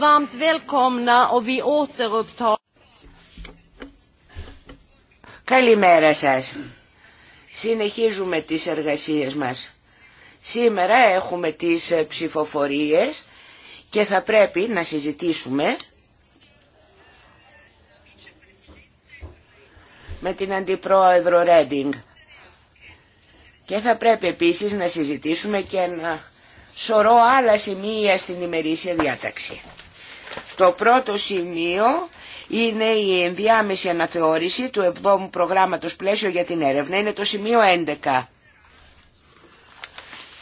Varmt välkomna och vi återupptar. Καλημέρα σας. Συνεχίζουμε τις εργασίες μας. Σήμερα έχουμε τις ε, ψηφοφορίες και θα πρέπει να συζητήσουμε με την Αντιπρόεδρο Ρέντινγκ. Και θα πρέπει επίσης να συζητήσουμε και ένα σωρό άλλα σημεία στην ημερήσια διάταξη. Το πρώτο σημείο είναι η ενδιάμεση αναθεώρηση του 7ου προγράμματος πλαίσιο για την έρευνα. Είναι το σημείο 11.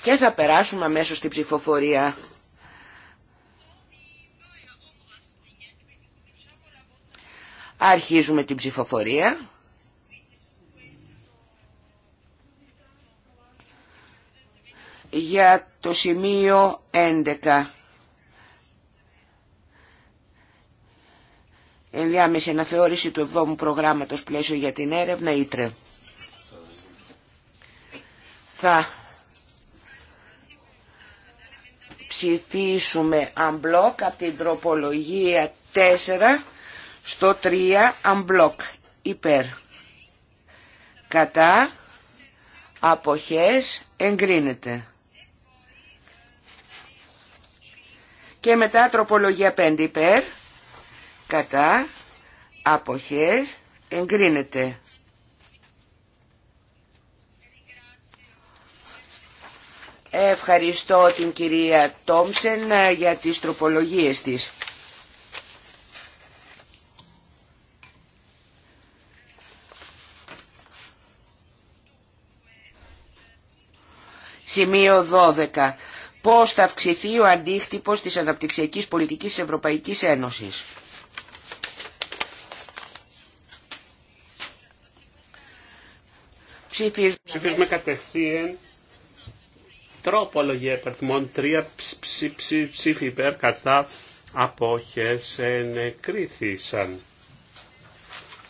Και θα περάσουμε αμέσως στην ψηφοφορία. Αρχίζουμε την ψηφοφορία. Για το σημείο 11. ενδιάμεση αναθεώρηση του 7ου προγράμματος πλαίσιο για την έρευνα ήτρε. Θα ψηφίσουμε unblock από την τροπολογία 4 στο 3 unblock υπέρ. Κατά αποχές εγκρίνεται. Και μετά τροπολογία 5 υπέρ κατά αποχές εγκρίνεται. Ευχαριστώ την κυρία Τόμσεν ε, για τις τροπολογίες της. Σημείο 12. Πώς θα αυξηθεί ο αντίκτυπος της αναπτυξιακής πολιτικής της Ευρωπαϊκής Ένωσης. Ψηφίζουμε, Ψηφίζουμε κατευθείαν τρόπολογια υπερθμών 3 ψήφι υπέρ κατά απόχες ενεκρίθησαν.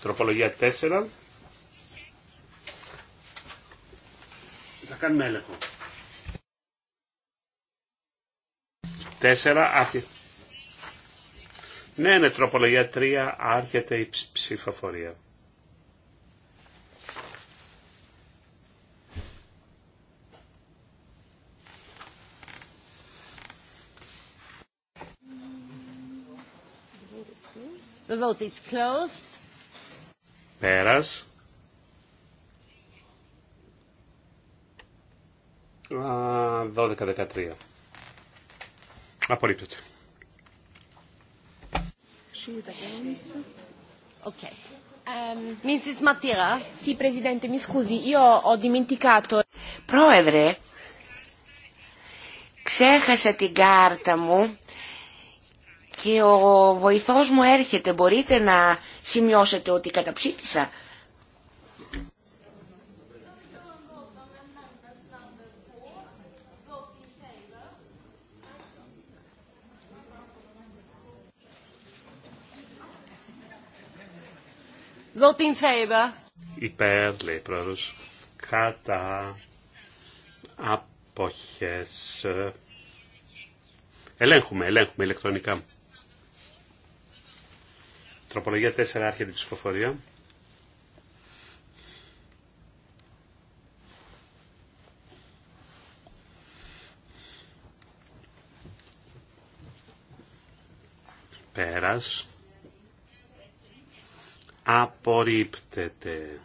Τροπολογία 4. Θα κάνουμε έλεγχο. 4. Άρχεται. Ναι, ναι, τροπολογία 3. Άρχεται η ψηφοφορία. The vote is closed. Πέρας. Uh, 12-13. Απορρίπτεται. ο um, Πρόεδρε, ξέχασα την κάρτα μου και ο βοηθός μου έρχεται. Μπορείτε να σημειώσετε ότι καταψήφισα. Υπέρ, λέει Κατά αποχές. Ελέγχουμε, ελέγχουμε ηλεκτρονικά. Τροπολογία 4 άρχεται η ψηφοφορία. Πέρας. Απορρίπτεται.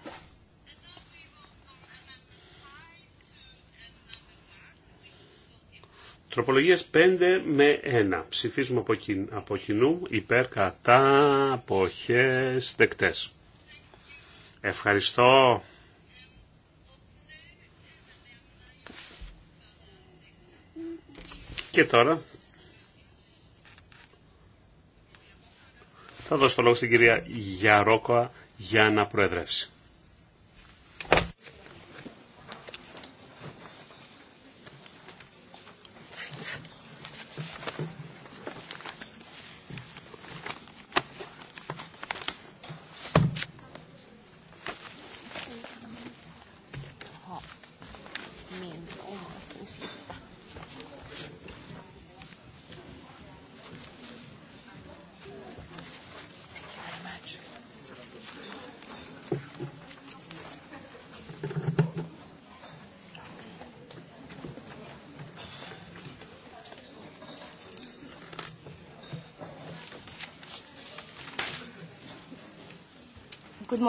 Τροπολογίες 5 με 1. Ψηφίζουμε από, κοινού, από κοινού υπέρ κατά αποχές δεκτές. Ευχαριστώ. Και τώρα θα δώσω το λόγο στην κυρία Γιαρόκοα για να προεδρεύσει.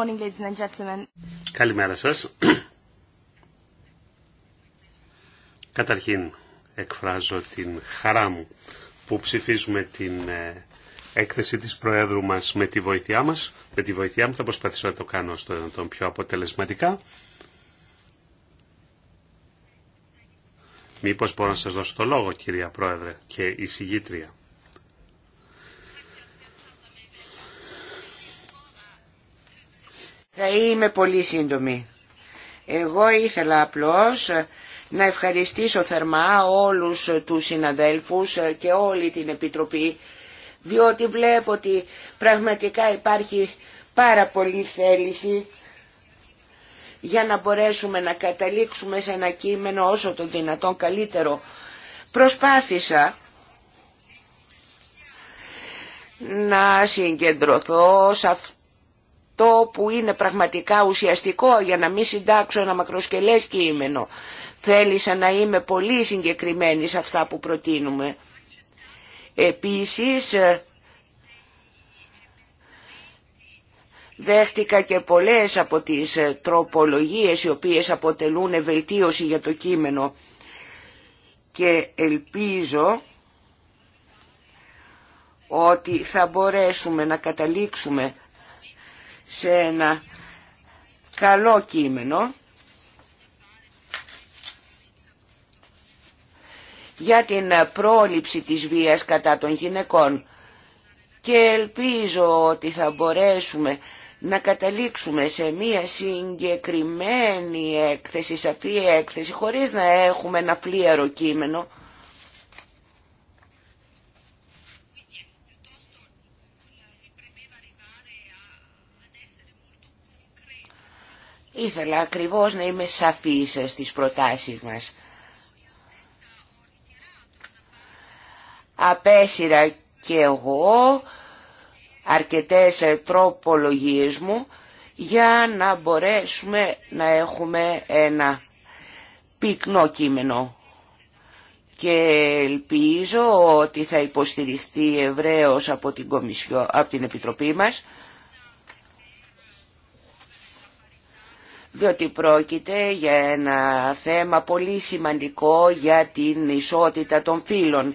morning, and Καλημέρα σας. Καταρχήν εκφράζω την χαρά μου που ψηφίζουμε την ε, έκθεση της Προέδρου μας με τη βοήθειά μας. Με τη βοήθειά μου θα προσπαθήσω να το κάνω στο δυνατόν πιο αποτελεσματικά. Μήπως μπορώ να σας δώσω το λόγο κυρία Πρόεδρε και η εισηγήτρια. Θα είμαι πολύ σύντομη. Εγώ ήθελα απλώς να ευχαριστήσω θερμά όλους τους συναδέλφους και όλη την Επιτροπή, διότι βλέπω ότι πραγματικά υπάρχει πάρα πολύ θέληση για να μπορέσουμε να καταλήξουμε σε ένα κείμενο όσο το δυνατόν καλύτερο. Προσπάθησα να συγκεντρωθώ σε αυτό το που είναι πραγματικά ουσιαστικό για να μην συντάξω ένα μακροσκελές κείμενο. Θέλησα να είμαι πολύ συγκεκριμένη σε αυτά που προτείνουμε. Επίσης, ε, δέχτηκα και πολλές από τις ε, τροπολογίες οι οποίες αποτελούν βελτίωση για το κείμενο και ελπίζω ότι θα μπορέσουμε να καταλήξουμε σε ένα καλό κείμενο για την πρόληψη της βίας κατά των γυναικών και ελπίζω ότι θα μπορέσουμε να καταλήξουμε σε μία συγκεκριμένη έκθεση, σαφή έκθεση, χωρίς να έχουμε ένα φλίαρο κείμενο, Ήθελα ακριβώς να είμαι σαφής στις προτάσεις μας. Απέσυρα και εγώ αρκετές τροπολογίες μου για να μπορέσουμε να έχουμε ένα πυκνό κείμενο. Και ελπίζω ότι θα υποστηριχθεί ευρέως από την, Κομισιό, από την Επιτροπή μας διότι πρόκειται για ένα θέμα πολύ σημαντικό για την ισότητα των φύλων.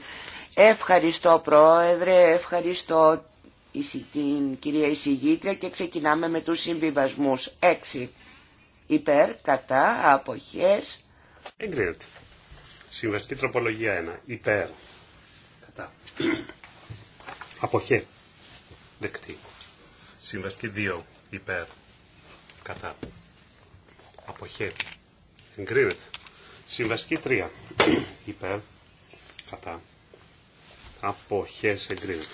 Ευχαριστώ Πρόεδρε, ευχαριστώ την κυρία Εισηγήτρια και ξεκινάμε με τους συμβιβασμούς. Έξι Υπέρ, κατά, αποχές. Εγκρίνεται. Συμβαστική τροπολογία ένα, Υπέρ. Κατά. Αποχέ. Δεκτή. Συμβαστική δύο, Υπέρ. Κατά. Αποχές εγκρίνεται. Συμβαστική 3 υπέρ κατά αποχές εγκρίνεται.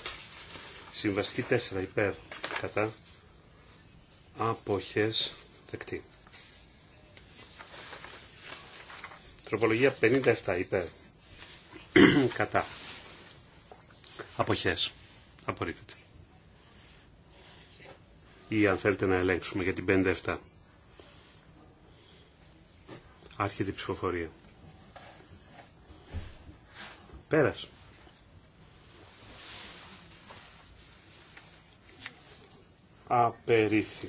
Συμβαστική 4 υπέρ κατά αποχές δεκτή. Τροπολογία 57 υπέρ κατά αποχές απορρίφεται. Ή αν θέλετε να ελέγξουμε για την 57. Άρχεται η ψηφοφορία. Πέρας. Απερίφθη.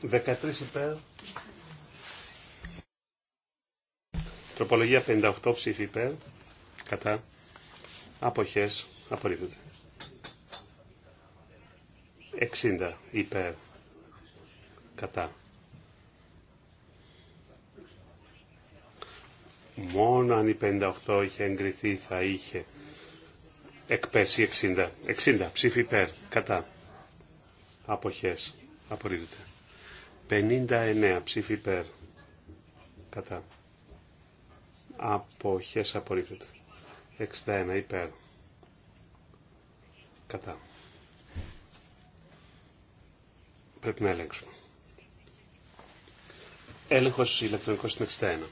Δεκατρεις υπέρ. Τροπολογία 58 ψήφι υπέρ. Κατά. Αποχές. απορρίφονται. 60 υπέρ κατά. Μόνο αν η 58 είχε εγκριθεί θα είχε εκπέσει 60. 60 ψήφι υπέρ κατά. Αποχές. Απορρίπτεται. 59 ψήφι υπέρ κατά. Αποχές απορρίπτεται. 61 υπέρ κατά. πρέπει να έλεγξουν. Έλεγχος ηλεκτρονικός στην 61.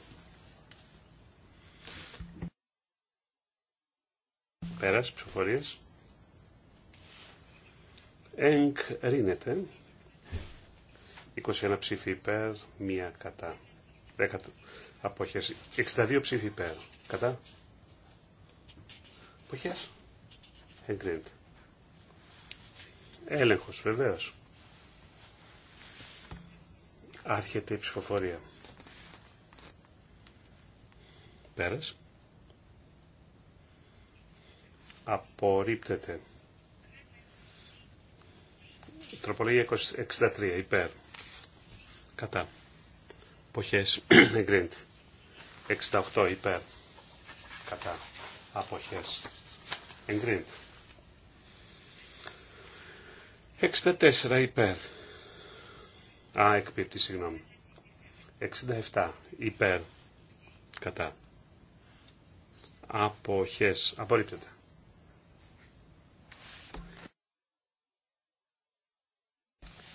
Πέρας, ψηφοφορίες. Εγκρίνεται. 21 ψήφοι υπέρ, 1 κατά. 10 αποχές. 62 ψήφοι υπέρ. Κατά. Αποχές. Εγκρίνεται. Έλεγχος βεβαίως. Άρχεται η ψηφοφορία. Πέρας. Απορρίπτεται. Τροπολογία 63. Υπέρ. Κατά. Αποχές. Εγκρίνεται. 68. Υπέρ. Κατά. Αποχές. Εγκρίνεται. 64. Υπέρ Α, εκπίπτει, συγγνώμη. 67 υπέρ κατά αποχές απορρίπτεται.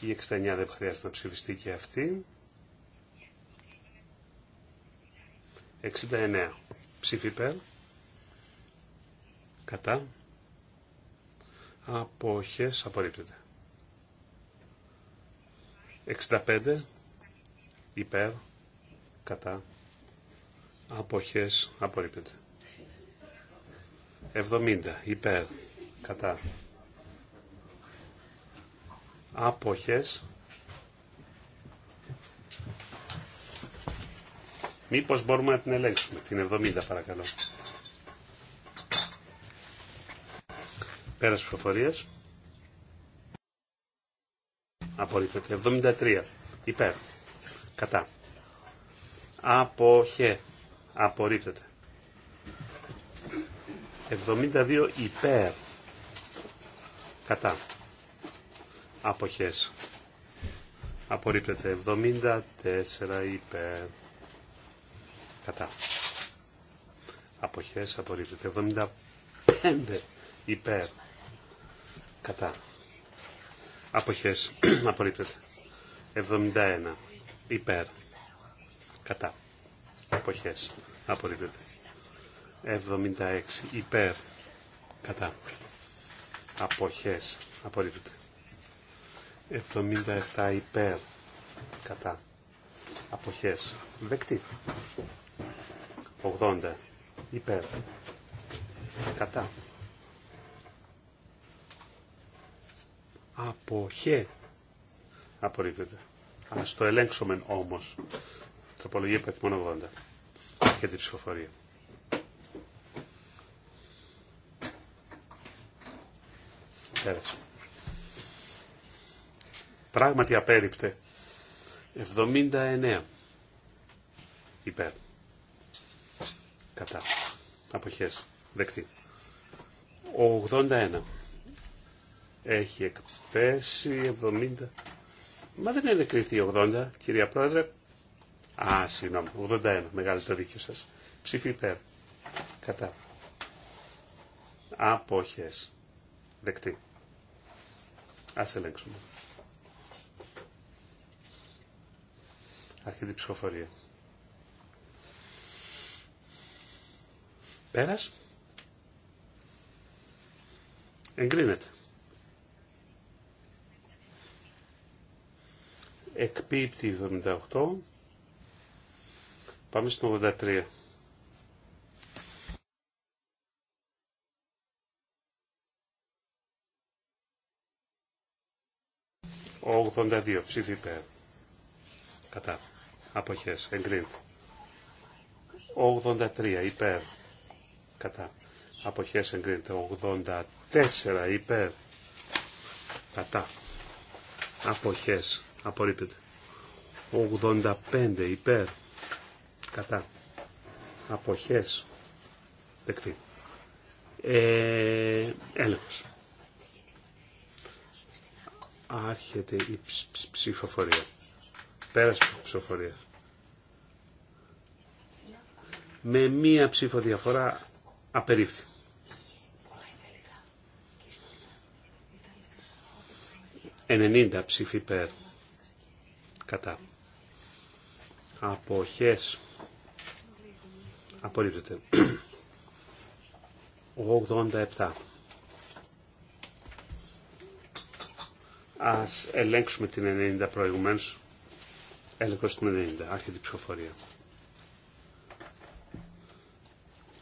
Η 69 δεν χρειάζεται να ψηφιστεί και αυτή. 69 ψήφι υπέρ κατά αποχές απορρίπτεται. 65 υπέρ κατά αποχές απορρίπτεται. 70 υπέρ κατά αποχές Μήπως μπορούμε να την ελέγξουμε, την 70 παρακαλώ. Πέρας 70 απορρίπτεται. 73 υπέρ κατά αποχέ απορρίπτεται. 72 υπέρ κατά αποχές απορρίπτεται 74 υπέρ κατά αποχές απορρίπτεται 75 υπέρ κατά Αποχές. Απορρίπτεται. 71. Υπέρ. Κατά. Αποχές. Απορρίπτεται. 76. Υπέρ. Κατά. Αποχές. Απορρίπτεται. 77. Υπέρ. Κατά. Αποχές. Δεκτή. 80. Υπέρ. Κατά. Αποχέ. Απορρίπτεται. Α το ελέγξουμε όμως. Τροπολογία μόνο 80. Και την ψηφοφορία. Πέρασε. Πράγματι απέριπτε. 79. Υπέρ. Κατά. Αποχές. Δεκτή. 81 έχει εκπέσει 70. Μα δεν είναι κριτή 80, κυρία Πρόεδρε. Α, συγγνώμη, 81, μεγάλο το δίκιο σας. Ψήφι υπέρ. Κατά. Απόχες. Δεκτή. Ας ελέγξουμε. Αρχή την ψηφοφορία. Πέρας. Εγκρίνεται. εκπίπτει 78. Πάμε στο 83. 82 ψήφι υπέρ. Κατά. Αποχές. Εγκρίνεται. 83 υπέρ. Κατά. Αποχές εγκρίνεται. 84 υπέρ. Κατά. Αποχές απορρίπτεται. 85 υπέρ κατά αποχές δεκτή. Ε, έλεγχος. Άρχεται η ψηφοφορία. Πέρασε η ψηφοφορία. Με μία ψηφοδιαφορά διαφορά απερίφθη. Ενενήντα ψήφοι υπέρ κατά αποχές απορρίπτεται 87 Ας ελέγξουμε την 90 προηγουμένως. Έλεγχος την 90. Άρχεται η ψηφοφορία.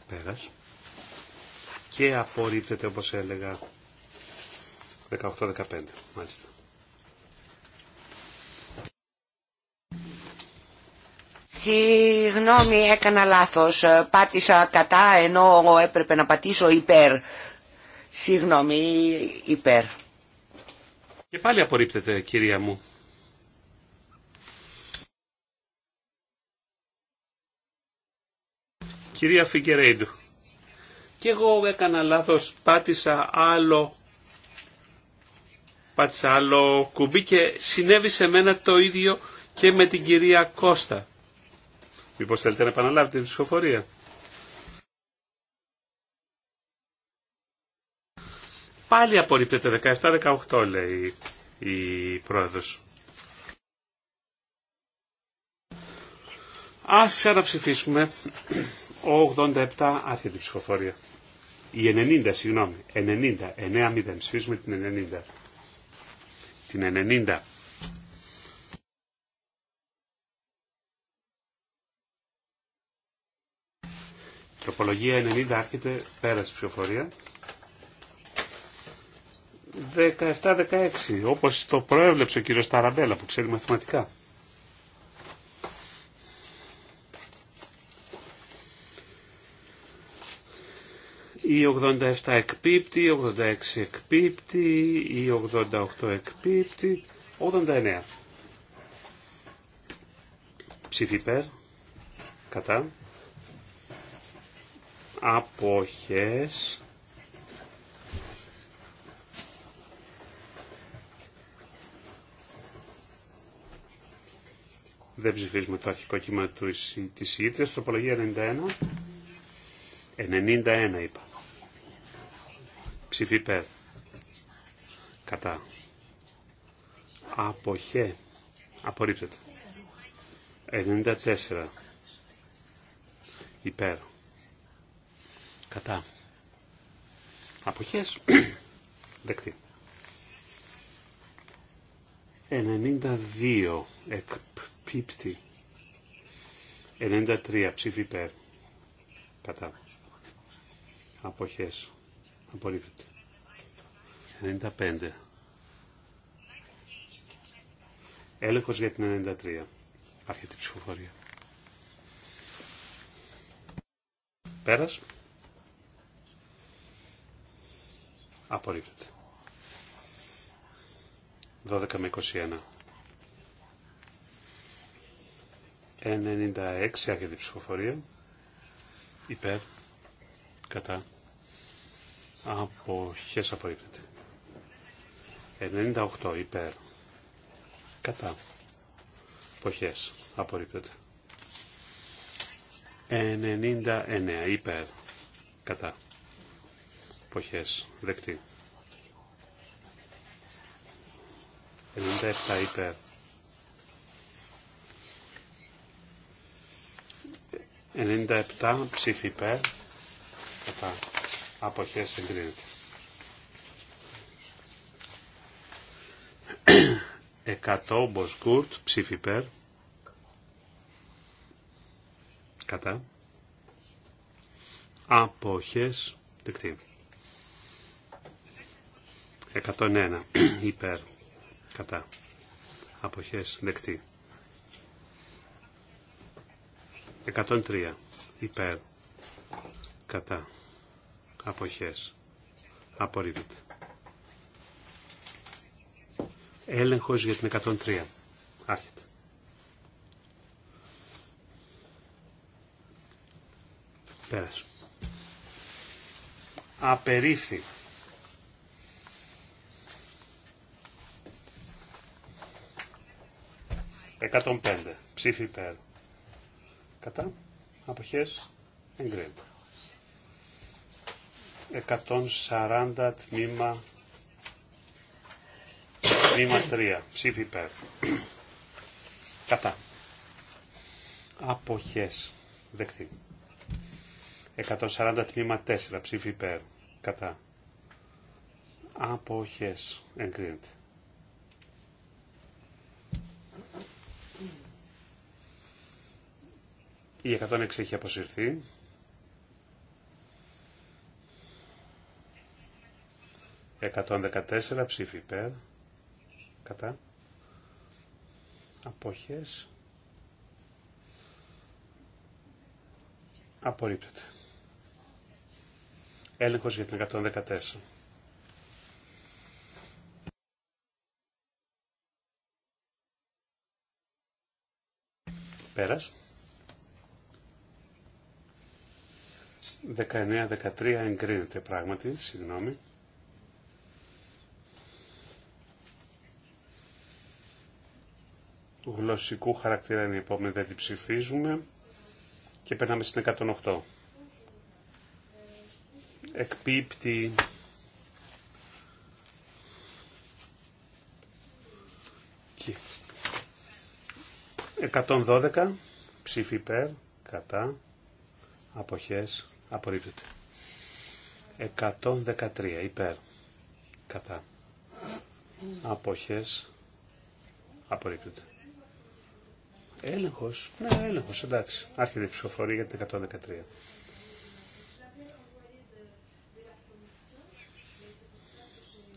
Πέρας. Και απορρίπτεται όπως έλεγα 18-15. Μάλιστα. Συγγνώμη, έκανα λάθος. Πάτησα κατά ενώ έπρεπε να πατήσω υπέρ. Συγγνώμη, υπέρ. Και πάλι απορρίπτεται, κυρία μου. Κυρία Φιγκερέιντου, και εγώ έκανα λάθος, πάτησα άλλο, πάτησα άλλο κουμπί και συνέβη σε μένα το ίδιο και με την κυρία Κώστα. Μήπως θέλετε να επαναλάβετε την ψηφοφορία. Πάλι απορρίπτεται 17-18 λέει η πρόεδρος. Ας ξαναψηφίσουμε 87 άθετη ψηφοφορία. Η 90, συγγνώμη. 90. 9-0. Ψηφίσουμε την 90. Την 90 Τροπολογία 90 άρχεται πέρας ψηφοφορία. 17-16, όπως το προέβλεψε ο κύριος Ταραμπέλα που ξέρει μαθηματικά. Η 87 εκπίπτει, η 86 εκπίπτει, η 88 εκπίπτει, 89. Ψήφι υπέρ, κατά αποχές Δεν ψηφίζουμε το αρχικό κείμενο της ίδιας. Τροπολογία 91. 91 είπα. Ψηφί υπέρ. Κατά. Αποχέ. Απορρίπτεται. 94. Υπέρ. Κατά. Αποχές. Δεκτή. 92 Εκπίπτη. 93 ψήφι υπέρ. Κατά. Αποχές. Απορρίπτεται. 95. Έλεγχος για την 93. Αρχιτεί ψηφοφορία. Πέρας. Απορρίπτεται. 12 με 21. 96 άρχεται η ψηφοφορία. Υπέρ. Κατά. Αποχές απορρίπτεται. 98 υπέρ. Κατά. Αποχές απορρίπτεται. 99 υπέρ. Κατά αποχές δεκτή. 97 υπέρ. 97 ψήφι υπέρ κατά αποχές εγκρίνεται. 100 μποσκούρτ ψήφι υπέρ κατά αποχές δεκτή. 101 υπέρ κατά αποχές δεκτή 103 υπέρ κατά αποχές απορρίβεται έλεγχος για την 103 άρχεται πέρασε απερίφθη 105. Ψήφι υπέρ. Κατά. Αποχές. Εγκρίνεται. 140 τμήμα τμήμα 3. Ψήφι υπέρ. Κατά. Αποχές. Δεκτή. 140 τμήμα 4. Ψήφι υπέρ. Κατά. Αποχές. Εγκρίνεται. Η 106 έχει αποσυρθεί. Εκατόν 114 ψήφι υπέρ. Κατά. Αποχές. Απορρίπτεται. Έλεγχος για την 114. Πέρας. 19-13 εγκρίνεται πράγματι, συγγνώμη. Γλωσσικού χαρακτήρα είναι η επόμενη, δεν την ψηφίζουμε. Και περνάμε στην 108. Εκπίπτει και 112 ψήφι υπέρ, κατά, αποχές, Απορρίπτεται. 113 υπέρ. Κατά. Αποχές. Απορρίπτεται. Έλεγχος. Ναι, έλεγχος. Εντάξει. Άρχεται η ψηφοφορία για την 113.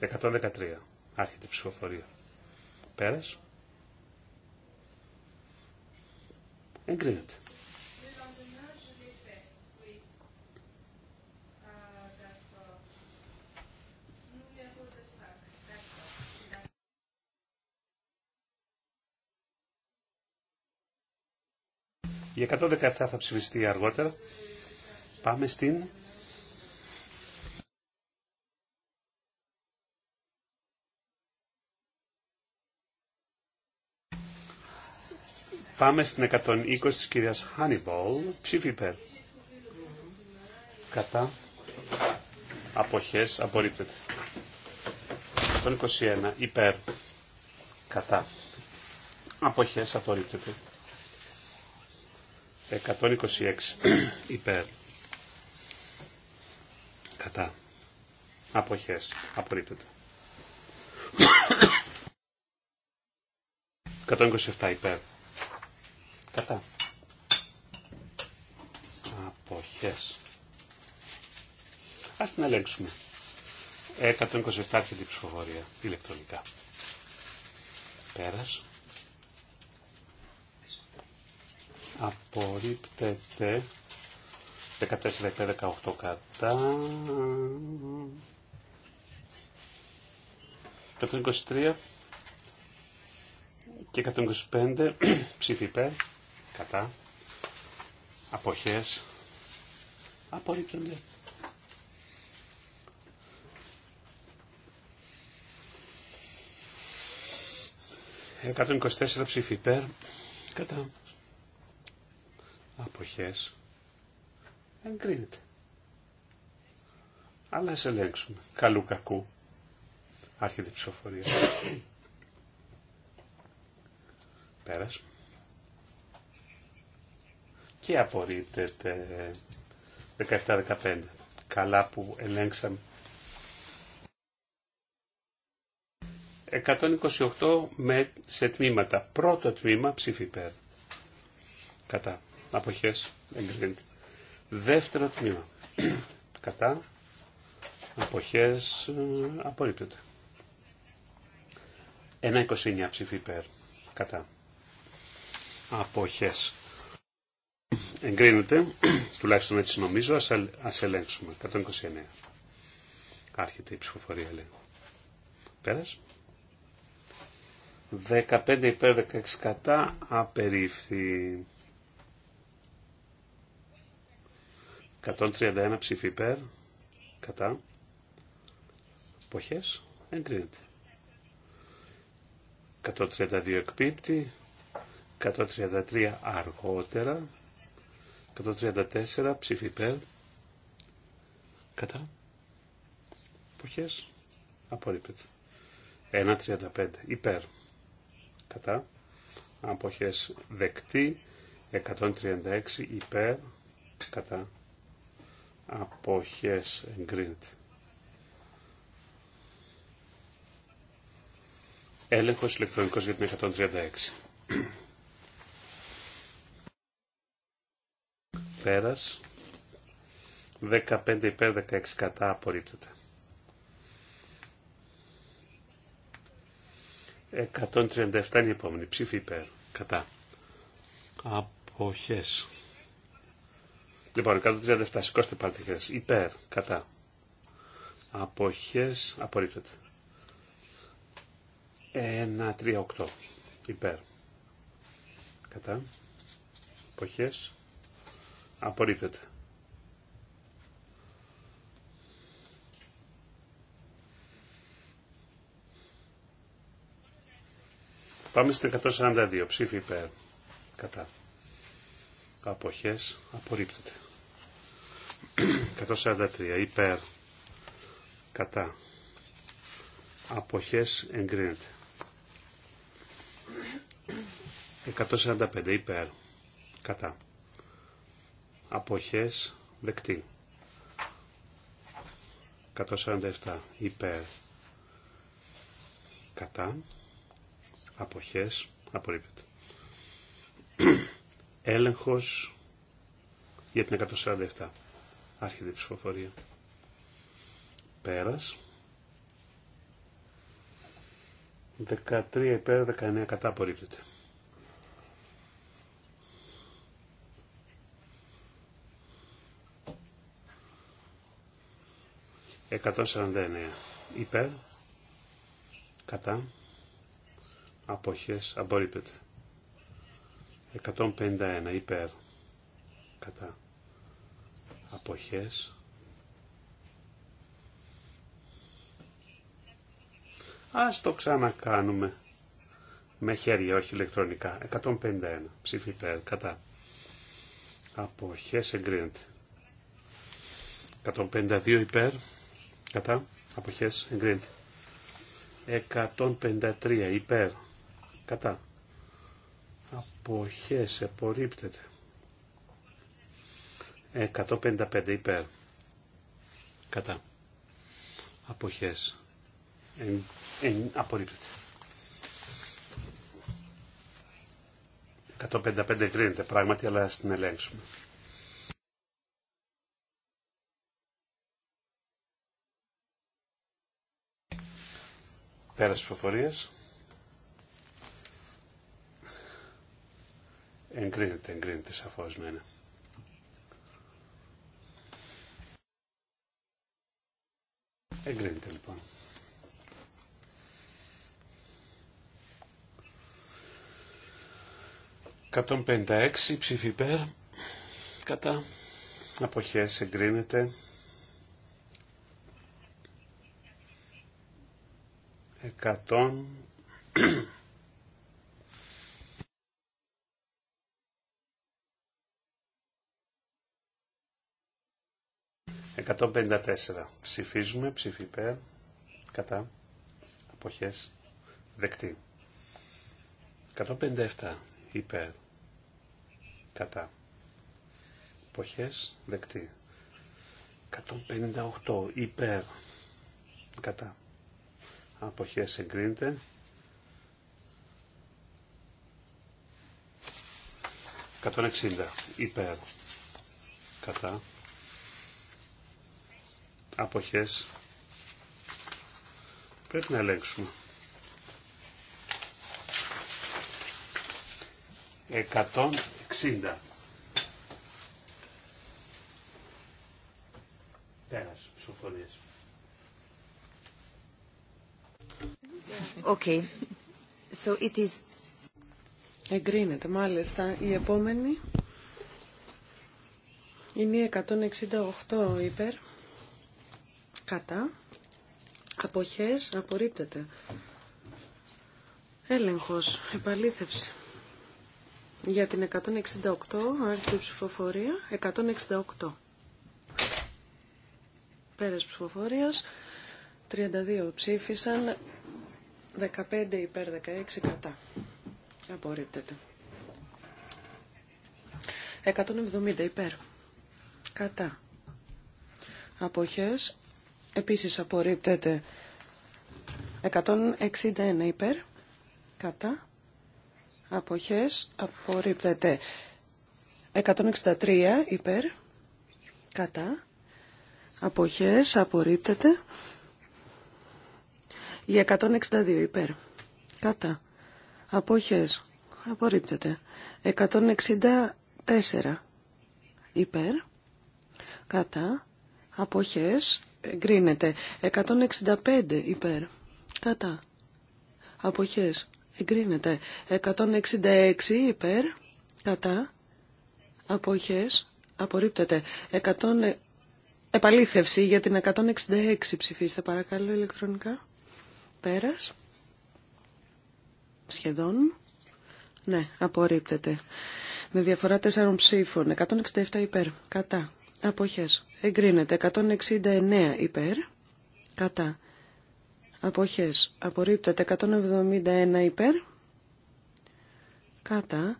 Εκατόν δεκατρία. Άρχεται η ψηφοφορία. Πέρας. Εγκρίνεται. Η 117 θα ψηφιστεί αργότερα. Πάμε στην... Πάμε στην 120 της κυρίας Χάνιμπολ. Ψήφι υπέρ. Κατά. Αποχές. Απορρίπτεται. 121. Υπέρ. Κατά. Αποχές. Απορρίπτεται. 126 υπέρ κατά αποχές απορρίπτεται 127 υπέρ κατά αποχές ας την ελέγξουμε 127 αρχιτή ψηφοφορία ηλεκτρονικά πέρας απορρίπτεται 14 18 κατά. Το 23 και 125 ψηφιπέ κατά. Αποχές απορρίπτονται. Εκατόν ψήφι υπέρ κατά αποχές εγκρίνεται. Αλλά ας ελέγξουμε. Καλού κακού. Άρχεται η ψηφοφορία. Πέρας. Και απορρίπτεται 17-15. Καλά που ελέγξαμε. 128 με, σε τμήματα. Πρώτο τμήμα ψήφι πέρα. Κατά αποχές εγκρίνεται. Δεύτερο τμήμα. Κατά αποχές απορρίπτεται. 1.29 ψήφι υπέρ. Κατά αποχές εγκρίνεται, τουλάχιστον έτσι νομίζω, ας, ας ελέγξουμε. 129. Άρχεται η ψηφοφορία, λέει. Πέρας. 15 υπέρ 16 κατά απερίφθη. 131 ψήφι υπέρ, κατά, εποχές, εγκρίνεται. 132 εκπίπτει, 133 αργότερα, 134 ψήφι υπέρ, κατά, εποχές, απορρίπτεται. 1.35 υπέρ, κατά, εποχές δεκτή, 136 υπέρ, κατά αποχές εγκρίνεται. Έλεγχος ηλεκτρονικός για την 136. Πέρας. 15 υπέρ 16 κατά απορρίπτεται. 137 είναι η επόμενη. Ψήφι υπέρ. Κατά. Αποχές. Λοιπόν, 137, σηκώστε πάλι Υπέρ, κατά. Αποχές, απορρίπτεται. 1, 3, 8. Υπέρ. Κατά. Αποχές, απορρίπτεται. Πάμε στην 142. Ψήφι υπέρ. Κατά. Αποχές απορρίπτεται. 143 υπέρ κατά αποχές εγκρίνεται 145 υπέρ κατά αποχές δεκτή 147 υπέρ κατά αποχές απορρίπτεται έλεγχος για την 147 Άρχεται η ψηφοφορία. Πέρας. 13 υπέρ, 19 κατά απορρίπτεται. 149 υπέρ, κατά, αποχές, απορρίπτεται. 151 υπέρ, κατά, αποχές Ας το ξανακάνουμε με χέρια, όχι ηλεκτρονικά. 151. Ψήφι υπέρ, κατά. Αποχές εγκρίνεται. 152 υπέρ, κατά. Αποχές εγκρίνεται. 153 υπέρ, κατά. Αποχές απορρίπτεται. 155 υπέρ. Κατά. Αποχές. Εν, εν, απορρίπτεται. 155 εγκρίνεται πράγματι, αλλά ας την ελέγξουμε. στις προφορίες. Εγκρίνεται, εγκρίνεται σαφώς με ένα. Ναι. εγκρίνεται λοιπόν. 156 ψήφι υπέρ, κατά αποχές εγκρίνεται. Εκατόν... 154. Ψηφίζουμε. Ψήφι υπέρ. Κατά. Αποχές. Δεκτή. 157. Υπέρ. Κατά. Αποχές. Δεκτή. 158. Υπέρ. Κατά. Αποχές εγκρίνεται. 160. Υπέρ. Κατά αποχές πρέπει να ελέγξουμε. 160. Πέρας, ψηφοφορίες. Okay. So it is... Εγκρίνεται, μάλιστα. Η επόμενη είναι η 168 υπέρ κατά, αποχές, απορρίπτεται. Έλεγχος, επαλήθευση. Για την 168, άρχιτε ψηφοφορία, 168. Πέρας ψηφοφορίας, 32 ψήφισαν, 15 υπέρ 16 κατά. Απορρίπτεται. 170 υπέρ. Κατά. Αποχές Επίσης απορρίπτεται 161 υπέρ, κατά, αποχές, απορρίπτεται 163 υπέρ, κατά, αποχές, απορρίπτεται 162 υπέρ, κατά, αποχές, απορρίπτεται 164 υπέρ, κατά, αποχές, εγκρίνεται. 165 υπέρ. Κατά. Αποχές. Εγκρίνεται. 166 υπέρ. Κατά. Αποχές. Απορρίπτεται. 100... Ε, επαλήθευση για την 166 ψηφίστε παρακαλώ ηλεκτρονικά. Πέρας. Σχεδόν. Ναι, απορρίπτεται. Με διαφορά τέσσερων ψήφων. 167 υπέρ. Κατά. Αποχές εγκρίνεται 169 υπέρ, κατά αποχές απορρίπτεται 171 υπέρ, κατά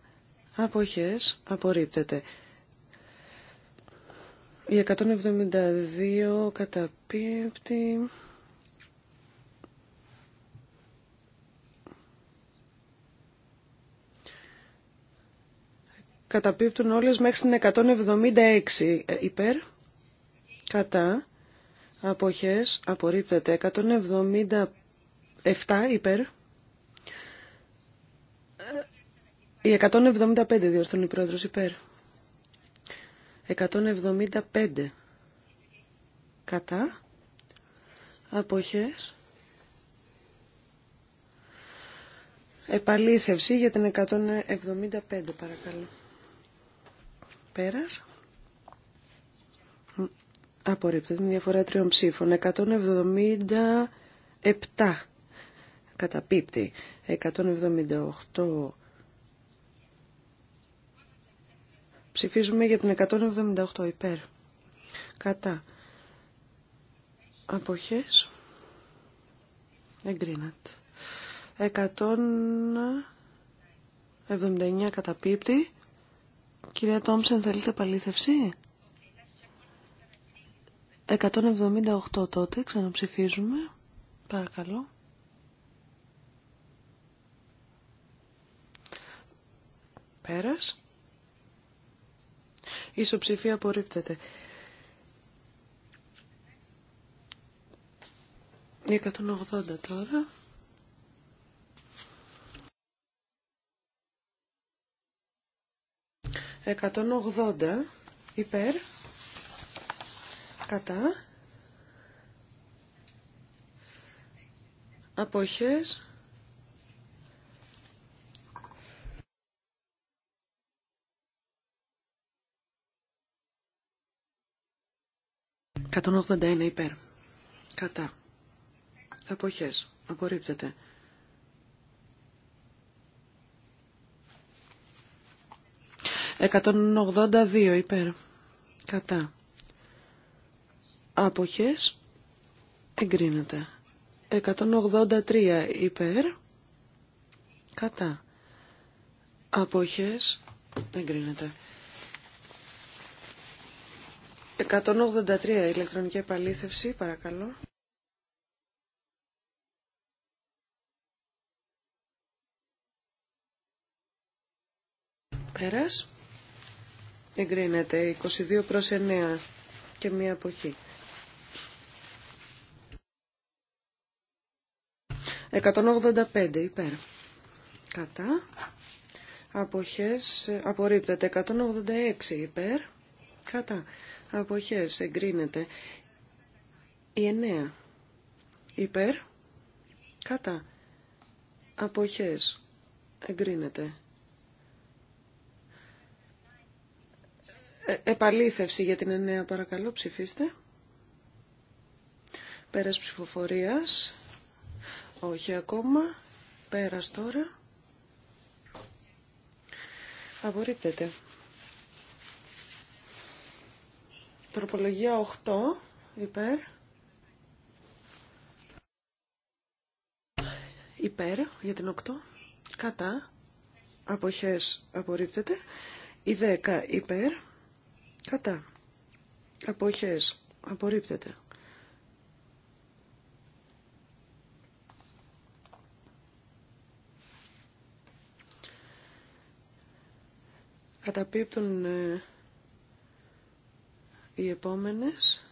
αποχές απορρίπτεται. Η 172 καταπίπτει... Καταπίπτουν όλες μέχρι την 176 ε, υπέρ κατά αποχές απορρίπτεται 177 υπέρ ε, η 175 διορθώνει η πρόεδρος υπέρ 175 κατά αποχές επαλήθευση για την 175 παρακαλώ πέρας Απορρίπτεται με διαφορά τριών ψήφων. 177 καταπίπτει. 178 Ψηφίζουμε για την 178 υπέρ. Κατά. Αποχές. Εγκρίνατε. 179 καταπίπτει. Κυρία Τόμψεν, θέλετε παλήθευση. 178 τότε, ξαναψηφίζουμε. Παρακαλώ. Πέρας. Η ισοψηφία απορρίπτεται. 180 τώρα. Εκατόν ογδόντα υπέρ κατά αποχές Κατόν υπέρ. Κατά. Αποχές. Απορρίπτεται. 182 υπέρ. Κατά. Αποχές εγκρίνεται. 183 υπέρ. Κατά. Αποχές εγκρίνεται. 183 ηλεκτρονική επαλήθευση, παρακαλώ. Πέρας. Εγκρίνεται 22 προς 9 και μία αποχή. 185 υπέρ. Κατά. Αποχές ε, απορρίπτεται. 186 υπέρ. Κατά. Αποχές εγκρίνεται. Η 9 υπέρ. Κατά. Αποχές εγκρίνεται. Ε, επαλήθευση για την 9 παρακαλώ ψηφίστε. Πέρας ψηφοφορίας όχι ακόμα. πέρα τώρα. Απορρίπτεται. Τροπολογία 8. Υπέρ. Υπέρ για την 8. Κατά. Αποχές απορρίπτεται. Η 10 υπέρ. Κατά. Αποχές απορρίπτεται. Καταπίπτουν ε, οι επόμενες.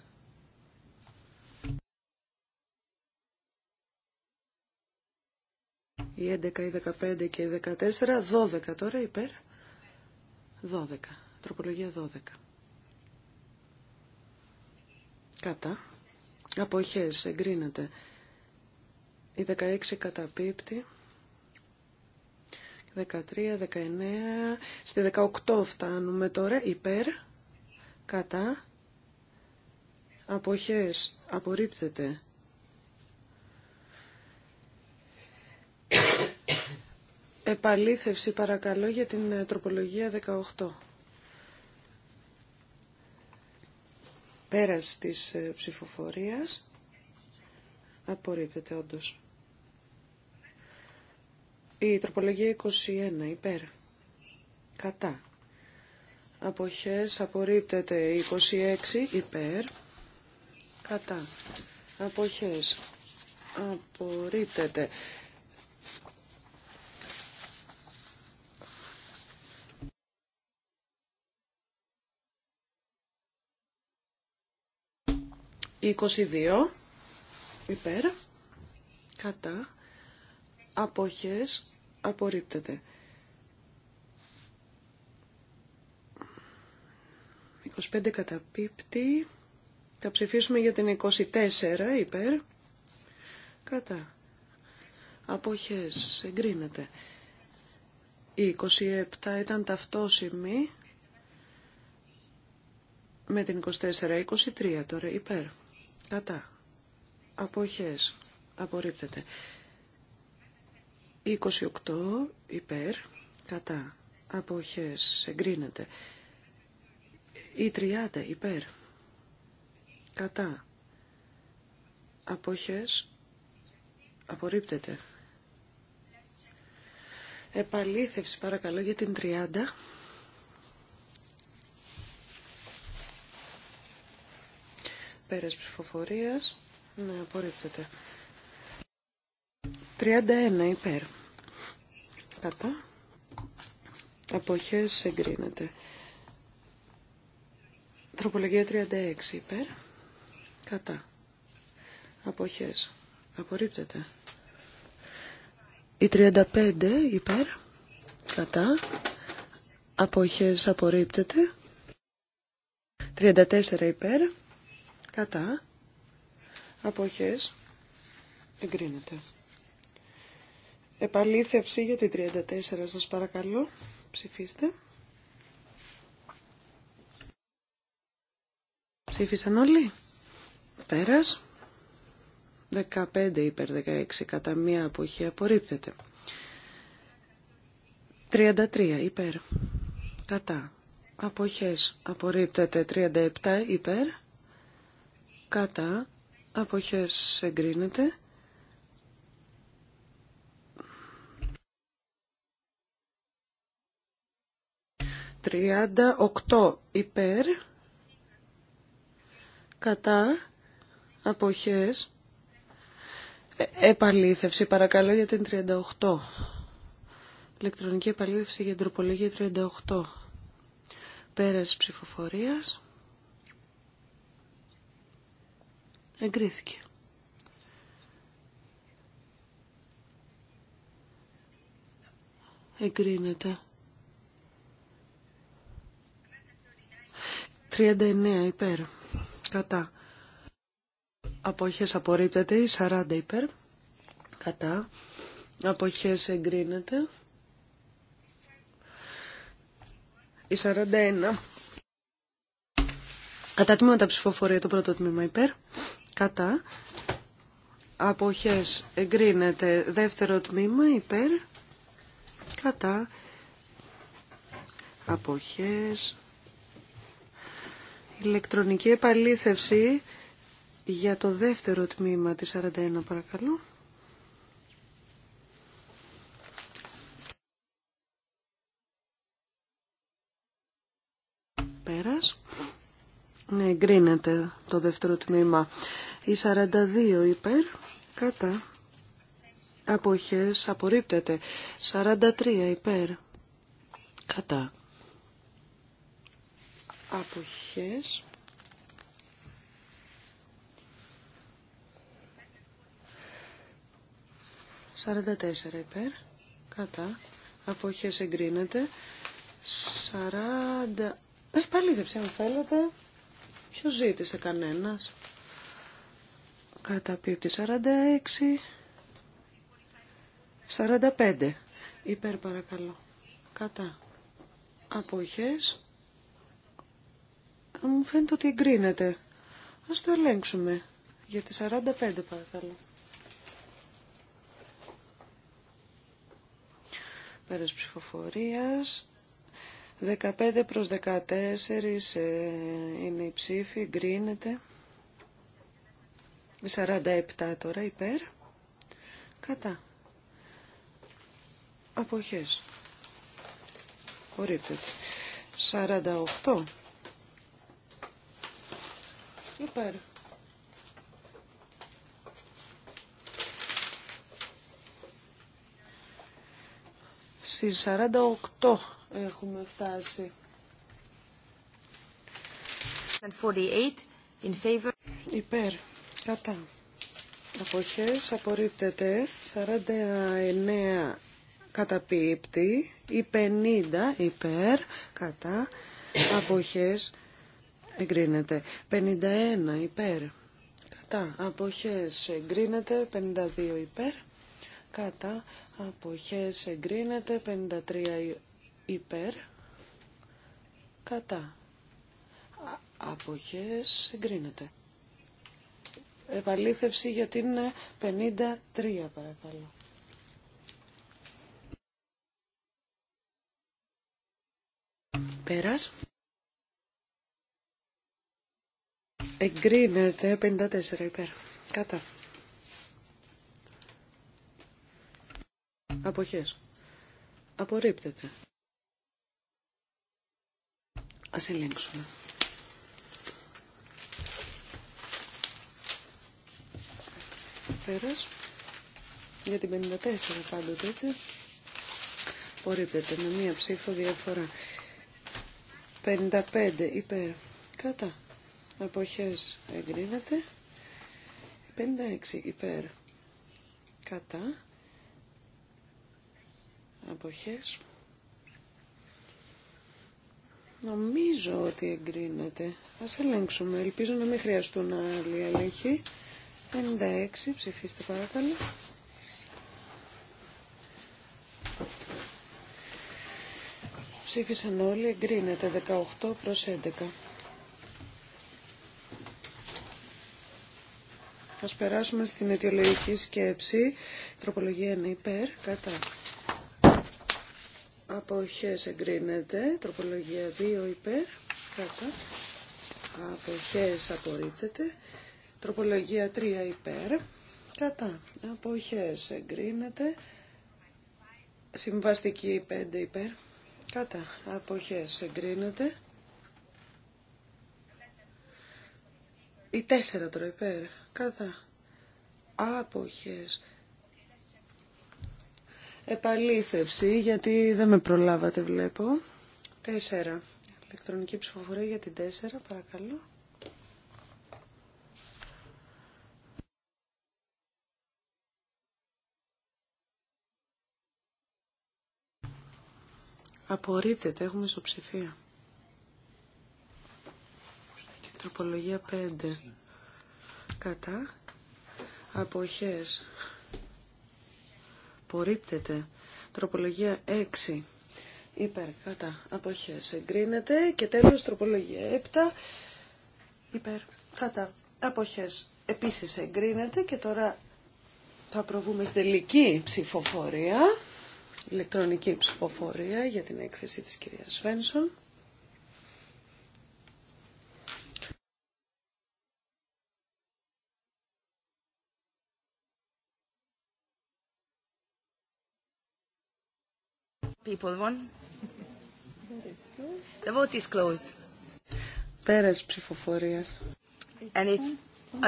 Οι 11, οι 15 και οι 14, 12 τώρα υπέρ. 12. Τροπολογία 12. Κατά. Αποχές εγκρίνεται. Οι 16 καταπίπτει. 13, 19, στη 18 φτάνουμε τώρα, υπέρ, κατά, αποχές, απορρίπτεται. Επαλήθευση παρακαλώ για την ε, τροπολογία 18. Πέρας της ε, ψηφοφορίας απορρίπτεται όντως. Η τροπολογία 21 υπέρ. Κατά. Αποχές απορρίπτεται 26 υπέρ. Κατά. Αποχές απορρίπτεται. 22 υπέρ. Κατά. Αποχές απορρίπτεται. 25 καταπίπτει. Θα ψηφίσουμε για την 24 υπέρ. Κατά. Αποχές. Εγκρίνεται. Η 27 ήταν ταυτόσημη με την 24. 23 τώρα υπέρ. Κατά. Αποχές. Απορρίπτεται. 28 υπέρ κατά αποχές εγκρίνεται ή 30 υπέρ κατά αποχές απορρίπτεται επαλήθευση παρακαλώ για την 30 πέρας ψηφοφορίας ναι απορρίπτεται 31 υπέρ. Κατά. Αποχές εγκρίνεται. Τροπολογία 36 υπέρ. Κατά. Αποχές. Απορρίπτεται. Η 35 υπέρ. Κατά. Αποχές απορρίπτεται. 34 υπέρ. Κατά. Αποχές εγκρίνεται. Επαλήθευση για την 34 σας παρακαλώ. Ψηφίστε. Ψήφισαν όλοι. Πέρας. 15 υπέρ 16 κατά μία αποχή απορρίπτεται. 33 υπέρ. Κατά. Αποχές απορρίπτεται 37 υπέρ. Κατά. Αποχές εγκρίνεται. 38 υπέρ, κατά, αποχές, ε, επαλήθευση παρακαλώ για την 38. Ηλεκτρονική επαλήθευση για την τροπολογία 38. Πέρας ψηφοφορίας. Εγκρίθηκε. Εγκρίνεται. 39 υπέρ. Κατά. Αποχές απορρίπτεται. 40 υπέρ. Κατά. Αποχές εγκρίνεται. 41. Κατά τμήματα ψηφοφορία το πρώτο τμήμα υπέρ. Κατά. Αποχές εγκρίνεται δεύτερο τμήμα υπέρ. Κατά. Αποχές Ηλεκτρονική επαλήθευση για το δεύτερο τμήμα της 41 παρακαλώ. Πέρας. Ναι, εγκρίνεται το δεύτερο τμήμα. Η 42 υπέρ, κατά, αποχές, απορρίπτεται. 43 υπέρ, κατά, αποχές. 44 υπέρ, κατά, αποχές εγκρίνεται. 40, Ε, πάλι δεν αν θέλετε. Ποιο ζήτησε κανένας. Καταπίπτει 46... 45. Υπέρ παρακαλώ. Κατά. Αποχές. Μου φαίνεται ότι εγκρίνεται. Α το ελέγξουμε. Για τη 45 παρακαλώ. Πέρας ψηφοφορία. 15 προς 14 ε, είναι η ψήφη, εγκρίνεται. 47 τώρα υπέρ. Κατά. Αποχές. Ορίτε. 48 Υπέρ. Στι 48 έχουμε φτάσει. Υπέρ. Κατά. Αποχές απορρίπτεται 49 καταπίπτει ή 50 υπέρ κατά αποχές εγκρίνεται. 51 υπέρ. Κατά αποχές εγκρίνεται. 52 υπέρ. Κατά αποχές εγκρίνεται. 53 υπέρ. Κατά αποχές εγκρίνεται. Επαλήθευση για την 53 παρακαλώ. Πέρας. Εγκρίνεται 54 υπέρ. Κατά. Αποχές. Απορρίπτεται. Ας ελέγξουμε. Πέρας. Για την 54 πάντοτε έτσι. Απορρίπτεται με μία ψήφο διαφορά. 55 υπέρ. Κατά. Αποχές εγκρίνεται. 56 υπέρ κατά. Αποχές. Νομίζω ότι εγκρίνεται. Ας ελέγξουμε. Ελπίζω να μην χρειαστούν άλλοι έλεγχοι. 56 ψηφίστε παρακαλώ. Ψήφισαν όλοι. Εγκρίνεται 18 προς 11. Ας περάσουμε στην αιτιολογική σκέψη. Τροπολογία είναι υπέρ, κατά. Αποχές εγκρίνεται. Τροπολογία 2 υπέρ, κατά. Αποχές απορρίπτεται. Τροπολογία 3 υπέρ, κατά. Αποχές εγκρίνεται. Συμβαστική 5 υπέρ, κατά. Αποχές εγκρίνεται. Η 4 τώρα υπέρ κατά άποχες επαλήθευση γιατί δεν με προλάβατε βλέπω Τέσσερα. ηλεκτρονική ψηφοφορία για την τέσσερα, παρακαλώ Απορρίπτεται, έχουμε ισοψηφία. Τροπολογία 5 κατά αποχές Πορύπτεται. τροπολογία 6 υπέρ κατά αποχές εγκρίνεται και τέλος τροπολογία 7 υπέρ κατά αποχές επίσης εγκρίνεται και τώρα θα προβούμε στην τελική ψηφοφορία ηλεκτρονική ψηφοφορία για την έκθεση της κυρίας Φένσον. People won. The vote is closed. Πέρας ψηφοφορίας. And it's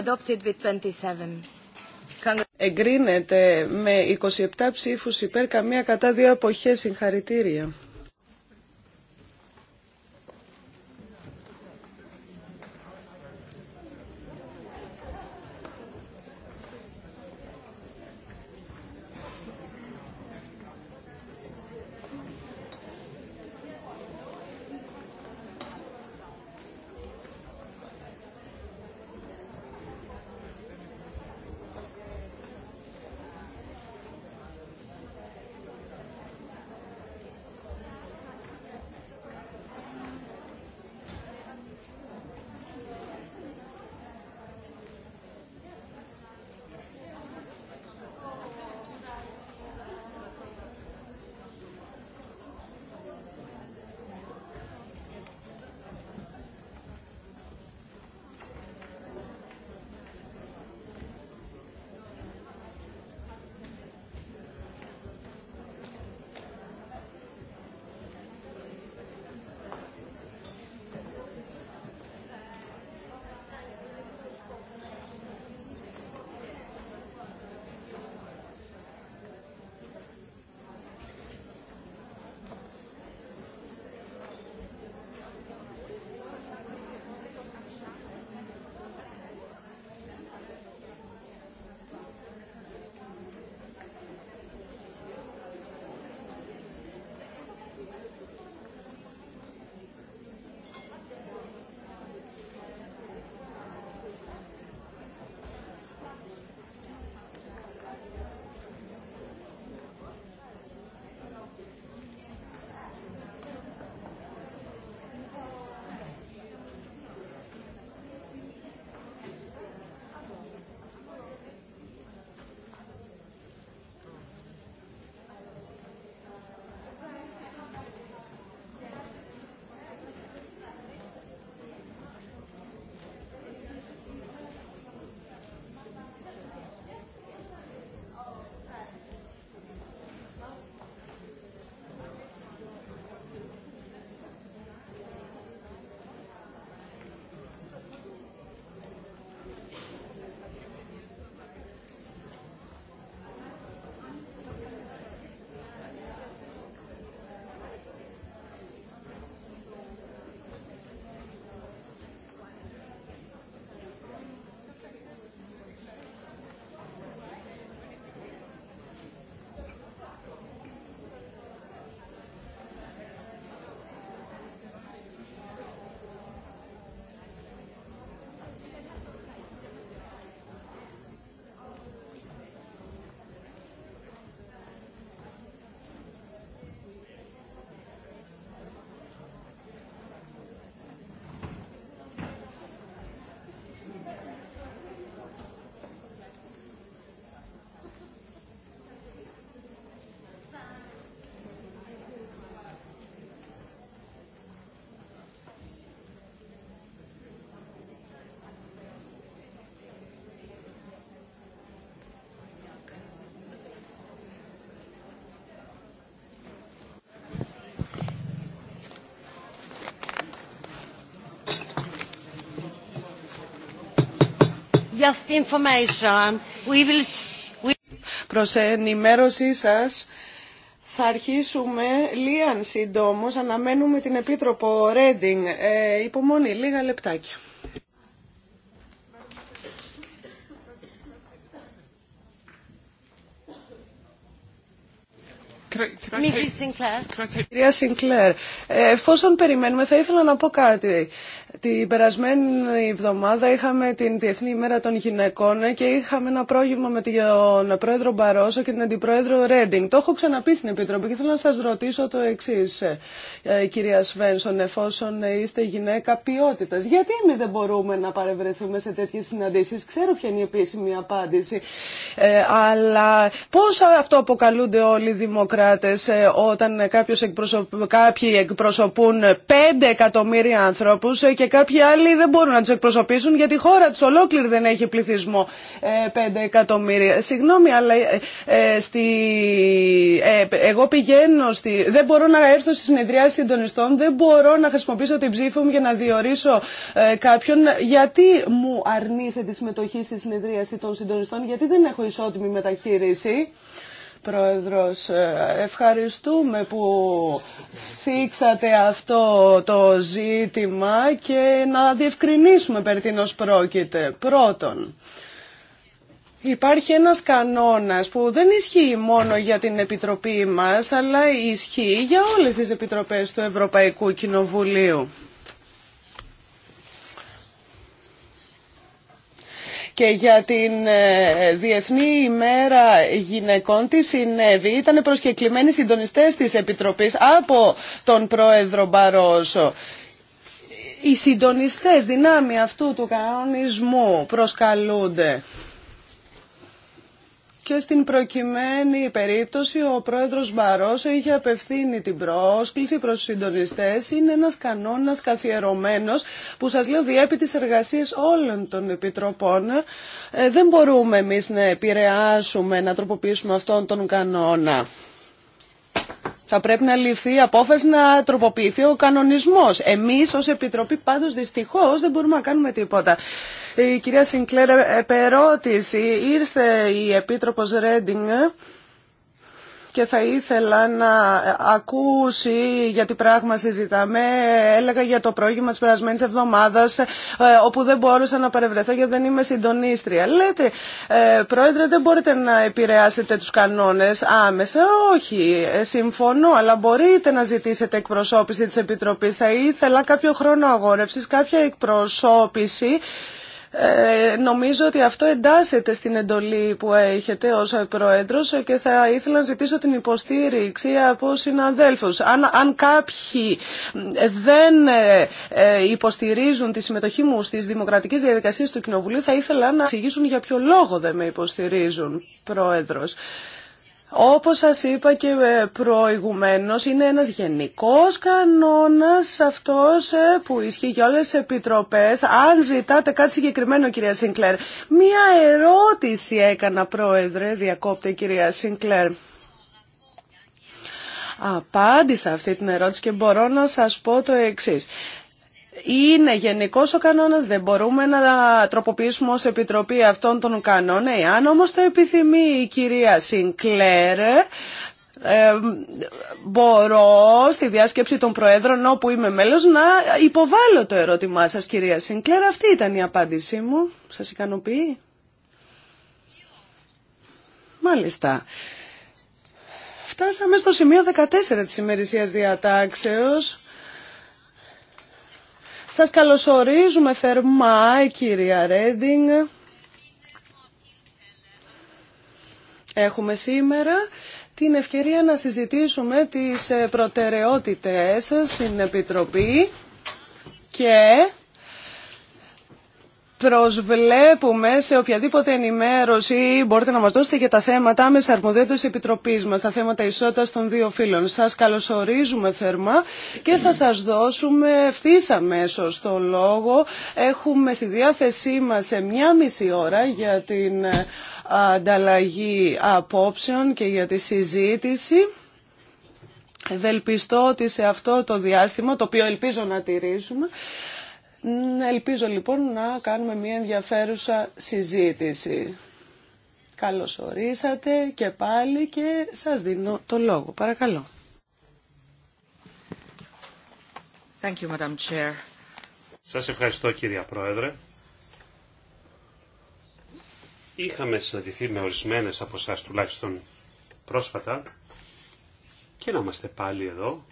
adopted with 27. Εγκρίνεται με 27 ψήφους υπέρ καμία κατά δύο εποχές συγχαρητήρια. Just Προς ενημέρωσή σας, θα αρχίσουμε λίγαν συντόμως, αναμένουμε την Επίτροπο Ρέντινγκ. Ε, υπομονή, λίγα λεπτάκια. Κυρία Σινκλέρ, ε, εφόσον περιμένουμε θα ήθελα να πω κάτι. Την περασμένη εβδομάδα είχαμε την Διεθνή ημέρα των γυναικών και είχαμε ένα πρόγευμα με τον πρόεδρο Μπαρόσο και την αντιπρόεδρο Ρέντινγκ. Το έχω ξαναπεί στην Επιτροπή και θέλω να σας ρωτήσω το εξής, ε, κυρία Σβένσον, εφόσον είστε γυναίκα ποιότητας. Γιατί εμείς δεν μπορούμε να παρευρεθούμε σε τέτοιες συναντήσεις. Ξέρω ποια είναι η επίσημη απάντηση. Ε, αλλά πώς αυτό αποκαλούνται όλοι οι δημοκράτες ε, όταν εκπροσωπ... κάποιοι εκπροσωπούν 5 εκατομμύρια ανθρώπους και κάποιοι άλλοι δεν μπορούν να του εκπροσωπήσουν γιατί η χώρα του ολόκληρη δεν έχει πληθυσμό 5 ε, εκατομμύρια. Συγγνώμη, αλλά ε, ε, στη... εγώ πηγαίνω, στη... δεν μπορώ να έρθω στη συνεδριάση συντονιστών, δεν μπορώ να χρησιμοποιήσω την ψήφο μου για να διορίσω κάποιον. Γιατί μου αρνείστε τη συμμετοχή στη συνεδρίαση των συντονιστών, γιατί δεν έχω ισότιμη μεταχείριση. Πρόεδρος. Ε, ευχαριστούμε που θίξατε αυτό το ζήτημα και να διευκρινίσουμε περί τίνος πρόκειται. Πρώτον, Υπάρχει ένας κανόνας που δεν ισχύει μόνο για την Επιτροπή μας, αλλά ισχύει για όλες τις Επιτροπές του Ευρωπαϊκού Κοινοβουλίου. και για την ε, Διεθνή ημέρα γυναικών τη συνέβη. Ήταν προσκεκλημένοι συντονιστές της Επιτροπής από τον πρόεδρο Μπαρόσο. Οι συντονιστές δυνάμει αυτού του κανονισμού προσκαλούνται. Και στην προκειμένη περίπτωση ο πρόεδρος Μπαρόσο είχε απευθύνει την πρόσκληση προς τους συντονιστές. Είναι ένας κανόνας καθιερωμένος που σας λέω διέπει τις εργασίες όλων των επιτροπών. Ε, δεν μπορούμε εμείς να επηρεάσουμε, να τροποποιήσουμε αυτόν τον κανόνα. Θα πρέπει να ληφθεί η απόφαση να τροποποιηθεί ο κανονισμός. Εμείς ως Επιτροπή πάντως δυστυχώς δεν μπορούμε να κάνουμε τίποτα η κυρία Σινκλέρ επερώτηση. Ήρθε η Επίτροπος Ρέντινγκ και θα ήθελα να ακούσει για τι πράγμα συζητάμε. Έλεγα για το πρόγραμμα της περασμένης εβδομάδας ε, όπου δεν μπόρεσα να παρευρεθώ γιατί δεν είμαι συντονίστρια. Λέτε, ε, πρόεδρε δεν μπορείτε να επηρεάσετε τους κανόνες άμεσα. Όχι, ε, συμφωνώ, αλλά μπορείτε να ζητήσετε εκπροσώπηση της Επιτροπής. Θα ήθελα κάποιο χρόνο αγόρευσης, κάποια εκπροσώπηση ε, νομίζω ότι αυτό εντάσσεται στην εντολή που έχετε ως Πρόεδρος και θα ήθελα να ζητήσω την υποστήριξη από συναδέλφους. Αν, αν κάποιοι δεν ε, υποστηρίζουν τη συμμετοχή μου στις δημοκρατικές διαδικασίες του Κοινοβουλίου θα ήθελα να εξηγήσουν για ποιο λόγο δεν με υποστηρίζουν Πρόεδρος. Όπως σας είπα και ε, προηγουμένως, είναι ένας γενικός κανόνας αυτός ε, που ισχύει για όλες τις επιτροπές. Αν ζητάτε κάτι συγκεκριμένο, κυρία Σίνκλερ, μία ερώτηση έκανα, πρόεδρε, διακόπτε, κυρία Σίνκλερ. Απάντησα αυτή την ερώτηση και μπορώ να σας πω το εξής. Είναι γενικό ο κανόνας, δεν μπορούμε να τροποποιήσουμε ω Επιτροπή αυτόν τον κανόνα. Αν όμω το επιθυμεί η κυρία Σινκλέρ, ε, μπορώ στη διάσκεψη των Προέδρων όπου είμαι μέλος να υποβάλω το ερώτημά σας κυρία Σινκλέρ. Αυτή ήταν η απάντησή μου. Σας ικανοποιεί. Μάλιστα. Φτάσαμε στο σημείο 14 της ημερησίας διατάξεως. Σας καλωσορίζουμε θερμά, κυρία Ρέντινγκ. Έχουμε σήμερα την ευκαιρία να συζητήσουμε τις ε, προτεραιότητες στην Επιτροπή και προσβλέπουμε σε οποιαδήποτε ενημέρωση μπορείτε να μας δώσετε για τα θέματα άμεσα αρμοδιότητας Επιτροπής μας, τα θέματα ισότητας των δύο φίλων. Σας καλωσορίζουμε θερμά και θα σας δώσουμε ευθύ αμέσω το λόγο. Έχουμε στη διάθεσή μας μια μισή ώρα για την ε, ανταλλαγή απόψεων και για τη συζήτηση. Ευελπιστώ ότι σε αυτό το διάστημα, το οποίο ελπίζω να τηρήσουμε, Ελπίζω λοιπόν να κάνουμε μια ενδιαφέρουσα συζήτηση. Καλώς ορίσατε και πάλι και σας δίνω το λόγο. Παρακαλώ. Thank you, Madam Chair. Σας ευχαριστώ κυρία Πρόεδρε. Είχαμε συναντηθεί με ορισμένες από εσά τουλάχιστον πρόσφατα και να είμαστε πάλι εδώ.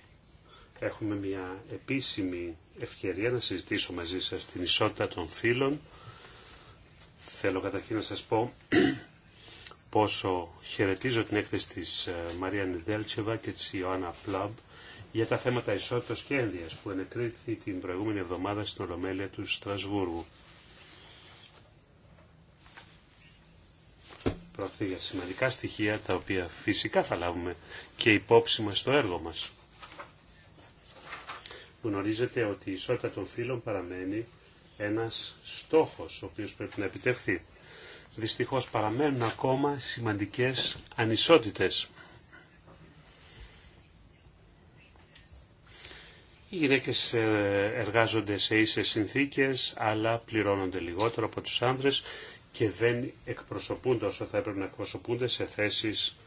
Έχουμε μια επίσημη ευκαιρία να συζητήσω μαζί σας την ισότητα των φύλων. Θέλω καταρχήν να σας πω πόσο χαιρετίζω την έκθεση της ε, Μαρία Νιδέλτσεβα και της Ιωάννα Πλαμπ για τα θέματα ισότητας και ένδυας που ενεκρίθη την προηγούμενη εβδομάδα στην Ολομέλεια του Στρασβούργου. Πρόκειται για σημαντικά στοιχεία τα οποία φυσικά θα λάβουμε και υπόψη μας στο έργο μας γνωρίζετε ότι η ισότητα των φύλων παραμένει ένας στόχος ο οποίος πρέπει να επιτευχθεί. Δυστυχώς παραμένουν ακόμα σημαντικές ανισότητες. Οι γυναίκες ε, εργάζονται σε ίσες συνθήκες, αλλά πληρώνονται λιγότερο από τους άνδρες και δεν εκπροσωπούνται όσο θα έπρεπε να εκπροσωπούνται σε θέσεις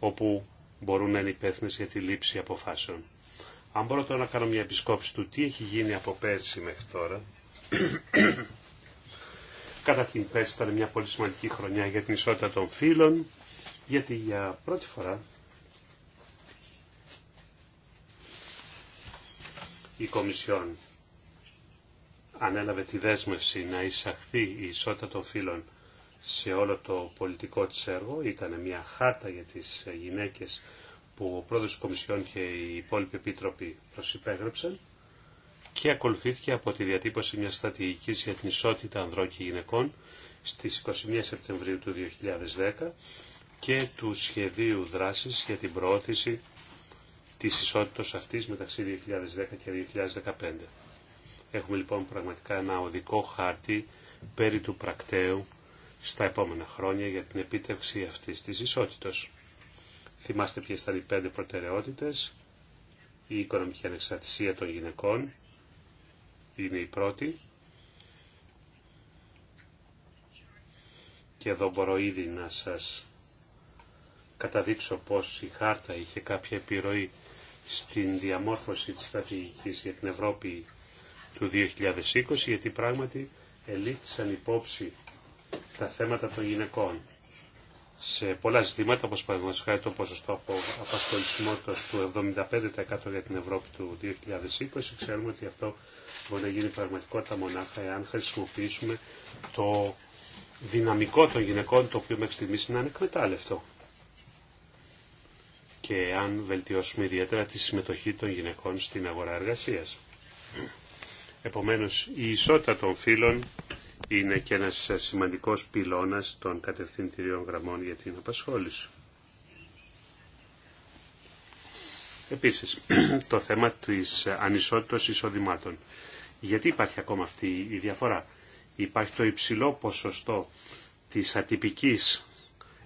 όπου μπορούν να είναι υπεύθυνε για τη λήψη αποφάσεων. Αν μπορώ τώρα να κάνω μια επισκόπηση του τι έχει γίνει από πέρσι μέχρι τώρα. Καταρχήν πέρσι ήταν μια πολύ σημαντική χρονιά για την ισότητα των φίλων, γιατί για πρώτη φορά η Κομισιόν ανέλαβε τη δέσμευση να εισαχθεί η ισότητα των φίλων σε όλο το πολιτικό της έργο. Ήταν μια χάρτα για τις γυναίκες που ο πρόεδρος της Κομισιόν και οι υπόλοιποι επίτροποι προσυπέγραψαν και ακολουθήθηκε από τη διατύπωση μιας στρατηγικής για την ισότητα ανδρών και γυναικών στις 21 Σεπτεμβρίου του 2010 και του σχεδίου δράσης για την προώθηση της ισότητας αυτής μεταξύ 2010 και 2015. Έχουμε λοιπόν πραγματικά ένα οδικό χάρτη περί του πρακτέου στα επόμενα χρόνια για την επίτευξη αυτής της ισότητας. Θυμάστε ποιε ήταν οι πέντε προτεραιότητε. Η οικονομική ανεξαρτησία των γυναικών είναι η πρώτη. Και εδώ μπορώ ήδη να σας καταδείξω πως η χάρτα είχε κάποια επιρροή στην διαμόρφωση της στρατηγικής για την Ευρώπη του 2020, γιατί πράγματι ελήφθησαν υπόψη τα θέματα των γυναικών σε πολλά ζητήματα, όπως παραδείγματος χάρη το ποσοστό από απασχολησιμότητας του 75% για την Ευρώπη του 2020, ξέρουμε ότι αυτό μπορεί να γίνει πραγματικότητα μονάχα εάν χρησιμοποιήσουμε το δυναμικό των γυναικών, το οποίο μέχρι στιγμής είναι ανεκμετάλλευτο. Και αν βελτιώσουμε ιδιαίτερα τη συμμετοχή των γυναικών στην αγορά εργασίας. Επομένως, η ισότητα των φύλων είναι και ένας σημαντικός πυλώνας των κατευθυντηριών γραμμών για την απασχόληση. Επίσης, το θέμα της ανισότητας εισοδημάτων. Γιατί υπάρχει ακόμα αυτή η διαφορά. Υπάρχει το υψηλό ποσοστό της ατυπικής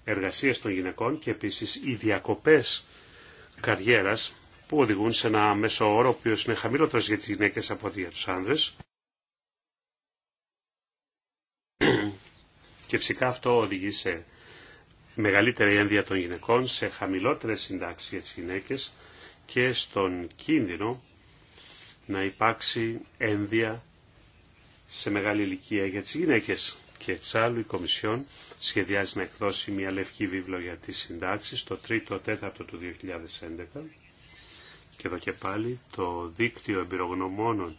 εργασίας των γυναικών και επίσης οι διακοπές καριέρας που οδηγούν σε ένα μέσο όρο ο οποίος είναι χαμηλότερος για τις γυναίκες από ό,τι για τους άνδρες και φυσικά αυτό οδηγεί σε μεγαλύτερη ένδια των γυναικών, σε χαμηλότερες συντάξεις για τις γυναίκες και στον κίνδυνο να υπάρξει ένδια σε μεγάλη ηλικία για τις γυναίκες. Και εξάλλου η Κομισιόν σχεδιάζει να εκδώσει μια λευκή βίβλο για τις συντάξεις το 3ο 4 ο του 2011 και εδώ και πάλι το δίκτυο εμπειρογνωμόνων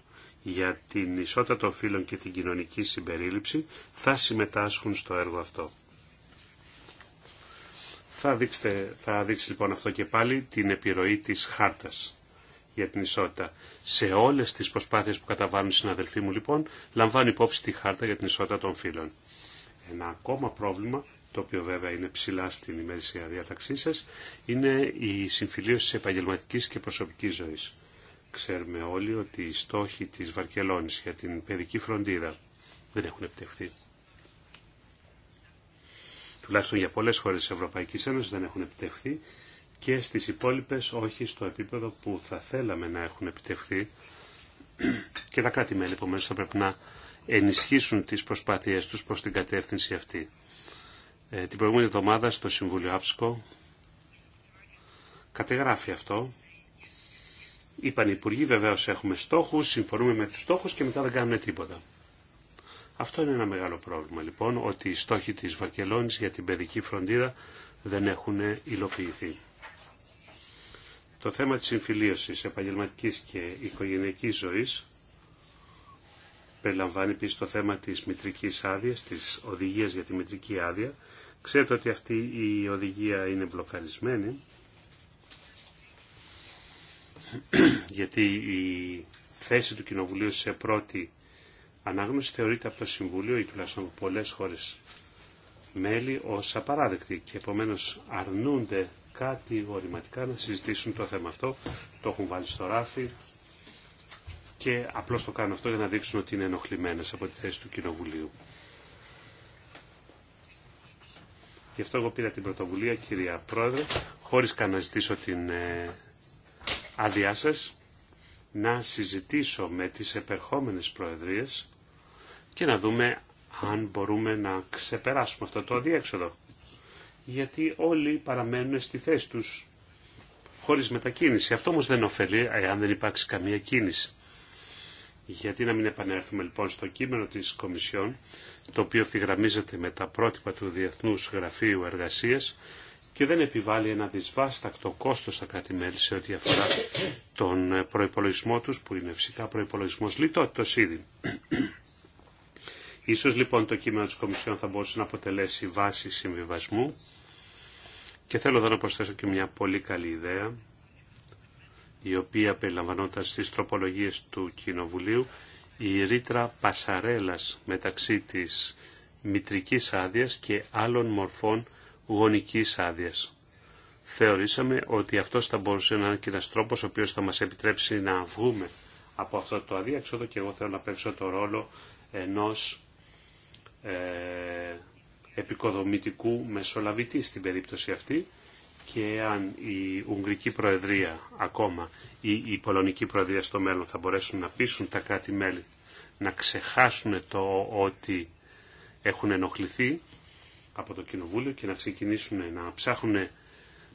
για την ισότητα των φύλων και την κοινωνική συμπερίληψη θα συμμετάσχουν στο έργο αυτό. Θα, θα δείξει λοιπόν αυτό και πάλι την επιρροή της χάρτας για την ισότητα. Σε όλες τις προσπάθειες που καταβάλουν οι συναδελφοί μου λοιπόν λαμβάνουν υπόψη τη χάρτα για την ισότητα των φύλων. Ένα ακόμα πρόβλημα το οποίο βέβαια είναι ψηλά στην ημερήσια διάταξή σας, είναι η συμφιλίωση τη επαγγελματικής και προσωπικής ζωής. Ξέρουμε όλοι ότι οι στόχοι της Βαρκελόνης για την παιδική φροντίδα δεν έχουν επιτευχθεί. Τουλάχιστον για πολλές χώρες της Ευρωπαϊκής Ένωσης δεν έχουν επιτευχθεί και στις υπόλοιπες όχι στο επίπεδο που θα θέλαμε να έχουν επιτευχθεί και τα κράτη-μέλη επομένως θα πρέπει να ενισχύσουν τις προσπάθειές τους προς την κατεύθυνση αυτή. Ε, την προηγούμενη εβδομάδα στο Συμβούλιο Άψκο κατεγράφει αυτό Είπαν οι υπουργοί, βεβαίω έχουμε στόχου, συμφωνούμε με του στόχου και μετά δεν κάνουμε τίποτα. Αυτό είναι ένα μεγάλο πρόβλημα λοιπόν, ότι οι στόχοι τη Βαρκελόνη για την παιδική φροντίδα δεν έχουν υλοποιηθεί. Το θέμα της συμφιλίωσης επαγγελματικής και οικογενειακής ζωής περιλαμβάνει επίση το θέμα της μητρικής άδεια, της οδηγίας για τη μητρική άδεια. Ξέρετε ότι αυτή η οδηγία είναι μπλοκαρισμένη γιατί η θέση του Κοινοβουλίου σε πρώτη ανάγνωση θεωρείται από το Συμβούλιο ή τουλάχιστον από πολλές χώρες μέλη ως απαράδεκτη και επομένως αρνούνται κάτι κατηγορηματικά να συζητήσουν το θέμα αυτό, το έχουν βάλει στο ράφι και απλώς το κάνουν αυτό για να δείξουν ότι είναι ενοχλημένες από τη θέση του Κοινοβουλίου. Γι' αυτό εγώ πήρα την πρωτοβουλία, κυρία Πρόεδρε, χωρίς καν να ζητήσω την ε, άδειά σα να συζητήσω με τις επερχόμενες προεδρίες και να δούμε αν μπορούμε να ξεπεράσουμε αυτό το αδιέξοδο. Γιατί όλοι παραμένουν στη θέση τους χωρίς μετακίνηση. Αυτό όμως δεν ωφελεί εάν δεν υπάρξει καμία κίνηση. Γιατί να μην επανέλθουμε λοιπόν στο κείμενο της Κομισιόν, το οποίο φυγραμμίζεται με τα πρότυπα του Διεθνούς Γραφείου Εργασίας, και δεν επιβάλλει ένα δυσβάστακτο κόστος στα κρατημέλη μελη σε ό,τι αφορά τον προϋπολογισμό τους, που είναι φυσικά προϋπολογισμός λιτότητος ήδη. Ίσως λοιπόν το κείμενο της Κομισιόν θα μπορούσε να αποτελέσει βάση συμβιβασμού και θέλω εδώ να προσθέσω και μια πολύ καλή ιδέα η οποία περιλαμβανόταν στις τροπολογίες του Κοινοβουλίου η ρήτρα πασαρέλας μεταξύ της μητρικής άδειας και άλλων μορφών γονικής άδειας. Θεωρήσαμε ότι αυτός θα μπορούσε να είναι και ένας τρόπος ο οποίος θα μας επιτρέψει να βγούμε από αυτό το αδίαξοδο και εγώ θέλω να παίξω το ρόλο ενός ε, επικοδομητικού μεσολαβητή στην περίπτωση αυτή και αν η Ουγγρική Προεδρία ακόμα ή η Πολωνική Προεδρία στο μέλλον θα μπορέσουν να πείσουν τα κράτη-μέλη να ξεχάσουν το ότι έχουν ενοχληθεί από το Κοινοβούλιο και να ξεκινήσουν να ψάχνουν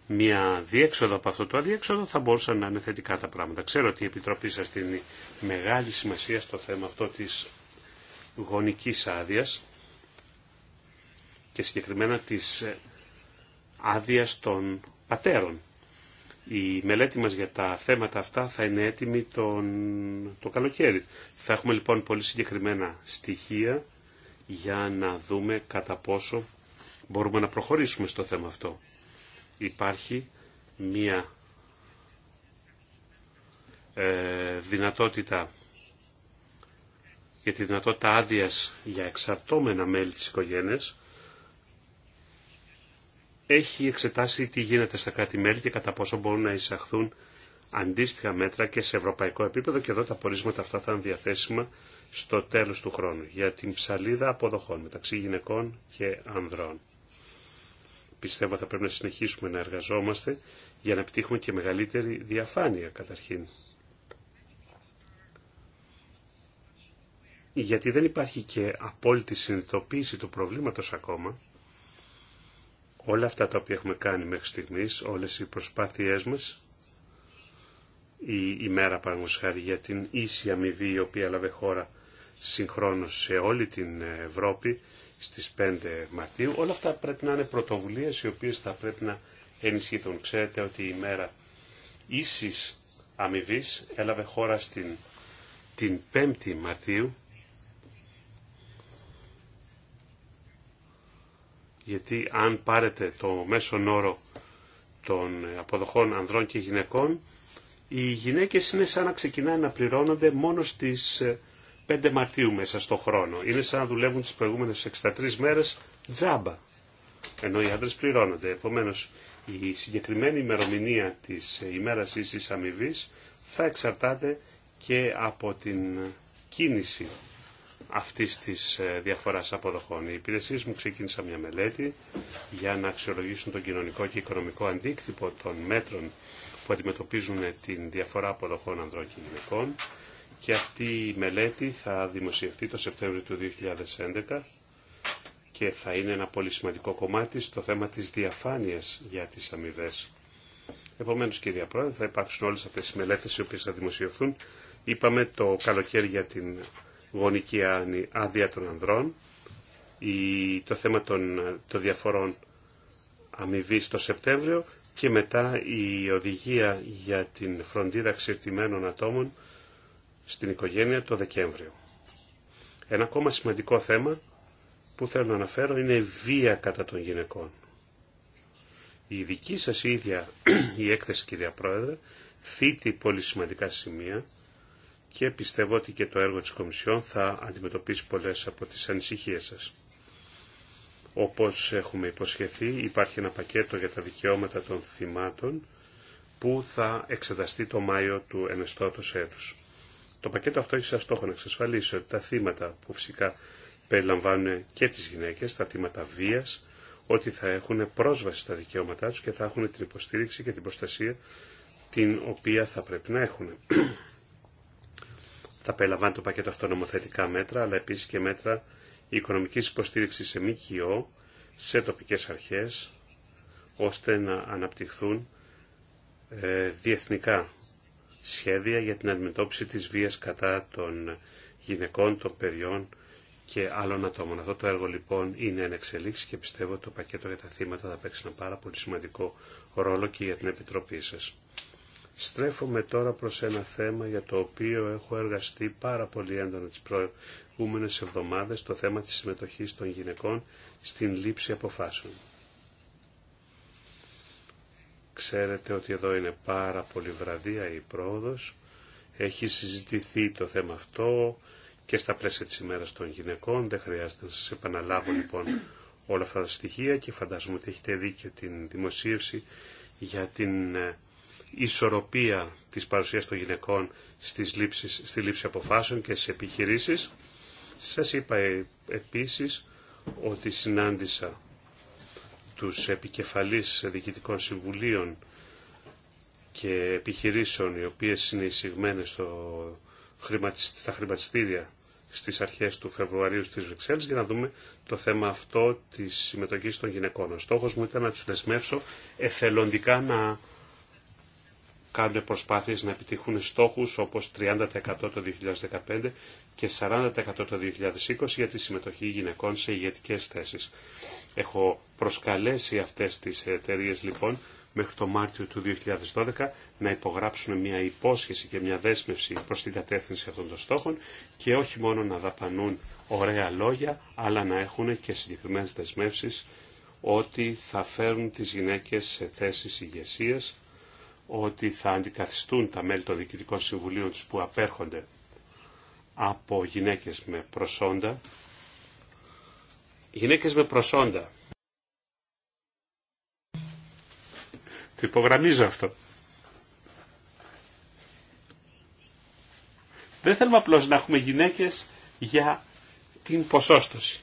μια διέξοδο από αυτό το αδιέξοδο θα μπορούσαν να είναι θετικά τα πράγματα. Ξέρω ότι η Επιτροπή σας δίνει μεγάλη σημασία στο θέμα αυτό της γονικής άδεια και συγκεκριμένα της άδεια των πατέρων. Η μελέτη μας για τα θέματα αυτά θα είναι έτοιμη τον... το καλοκαίρι. Θα έχουμε λοιπόν πολύ συγκεκριμένα στοιχεία για να δούμε κατά πόσο μπορούμε να προχωρήσουμε στο θέμα αυτό. Υπάρχει μία ε, δυνατότητα για τη δυνατότητα άδεια για εξαρτώμενα μέλη της οικογένειας έχει εξετάσει τι γίνεται στα κράτη-μέλη και κατά πόσο μπορούν να εισαχθούν αντίστοιχα μέτρα και σε ευρωπαϊκό επίπεδο και εδώ τα πορίσματα αυτά θα είναι διαθέσιμα στο τέλος του χρόνου για την ψαλίδα αποδοχών μεταξύ γυναικών και ανδρών πιστεύω θα πρέπει να συνεχίσουμε να εργαζόμαστε για να επιτύχουμε και μεγαλύτερη διαφάνεια καταρχήν. Γιατί δεν υπάρχει και απόλυτη συνειδητοποίηση του προβλήματος ακόμα. Όλα αυτά τα οποία έχουμε κάνει μέχρι στιγμής, όλες οι προσπάθειές μας, η ημέρα παραγωγή για την ίση αμοιβή η οποία έλαβε χώρα συγχρόνως σε όλη την Ευρώπη στις 5 Μαρτίου. Όλα αυτά πρέπει να είναι πρωτοβουλίες οι οποίες θα πρέπει να ενισχύουν. Ξέρετε ότι η μέρα ίσης αμοιβή έλαβε χώρα στην, την 5η Μαρτίου γιατί αν πάρετε το μέσον όρο των αποδοχών ανδρών και γυναικών οι γυναίκες είναι σαν να ξεκινάνε να πληρώνονται μόνο στις ε, 5 Μαρτίου μέσα στο χρόνο. Είναι σαν να δουλεύουν τις προηγούμενες 63 μέρες τζάμπα, ενώ οι άντρες πληρώνονται. Επομένως, η συγκεκριμένη ημερομηνία της ημέρας ίσης αμοιβή θα εξαρτάται και από την κίνηση αυτή τη ε, διαφορά αποδοχών. Οι υπηρεσίε μου ξεκίνησαν μια μελέτη για να αξιολογήσουν τον κοινωνικό και οικονομικό αντίκτυπο των μέτρων που αντιμετωπίζουν την διαφορά αποδοχών ανδρών και γυναικών και αυτή η μελέτη θα δημοσιευτεί το Σεπτέμβριο του 2011 και θα είναι ένα πολύ σημαντικό κομμάτι στο θέμα της διαφάνειας για τις αμοιβέ. Επομένως, κυρία Πρόεδρε, θα υπάρξουν όλες αυτές οι μελέτες οι οποίες θα δημοσιευθούν. Είπαμε το καλοκαίρι για την γονική άδεια των ανδρών, η, το θέμα των, διαφορών αμοιβή το Σεπτέμβριο και μετά η οδηγία για την φροντίδα εξερτημένων ατόμων στην οικογένεια το Δεκέμβριο. Ένα ακόμα σημαντικό θέμα που θέλω να αναφέρω είναι η βία κατά των γυναικών. Η δική σας ίδια η έκθεση κυρία Πρόεδρε θίτει πολύ σημαντικά σημεία και πιστεύω ότι και το έργο της Κομισιόν θα αντιμετωπίσει πολλές από τις ανησυχίες σας. Όπως έχουμε υποσχεθεί υπάρχει ένα πακέτο για τα δικαιώματα των θυμάτων που θα εξεταστεί το Μάιο του ενεστώτος έτους. Το πακέτο αυτό έχει σαν στόχο να εξασφαλίσει ότι τα θύματα που φυσικά περιλαμβάνουν και τις γυναίκες, τα θύματα βίας, ότι θα έχουν πρόσβαση στα δικαιώματά τους και θα έχουν την υποστήριξη και την προστασία την οποία θα πρέπει να έχουν. θα περιλαμβάνει το πακέτο αυτό νομοθετικά μέτρα, αλλά επίσης και μέτρα οικονομικής υποστήριξης σε ΜΚΟ, σε τοπικές αρχές, ώστε να αναπτυχθούν ε, διεθνικά σχέδια για την αντιμετώπιση της βίας κατά των γυναικών, των παιδιών και άλλων ατόμων. Αυτό το έργο λοιπόν είναι εν εξελίξη και πιστεύω ότι το πακέτο για τα θύματα θα παίξει ένα πάρα πολύ σημαντικό ρόλο και για την Επιτροπή σας. Στρέφομαι τώρα προς ένα θέμα για το οποίο έχω εργαστεί πάρα πολύ έντονα τις προηγούμενες εβδομάδες, το θέμα της συμμετοχής των γυναικών στην λήψη αποφάσεων. Ξέρετε ότι εδώ είναι πάρα πολύ βραδία η πρόοδος. Έχει συζητηθεί το θέμα αυτό και στα πλαίσια της ημέρας των γυναικών. Δεν χρειάζεται να σας επαναλάβω λοιπόν όλα αυτά τα στοιχεία και φαντάζομαι ότι έχετε δει και την δημοσίευση για την ε, ισορροπία της παρουσίας των γυναικών στις λήψεις, στη λήψη αποφάσεων και στις επιχειρήσεις. Σας είπα ε, επίσης ότι συνάντησα τους επικεφαλείς διοικητικών συμβουλίων και επιχειρήσεων οι οποίες είναι εισηγμένες στο, στα χρηματιστήρια στις αρχές του Φεβρουαρίου στις Βρυξέλλες για να δούμε το θέμα αυτό της συμμετοχής των γυναικών. Ο στόχος μου ήταν να τους δεσμεύσω εθελοντικά να κάνουν προσπάθειες να επιτύχουν στόχους όπως 30% το 2015 και 40% το 2020 για τη συμμετοχή γυναικών σε ηγετικές θέσεις. Έχω προσκαλέσει αυτές τις εταιρείε λοιπόν μέχρι το Μάρτιο του 2012 να υπογράψουν μια υπόσχεση και μια δέσμευση προς την κατεύθυνση αυτών των στόχων και όχι μόνο να δαπανούν ωραία λόγια αλλά να έχουν και συγκεκριμένες δεσμεύσεις ότι θα φέρουν τις γυναίκες σε θέσεις ηγεσία, ότι θα αντικαθιστούν τα μέλη των διοικητικών συμβουλίων του που απέρχονται από γυναίκες με προσόντα. Γυναίκες με προσόντα Το υπογραμμίζω αυτό. Δεν θέλουμε απλώς να έχουμε γυναίκες για την ποσόστοση.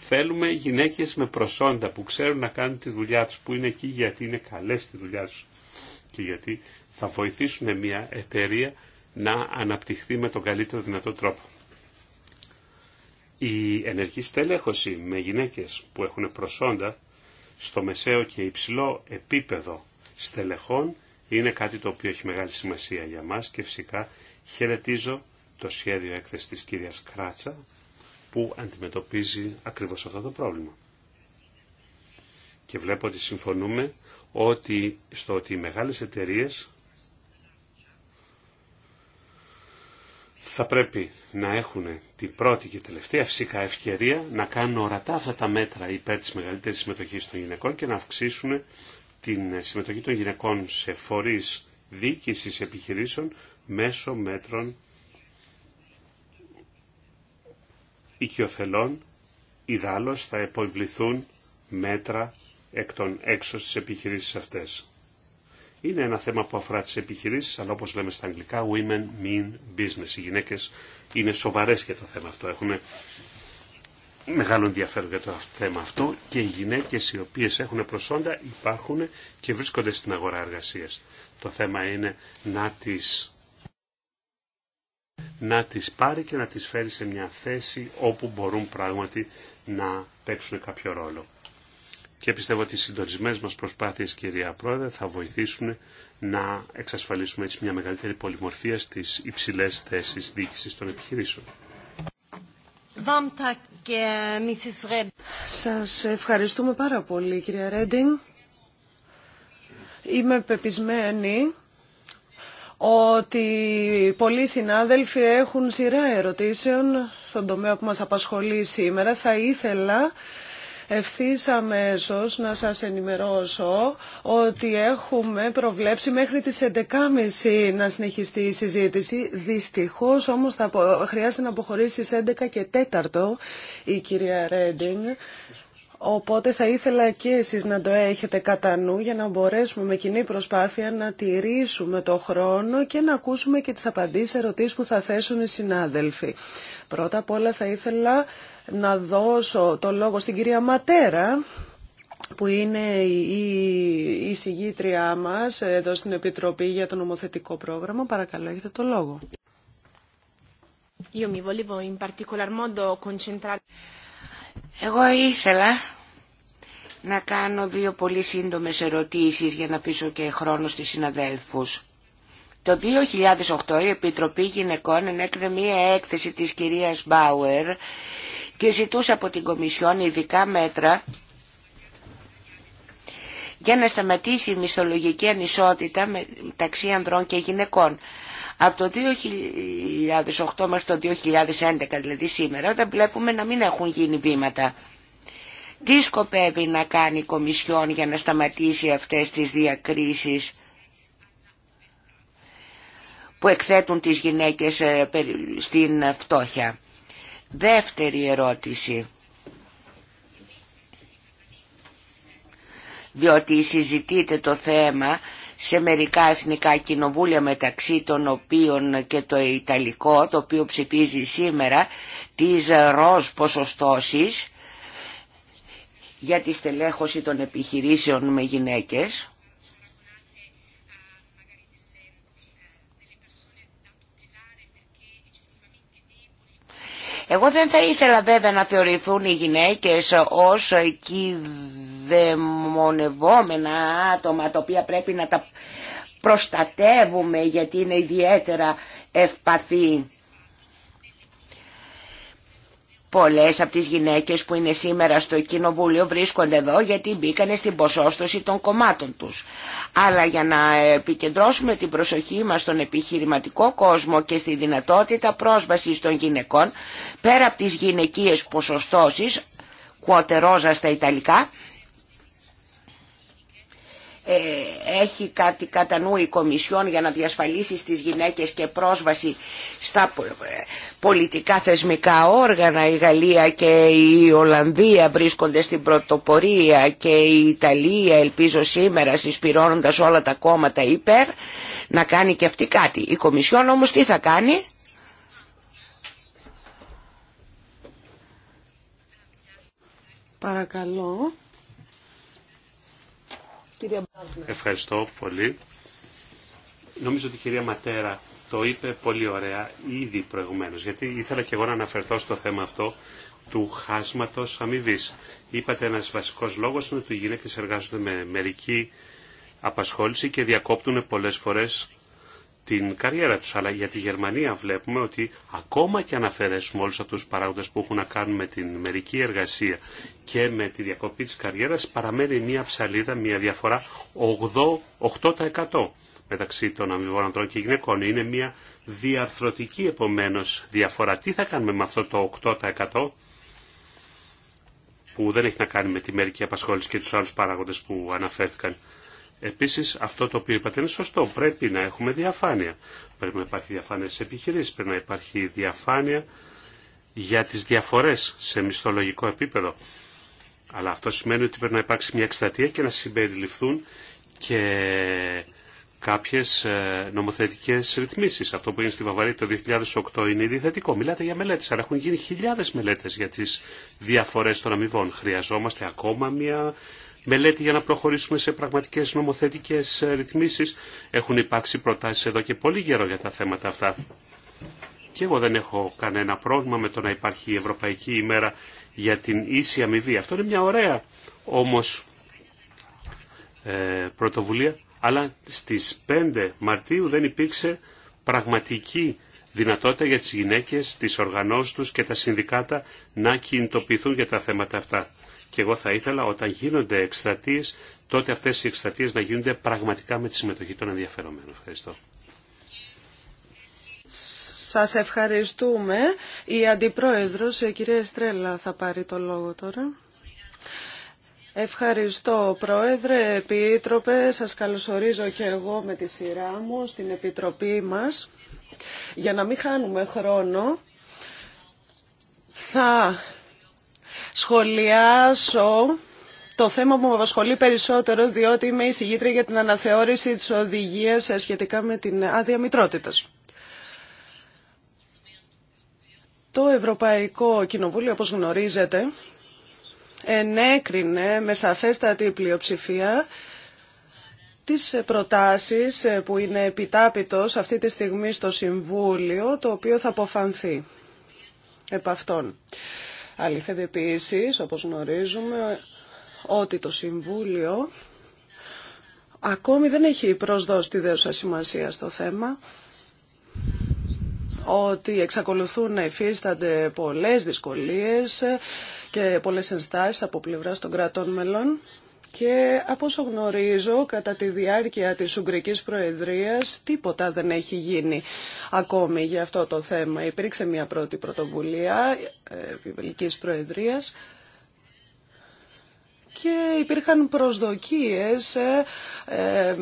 Θέλουμε γυναίκες με προσόντα που ξέρουν να κάνουν τη δουλειά τους, που είναι εκεί γιατί είναι καλές στη δουλειά τους και γιατί θα βοηθήσουν μια εταιρεία να αναπτυχθεί με τον καλύτερο δυνατό τρόπο. Η ενεργή στελέχωση με γυναίκες που έχουν προσόντα στο μεσαίο και υψηλό επίπεδο στελεχών είναι κάτι το οποίο έχει μεγάλη σημασία για μας και φυσικά χαιρετίζω το σχέδιο έκθεση της κυρίας Κράτσα που αντιμετωπίζει ακριβώς αυτό το πρόβλημα. Και βλέπω ότι συμφωνούμε ότι, στο ότι οι μεγάλες εταιρείες θα πρέπει να έχουν την πρώτη και τελευταία φυσικά ευκαιρία να κάνουν ορατά αυτά τα μέτρα υπέρ της μεγαλύτερης συμμετοχής των γυναικών και να αυξήσουν την συμμετοχή των γυναικών σε φορείς διοίκησης επιχειρήσεων μέσω μέτρων οικειοθελών. Ιδάλλως θα υποβληθούν μέτρα εκ των έξω στις επιχειρήσεις αυτές είναι ένα θέμα που αφορά τι επιχειρήσεις, αλλά όπως λέμε στα αγγλικά, women mean business. Οι γυναίκες είναι σοβαρέ για το θέμα αυτό, έχουν μεγάλο ενδιαφέρον για το θέμα αυτό και οι γυναίκες οι οποίες έχουν προσόντα υπάρχουν και βρίσκονται στην αγορά εργασία. Το θέμα είναι να τις, να τις πάρει και να τις φέρει σε μια θέση όπου μπορούν πράγματι να παίξουν κάποιο ρόλο και πιστεύω ότι οι συντονισμένε μας προσπάθειες, κυρία Πρόεδρε, θα βοηθήσουν να εξασφαλίσουμε έτσι μια μεγαλύτερη πολυμορφία στις υψηλές θέσεις διοίκησης των επιχειρήσεων. Σας ευχαριστούμε πάρα πολύ, κυρία Ρέντινγκ. Είμαι πεπισμένη ότι πολλοί συνάδελφοι έχουν σειρά ερωτήσεων στον τομέα που μας απασχολεί σήμερα. Θα ήθελα Ευθύς αμέσως να σας ενημερώσω ότι έχουμε προβλέψει μέχρι τις 11.30 να συνεχιστεί η συζήτηση. Δυστυχώς όμως θα χρειάζεται να αποχωρήσει στις 11 και 4 η κυρία Ρέντινγκ. Οπότε θα ήθελα και εσείς να το έχετε κατά νου για να μπορέσουμε με κοινή προσπάθεια να τηρήσουμε το χρόνο και να ακούσουμε και τις απαντήσεις ερωτήσεις που θα θέσουν οι συνάδελφοι. Πρώτα απ' όλα θα ήθελα να δώσω το λόγο στην κυρία Ματέρα που είναι η συγγήτριά μας εδώ στην Επιτροπή για το νομοθετικό πρόγραμμα. Παρακαλώ, έχετε το λόγο. Εγώ ήθελα να κάνω δύο πολύ σύντομες ερωτήσεις για να πείσω και χρόνο στις συναδέλφους. Το 2008 η Επιτροπή Γυναικών ενέκρινε μία έκθεση της κυρίας Μπάουερ και ζητούσε από την Κομισιόν ειδικά μέτρα για να σταματήσει η μισθολογική ανισότητα μεταξύ ανδρών και γυναικών. Από το 2008 μέχρι το 2011, δηλαδή σήμερα, όταν βλέπουμε να μην έχουν γίνει βήματα. Τι σκοπεύει να κάνει η Κομισιόν για να σταματήσει αυτές τις διακρίσεις που εκθέτουν τις γυναίκες ε, στην φτώχεια. Δεύτερη ερώτηση. Διότι συζητείται το θέμα σε μερικά εθνικά κοινοβούλια μεταξύ των οποίων και το Ιταλικό, το οποίο ψηφίζει σήμερα, τις ροζ ποσοστώσεις για τη στελέχωση των επιχειρήσεων με γυναίκες. Εγώ δεν θα ήθελα βέβαια να θεωρηθούν οι γυναίκες ως κυδαιμονευόμενα άτομα τα οποία πρέπει να τα προστατεύουμε γιατί είναι ιδιαίτερα ευπαθή. Πολλές από τις γυναίκες που είναι σήμερα στο κοινοβούλιο βρίσκονται εδώ γιατί μπήκανε στην ποσόστοση των κομμάτων τους. Αλλά για να επικεντρώσουμε την προσοχή μας στον επιχειρηματικό κόσμο και στη δυνατότητα πρόσβασης των γυναικών Πέρα από τις γυναικείες ποσοστώσεις, κουατερόζα στα Ιταλικά, ε, έχει κάτι κατά νου η Κομισιόν για να διασφαλίσει στις γυναίκες και πρόσβαση στα πολιτικά θεσμικά όργανα. Η Γαλλία και η Ολλανδία βρίσκονται στην πρωτοπορία και η Ιταλία ελπίζω σήμερα συσπυρώνοντας όλα τα κόμματα υπέρ να κάνει και αυτή κάτι. Η Κομισιόν όμως τι θα κάνει... Παρακαλώ. Ευχαριστώ πολύ. Νομίζω ότι η κυρία Ματέρα το είπε πολύ ωραία ήδη προηγουμένως, γιατί ήθελα και εγώ να αναφερθώ στο θέμα αυτό του χάσματος αμοιβή. Είπατε ένας βασικός λόγος είναι ότι οι γυναίκες εργάζονται με μερική απασχόληση και διακόπτουν πολλές φορές την καριέρα τους. Αλλά για τη Γερμανία βλέπουμε ότι ακόμα και αν αφαιρέσουμε όλους αυτούς τους παράγοντες που έχουν να κάνουν με την μερική εργασία και με τη διακοπή της καριέρας παραμένει μια ψαλίδα, μια διαφορά 8%, 8 μεταξύ των αμοιβών ανδρών και γυναικών. Είναι μια διαρθρωτική επομένως διαφορά. Τι θα κάνουμε με αυτό το 8% που δεν έχει να κάνει με τη μερική απασχόληση και τους άλλους παράγοντες που αναφέρθηκαν. Επίσης αυτό το οποίο είπατε είναι σωστό. Πρέπει να έχουμε διαφάνεια. Πρέπει να υπάρχει διαφάνεια στις επιχειρήσεις, πρέπει να υπάρχει διαφάνεια για τις διαφορές σε μισθολογικό επίπεδο. Αλλά αυτό σημαίνει ότι πρέπει να υπάρξει μια εξτατεία και να συμπεριληφθούν και κάποιες ε, νομοθετικές ρυθμίσεις. Αυτό που έγινε στη Βαβαρία το 2008 είναι ήδη θετικό. Μιλάτε για μελέτες, αλλά έχουν γίνει χιλιάδες μελέτες για τις διαφορές των αμοιβών. Χρειαζόμαστε ακόμα μια μελέτη για να προχωρήσουμε σε πραγματικές νομοθετικές ε, ρυθμίσεις. Έχουν υπάρξει προτάσεις εδώ και πολύ καιρό για τα θέματα αυτά. Και εγώ δεν έχω κανένα πρόβλημα με το να υπάρχει η Ευρωπαϊκή ημέρα για την ίση αμοιβή. Αυτό είναι μια ωραία όμως ε, πρωτοβουλία, αλλά στις 5 Μαρτίου δεν υπήρξε πραγματική δυνατότητα για τις γυναίκες, τις οργανώσεις τους και τα συνδικάτα να κινητοποιηθούν για τα θέματα αυτά. Και εγώ θα ήθελα όταν γίνονται εκστρατείε, τότε αυτέ οι εκστρατείε να γίνονται πραγματικά με τη συμμετοχή των ενδιαφερομένων. Ευχαριστώ. Σας ευχαριστούμε. Η Αντιπρόεδρος, η κυρία Στρέλα, θα πάρει το λόγο τώρα. Ευχαριστώ Πρόεδρε, Επίτροπε, σας καλωσορίζω και εγώ με τη σειρά μου στην Επιτροπή μας. Για να μην χάνουμε χρόνο, θα σχολιάσω το θέμα που με απασχολεί περισσότερο, διότι είμαι εισηγήτρια για την αναθεώρηση της οδηγίας ε, σχετικά με την άδεια Το Ευρωπαϊκό Κοινοβούλιο, όπως γνωρίζετε, ενέκρινε με σαφέστατη πλειοψηφία τις προτάσεις ε, που είναι επιτάπητος αυτή τη στιγμή στο Συμβούλιο, το οποίο θα αποφανθεί επ' Αληθεύει επίση, όπως γνωρίζουμε, ότι το Συμβούλιο ακόμη δεν έχει προσδώσει τη δέουσα σημασία στο θέμα ότι εξακολουθούν να υφίστανται πολλές δυσκολίες και πολλές ενστάσεις από πλευράς των κρατών μελών και από όσο γνωρίζω, κατά τη διάρκεια της Ουγγρικής Προεδρίας, τίποτα δεν έχει γίνει ακόμη για αυτό το θέμα. Υπήρξε μια πρώτη πρωτοβουλία Ουγγρικής ε, Προεδρίας και υπήρχαν προσδοκίες ε, ε,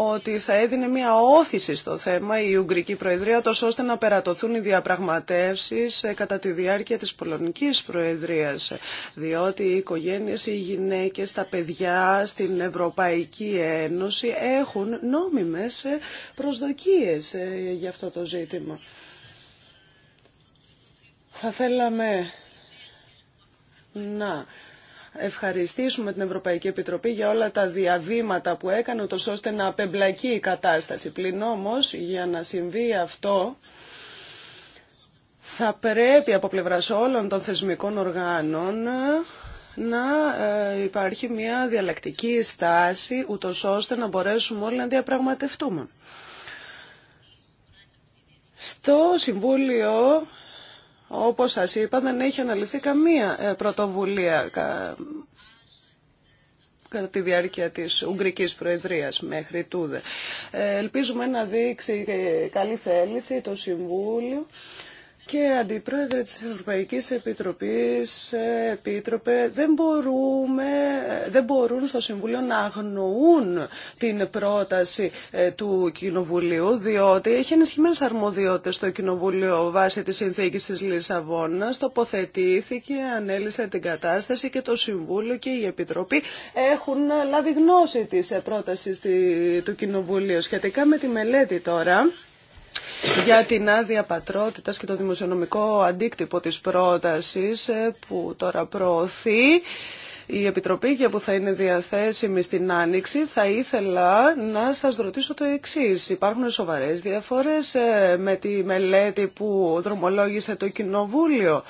ότι θα έδινε μια όθηση στο θέμα η Ουγγρική Προεδρία, τόσο ώστε να περατωθούν οι διαπραγματεύσεις ε, κατά τη διάρκεια της Πολωνικής Προεδρίας. Διότι οι οικογένειες, οι γυναίκες, τα παιδιά στην Ευρωπαϊκή Ένωση έχουν νόμιμες ε, προσδοκίες ε, για αυτό το ζήτημα. Θα θέλαμε να ευχαριστήσουμε την Ευρωπαϊκή Επιτροπή για όλα τα διαβήματα που έκανε, ούτως ώστε να απεμπλακεί η κατάσταση. Πλην όμως, για να συμβεί αυτό, θα πρέπει από πλευράς όλων των θεσμικών οργάνων να ε, υπάρχει μια διαλλακτική στάση, ούτως ώστε να μπορέσουμε όλοι να διαπραγματευτούμε. Στο Συμβούλιο όπως σας είπα, δεν έχει αναλυθεί καμία ε, πρωτοβουλία κατά τη διάρκεια της Ουγγρικής Προεδρίας μέχρι τούδε. Ε, ελπίζουμε να δείξει καλή θέληση το Συμβούλιο και Αντιπρόεδρε της Ευρωπαϊκής Επιτροπής, ε, Επίτροπε, δεν, μπορούμε, ε, δεν μπορούν στο Συμβούλιο να αγνοούν την πρόταση ε, του Κοινοβουλίου, διότι έχει ενισχυμένες αρμοδιότητες στο Κοινοβούλιο βάσει της συνθήκης της Λισαβόνας, τοποθετήθηκε, ανέλησε την κατάσταση και το Συμβούλιο και η Επιτροπή έχουν λάβει γνώση της πρότασης του Κοινοβουλίου. Σχετικά με τη μελέτη τώρα για την άδεια πατρότητα και το δημοσιονομικό αντίκτυπο της πρότασης ε, που τώρα προωθεί η Επιτροπή και που θα είναι διαθέσιμη στην Άνοιξη, θα ήθελα να σας ρωτήσω το εξής. Υπάρχουν σοβαρές διαφορές ε, με τη μελέτη που δρομολόγησε το Κοινοβούλιο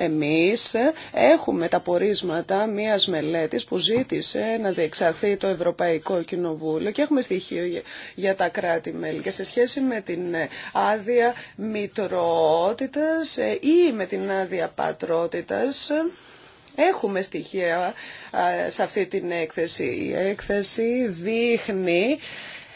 Εμείς έχουμε τα πορίσματα μιας μελέτης που ζήτησε να διεξαχθεί το Ευρωπαϊκό Κοινοβούλιο και έχουμε στοιχείο για τα κράτη-μέλη και σε σχέση με την άδεια μητρότητας ή με την άδεια πατρότητας Έχουμε στοιχεία ε, σε αυτή την έκθεση. Η έκθεση δείχνει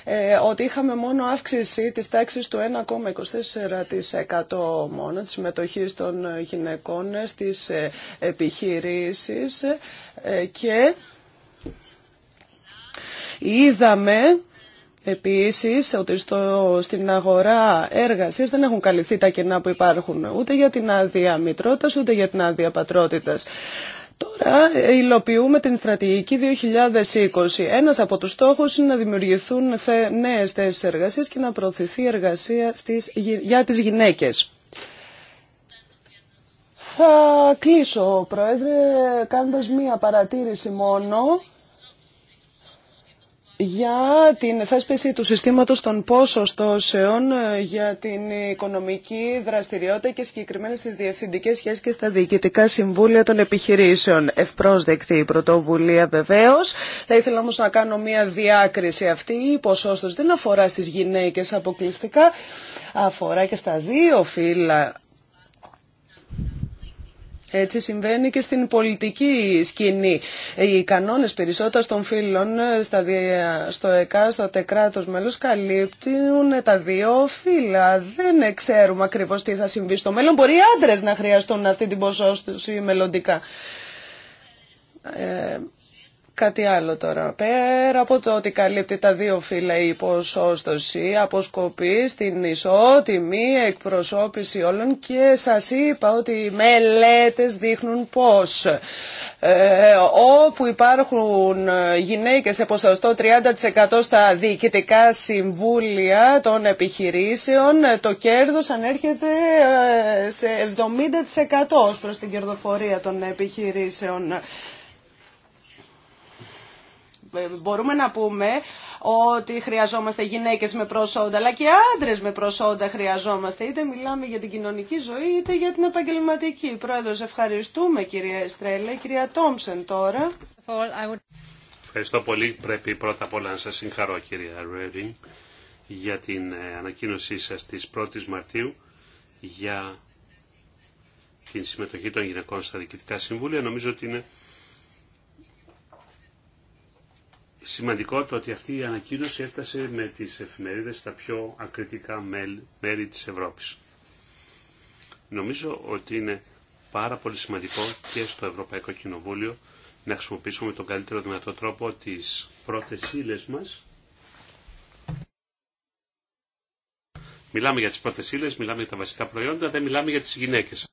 ε, ότι είχαμε μόνο αύξηση της τάξης του 1,24% μόνο της συμμετοχής των γυναικών στις ε, επιχειρήσεις ε, και είδαμε Επίσης, ότι στο, στην αγορά έργασης δεν έχουν καλυφθεί τα κενά που υπάρχουν ούτε για την άδεια μητρότητας, ούτε για την άδεια πατρότητας. Τώρα ε, υλοποιούμε την στρατηγική 2020. Ένας από τους στόχους είναι να δημιουργηθούν νέες θέσεις εργασίας και να προωθηθεί εργασία στις, για τις γυναίκες. Θα κλείσω, Πρόεδρε, κάνοντας μία παρατήρηση μόνο για την θέσπιση του συστήματος των ποσοστώσεων ε, για την οικονομική δραστηριότητα και συγκεκριμένα στις διευθυντικές σχέσεις και στα διοικητικά συμβούλια των επιχειρήσεων. Ευπρόσδεκτη η πρωτοβουλία βεβαίω. Θα ήθελα όμως να κάνω μια διάκριση αυτή. Η ποσόστος δεν αφορά στις γυναίκες αποκλειστικά, αφορά και στα δύο φύλλα έτσι συμβαίνει και στην πολιτική σκηνή. Οι κανόνε περισσότερα των φύλων ε, στο ΕΚΑ, στο τεκράτο μέλο, καλύπτουν τα δύο φύλλα. Δεν ξέρουμε ακριβώ τι θα συμβεί στο μέλλον. Μπορεί οι άντρε να χρειαστούν αυτή την ποσόστοση μελλοντικά. Ε, Κάτι άλλο τώρα. Πέρα από το ότι καλύπτει τα δύο φύλλα η ποσόστοση, αποσκοπεί στην ισότιμη εκπροσώπηση όλων και σας είπα ότι οι μελέτες δείχνουν πως ε, όπου υπάρχουν ε, γυναίκες σε ποσοστό 30% στα διοικητικά συμβούλια των επιχειρήσεων, ε, το κέρδος ανέρχεται σε 70% προς την κερδοφορία των επιχειρήσεων μπορούμε να πούμε ότι χρειαζόμαστε γυναίκες με προσόντα, αλλά και άντρες με προσόντα χρειαζόμαστε. Είτε μιλάμε για την κοινωνική ζωή, είτε για την επαγγελματική. Πρόεδρος, ευχαριστούμε κυρία Στρέλα. Κυρία Τόμψεν τώρα. Ευχαριστώ πολύ. Πρέπει πρώτα απ' όλα να σας συγχαρώ κυρία Ρέριν για την ε, ανακοίνωσή σας της 1ης Μαρτίου για την συμμετοχή των γυναικών στα διοικητικά συμβούλια. Νομίζω ότι σημαντικό το ότι αυτή η ανακοίνωση έφτασε με τις εφημερίδες στα πιο ακριτικά μέρη της Ευρώπης. Νομίζω ότι είναι πάρα πολύ σημαντικό και στο Ευρωπαϊκό Κοινοβούλιο να χρησιμοποιήσουμε τον καλύτερο δυνατό τρόπο τις πρώτες ύλες μας. Μιλάμε για τις πρώτες ύλες, μιλάμε για τα βασικά προϊόντα, δεν μιλάμε για τις γυναίκες.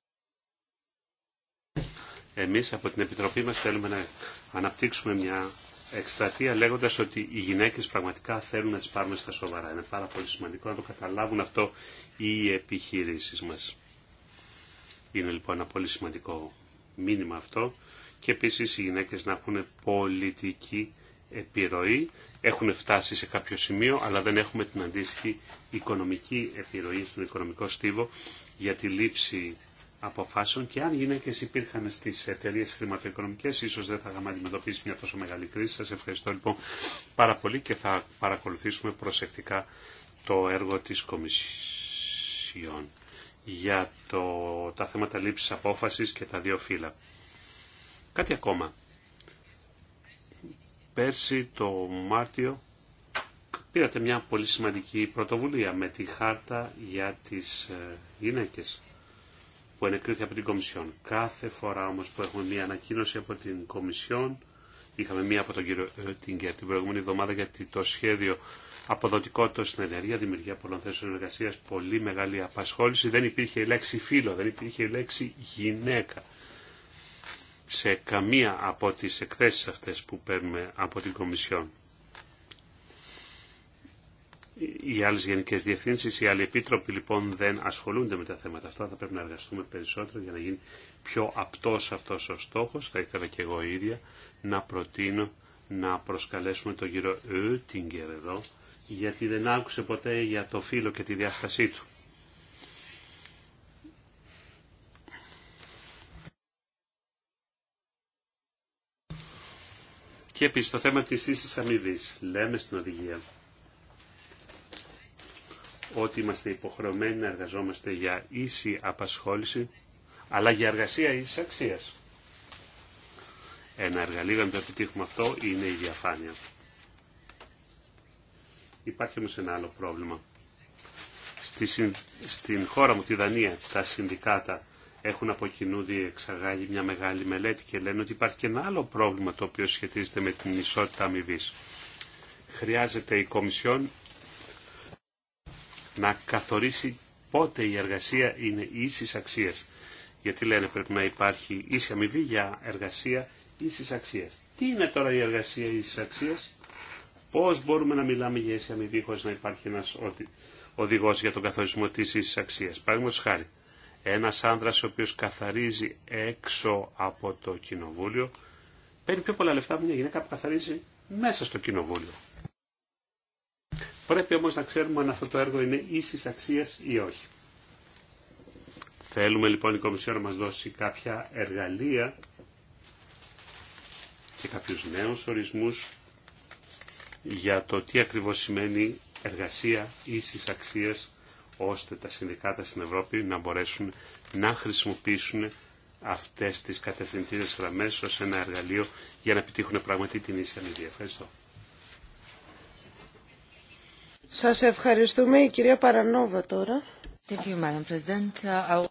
Εμείς από την Επιτροπή μας θέλουμε να αναπτύξουμε μια εκστρατεία λέγοντας ότι οι γυναίκες πραγματικά θέλουν να τις πάρουμε στα σοβαρά. Είναι πάρα πολύ σημαντικό να το καταλάβουν αυτό οι επιχειρήσεις μας. Είναι λοιπόν ένα πολύ σημαντικό μήνυμα αυτό και επίσης οι γυναίκες να έχουν πολιτική επιρροή. Έχουν φτάσει σε κάποιο σημείο αλλά δεν έχουμε την αντίστοιχη οικονομική επιρροή στον οικονομικό στίβο για τη λήψη αποφάσεων και αν γυναίκε υπήρχαν στι εταιρείε χρηματοοικονομικέ, ίσω δεν θα είχαμε αντιμετωπίσει μια τόσο μεγάλη κρίση. Σα ευχαριστώ λοιπόν πάρα πολύ και θα παρακολουθήσουμε προσεκτικά το έργο τη Κομισιόν για τα θέματα λήψη απόφαση και τα δύο φύλλα. Κάτι ακόμα. Πέρσι το Μάρτιο πήρατε μια πολύ σημαντική πρωτοβουλία με τη χάρτα για τις ε, γυναίκες που ενεκρίθη από την Κομισιόν. Κάθε φορά όμω που έχουμε μία ανακοίνωση από την Κομισιόν, είχαμε μία από τον κύριο την προηγούμενη εβδομάδα γιατί το σχέδιο αποδοτικότητα στην ενέργεια, δημιουργία πολλών θέσεων εργασία, πολύ μεγάλη απασχόληση. Δεν υπήρχε η λέξη φίλο, δεν υπήρχε η λέξη γυναίκα. Σε καμία από τι εκθέσει αυτέ που παίρνουμε από την Κομισιόν οι άλλες γενικές διευθύνσεις, οι άλλοι επίτροποι λοιπόν δεν ασχολούνται με τα θέματα αυτά, θα πρέπει να εργαστούμε περισσότερο για να γίνει πιο απτός αυτός ο στόχος. Θα ήθελα και εγώ ίδια να προτείνω να προσκαλέσουμε τον κύριο Ούτιγκερ εδώ, γιατί δεν άκουσε ποτέ για το φίλο και τη διάστασή του. Και επίσης το θέμα της ίσης αμοιβής. Λέμε στην οδηγία ότι είμαστε υποχρεωμένοι να εργαζόμαστε για ίση απασχόληση, αλλά για εργασία ίσης αξίας. Ένα εργαλείο να το επιτύχουμε αυτό είναι η διαφάνεια. Υπάρχει όμως ένα άλλο πρόβλημα. στην χώρα μου, τη Δανία, τα συνδικάτα έχουν από κοινού διεξαγάγει μια μεγάλη μελέτη και λένε ότι υπάρχει και ένα άλλο πρόβλημα το οποίο σχετίζεται με την ισότητα αμοιβή. Χρειάζεται η Κομισιόν να καθορίσει πότε η εργασία είναι ίση αξία. Γιατί λένε πρέπει να υπάρχει ίση αμοιβή για εργασία ίσης αξια Τι είναι τώρα η εργασία ίσης αξια πω μπορούμε να μιλάμε για ίση αμοιβή χωρίς να υπάρχει ένα οδηγό για τον καθορισμό τη ίση αξία. Παραδείγματο χάρη, ένα άνδρα ο οποίο καθαρίζει έξω από το κοινοβούλιο, παίρνει πιο πολλά λεφτά από μια γυναίκα που καθαρίζει μέσα στο κοινοβούλιο. Πρέπει όμως να ξέρουμε αν αυτό το έργο είναι ίσης αξίας ή όχι. Θέλουμε λοιπόν η Κομισιόν να μας δώσει κάποια εργαλεία και κάποιους νέους ορισμούς για το τι ακριβώς σημαίνει εργασία ίσης αξίας ώστε τα συνδικάτα στην Ευρώπη να μπορέσουν να χρησιμοποιήσουν αυτές τις κατευθυντήρες γραμμές ως ένα εργαλείο για να επιτύχουν πραγματικά την ίση αμοιβή. Ευχαριστώ. Σας ευχαριστούμε. κυρία Παρανόβα τώρα. Uh,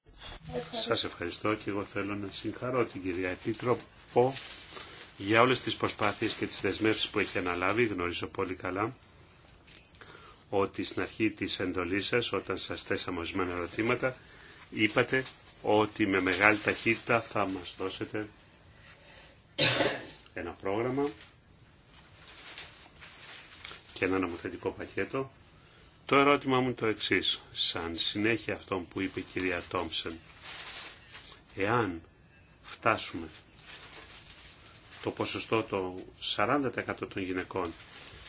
σας ευχαριστώ και εγώ θέλω να συγχαρώ την κυρία Επίτροπο για όλες τις προσπάθειες και τις δεσμεύσεις που έχει αναλάβει. Γνωρίζω πολύ καλά ότι στην αρχή της εντολής σας, όταν σας θέσαμε ορισμένα ερωτήματα, είπατε ότι με μεγάλη ταχύτητα θα μας δώσετε ένα πρόγραμμα και ένα νομοθετικό πακέτο. Το ερώτημά μου είναι το εξή, σαν συνέχεια αυτό που είπε η κυρία Τόμψεν. Εάν φτάσουμε το ποσοστό των 40% των γυναικών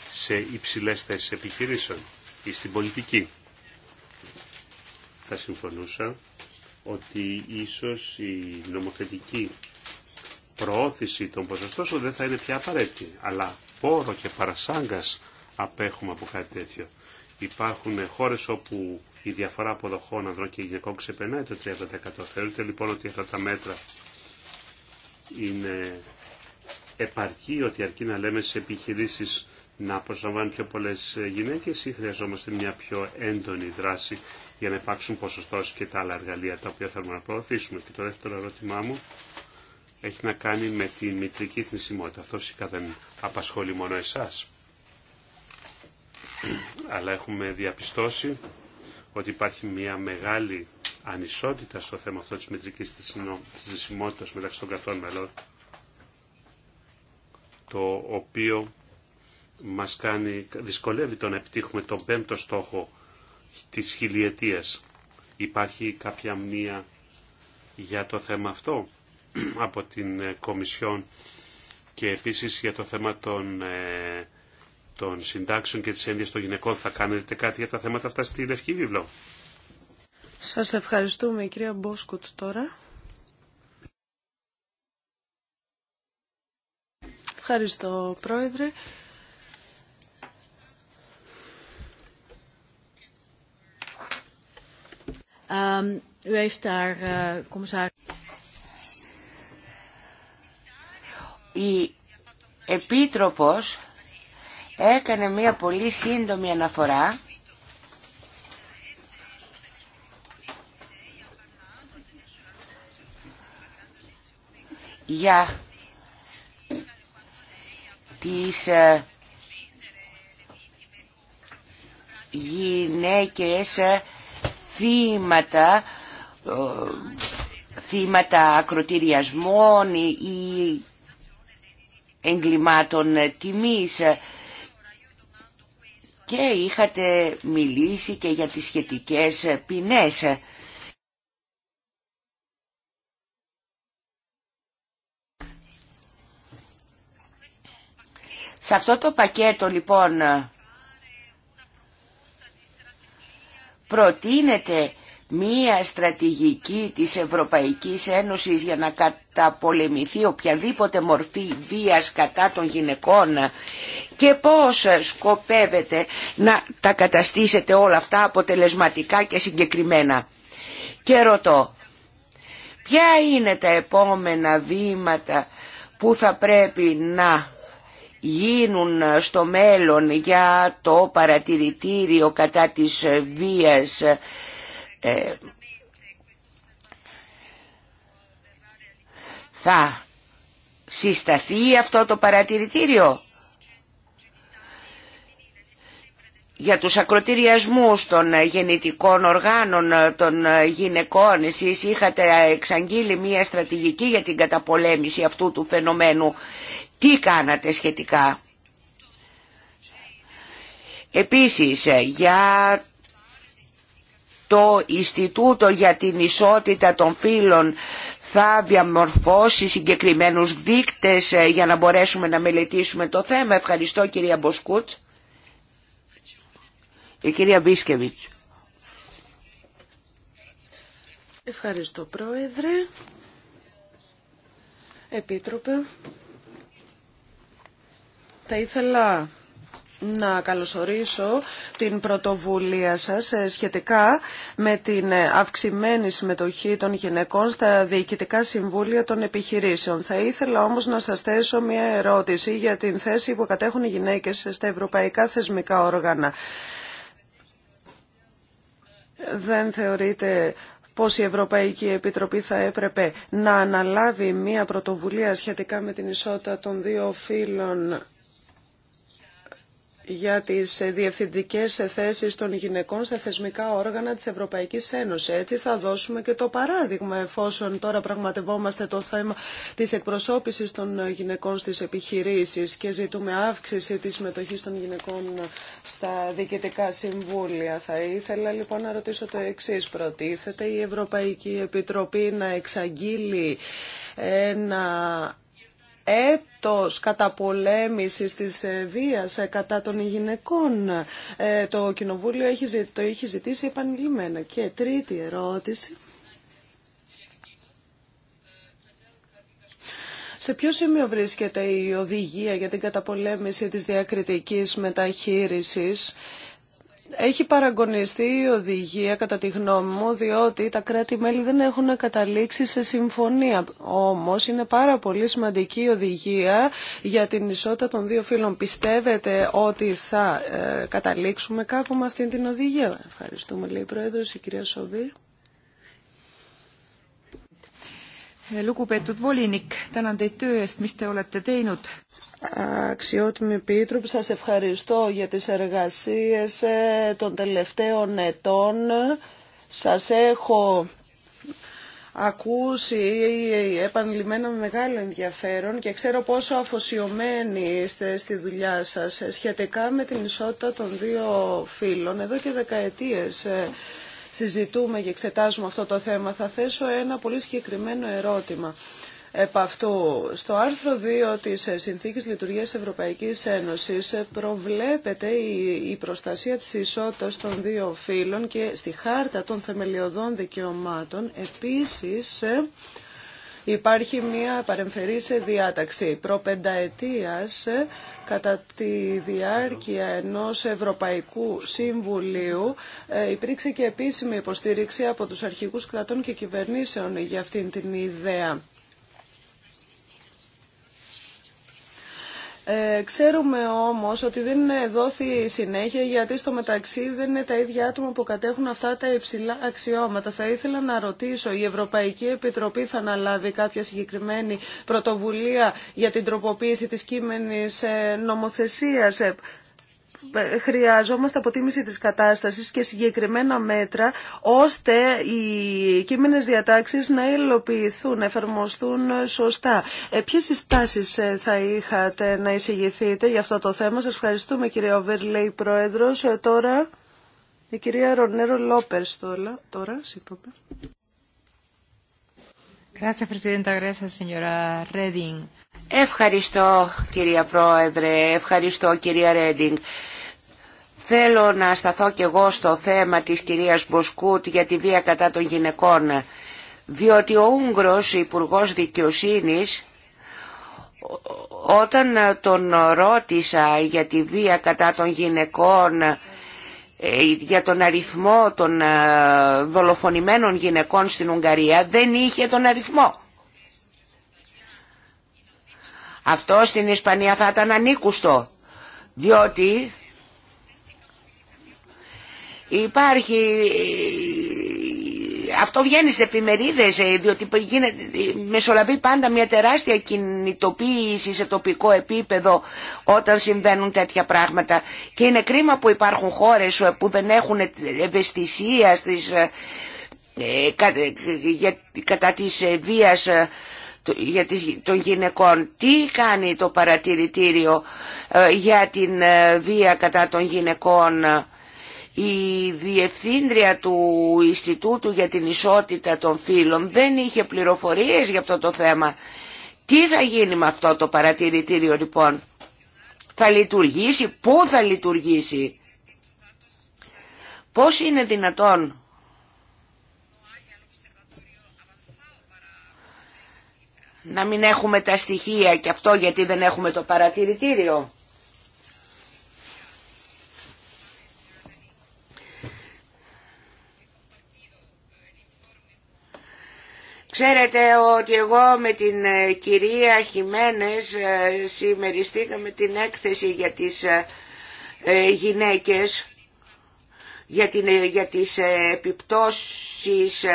σε υψηλές θέσεις επιχειρήσεων ή στην πολιτική, θα συμφωνούσα ότι ίσως η νομοθετική προώθηση των ποσοστών δεν θα είναι πια απαραίτητη, αλλά πόρο και παρασάγκας απέχουμε από κάτι τέτοιο. Υπάρχουν χώρες όπου η διαφορά αποδοχών ανδρών και γυναικών ξεπερνάει το 30%. Θεωρείτε λοιπόν ότι αυτά τα μέτρα είναι επαρκή, ότι αρκεί να λέμε σε επιχειρήσεις να προσλαμβάνουν πιο πολλές γυναίκες ή χρειαζόμαστε μια πιο έντονη δράση για να υπάρξουν ποσοστώσεις και τα άλλα εργαλεία τα οποία θέλουμε να προωθήσουμε. Και το δεύτερο ερώτημά μου έχει να κάνει με τη μητρική θνησιμότητα. Αυτό φυσικά δεν απασχολεί μόνο εσάς αλλά έχουμε διαπιστώσει ότι υπάρχει μια μεγάλη ανισότητα στο θέμα αυτό της μετρικής θυσιμότητας μεταξύ των κρατών μελών, το οποίο μας κάνει, δυσκολεύει το να επιτύχουμε τον πέμπτο στόχο της χιλιετίας. Υπάρχει κάποια μια για το θέμα αυτό από την Κομισιόν και επίσης για το θέμα των ε, των συντάξεων και της ένδειας των γυναικών θα κάνετε κάτι για τα θέματα αυτά στη Λευκή Βίβλο. Σας ευχαριστούμε κυρία Μπόσκουτ, τώρα. Ευχαριστώ πρόεδρε. Um, u heeft daar, uh, commissaris. Η Επίτροπος έκανε μια πολύ σύντομη αναφορά για τις ε, γυναίκες ε, θύματα ε, θύματα ακροτηριασμών ή εγκλημάτων τιμής και είχατε μιλήσει και για τις σχετικές ποινές. Σε αυτό το πακέτο λοιπόν προτείνεται μία στρατηγική της Ευρωπαϊκής Ένωσης για να καταπολεμηθεί οποιαδήποτε μορφή βίας κατά των γυναικών και πώς σκοπεύετε να τα καταστήσετε όλα αυτά αποτελεσματικά και συγκεκριμένα. Και ρωτώ, ποια είναι τα επόμενα βήματα που θα πρέπει να γίνουν στο μέλλον για το παρατηρητήριο κατά της βίας ε, θα συσταθεί αυτό το παρατηρητήριο για τους ακροτηριασμούς των ε, γεννητικών οργάνων ε, των ε, γυναικών. Εσείς είχατε εξαγγείλει μια στρατηγική για την καταπολέμηση αυτού του φαινομένου. Τι κάνατε σχετικά. Επίσης, για το Ιστιτούτο για την Ισότητα των Φύλων θα διαμορφώσει συγκεκριμένους δείκτες για να μπορέσουμε να μελετήσουμε το θέμα. Ευχαριστώ κυρία Μποσκούτ. Η κυρία Μπίσκεβιτς. Ευχαριστώ Πρόεδρε. Επίτροπε. Θα ήθελα να καλωσορίσω την πρωτοβουλία σας ε, σχετικά με την ε, αυξημένη συμμετοχή των γυναικών στα διοικητικά συμβούλια των επιχειρήσεων. Θα ήθελα όμως να σας θέσω μια ερώτηση για την θέση που κατέχουν οι γυναίκες στα ευρωπαϊκά θεσμικά όργανα δεν θεωρείτε πως η Ευρωπαϊκή Επιτροπή θα έπρεπε να αναλάβει μία πρωτοβουλία σχετικά με την ισότητα των δύο φύλων για τις διευθυντικές θέσεις των γυναικών στα θεσμικά όργανα της Ευρωπαϊκής Ένωσης. Έτσι θα δώσουμε και το παράδειγμα εφόσον τώρα πραγματευόμαστε το θέμα της εκπροσώπησης των γυναικών στις επιχειρήσεις και ζητούμε αύξηση της συμμετοχής των γυναικών στα διοικητικά συμβούλια. Θα ήθελα λοιπόν να ρωτήσω το εξή Προτίθεται η Ευρωπαϊκή Επιτροπή να εξαγγείλει ένα το καταπολέμησης της ε, βίας ε, κατά των γυναικών. Ε, το Κοινοβούλιο το έχει ζητήσει επανειλημμένα. Και τρίτη ερώτηση. Σε ποιο σημείο βρίσκεται η οδηγία για την καταπολέμηση της διακριτικής μεταχείρισης έχει παραγωνιστεί η οδηγία, κατά τη γνώμη μου, διότι τα κράτη-μέλη δεν έχουν καταλήξει σε συμφωνία. Όμως είναι πάρα πολύ σημαντική η οδηγία για την ισότητα των δύο φύλων. Πιστεύετε ότι θα ε, καταλήξουμε κάπου με αυτήν την οδηγία. Ευχαριστούμε, λέει η Πρόεδρος, η κυρία Σοβή. Αξιότιμη Πίτρουπ, σας ευχαριστώ για τις εργασίες ε, των τελευταίων ετών. Σας έχω ακούσει ε, ε, επανειλημμένα με μεγάλο ενδιαφέρον και ξέρω πόσο αφοσιωμένοι είστε στη δουλειά σας σχετικά με την ισότητα των δύο φίλων. Εδώ και δεκαετίες συζητούμε και εξετάζουμε αυτό το θέμα. Θα θέσω ένα πολύ συγκεκριμένο ερώτημα επ' αυτού. Στο άρθρο 2 της Συνθήκης Λειτουργίας Ευρωπαϊκής Ένωσης προβλέπεται η προστασία της ισότητας των δύο φύλων και στη Χάρτα των Θεμελιωδών Δικαιωμάτων επίσης υπάρχει μια παρεμφερή σε διάταξη προπενταετίας κατά τη διάρκεια ενός Ευρωπαϊκού Συμβουλίου ε, υπήρξε και επίσημη υποστήριξη από τους αρχικούς κρατών και κυβερνήσεων για αυτήν την ιδέα. Ε, ξέρουμε όμως ότι δεν δόθη συνέχεια γιατί στο μεταξύ δεν είναι τα ίδια άτομα που κατέχουν αυτά τα υψηλά αξιώματα. Θα ήθελα να ρωτήσω, η Ευρωπαϊκή Επιτροπή θα αναλάβει κάποια συγκεκριμένη πρωτοβουλία για την τροποποίηση της κείμενης ε, νομοθεσίας. Ε, χρειαζόμαστε αποτίμηση της κατάστασης και συγκεκριμένα μέτρα ώστε οι κείμενες διατάξεις να υλοποιηθούν, να εφαρμοστούν σωστά. Ε, ποιες συστάσεις ε, θα είχατε να εισηγηθείτε για αυτό το θέμα. Σας ευχαριστούμε κύριε Οβέρ, Πρόεδρος. Ε, τώρα η κυρία Ρονέρο Λόπερς τώρα. τώρα Gracias, Presidenta. Gracias, Ευχαριστώ κυρία Πρόεδρε, ευχαριστώ κυρία Ρέντινγκ. Θέλω να σταθώ και εγώ στο θέμα της κυρίας Μποσκούτ για τη βία κατά των γυναικών, διότι ο Ούγγρος Υπουργός Δικαιοσύνης όταν τον ρώτησα για τη βία κατά των γυναικών, ε, για τον αριθμό των ε, δολοφονημένων γυναικών στην Ουγγαρία, δεν είχε τον αριθμό. Αυτό στην Ισπανία θα ήταν ανήκουστο, διότι υπάρχει... Αυτό βγαίνει σε εφημερίδες, ε, διότι γίνεται, μεσολαβεί πάντα μια τεράστια κινητοποίηση σε τοπικό επίπεδο όταν συμβαίνουν τέτοια πράγματα. Και είναι κρίμα που υπάρχουν χώρες που δεν έχουν ευαισθησία στις, ε, ε, κατά της βίας για τις, των γυναικών. Τι κάνει το παρατηρητήριο ε, για την ε, βία κατά των γυναικών. Η διευθύντρια του Ινστιτούτου για την Ισότητα των Φύλων δεν είχε πληροφορίες για αυτό το θέμα. Τι θα γίνει με αυτό το παρατηρητήριο λοιπόν. Θα λειτουργήσει, πού θα λειτουργήσει. Πώς είναι δυνατόν να μην έχουμε τα στοιχεία και αυτό γιατί δεν έχουμε το παρατηρητήριο. Ξέρετε ότι εγώ με την ε, κυρία Χιμένες ε, συμμεριστήκαμε την έκθεση για τις ε, γυναίκες, για, την, για τις επιπτώσεις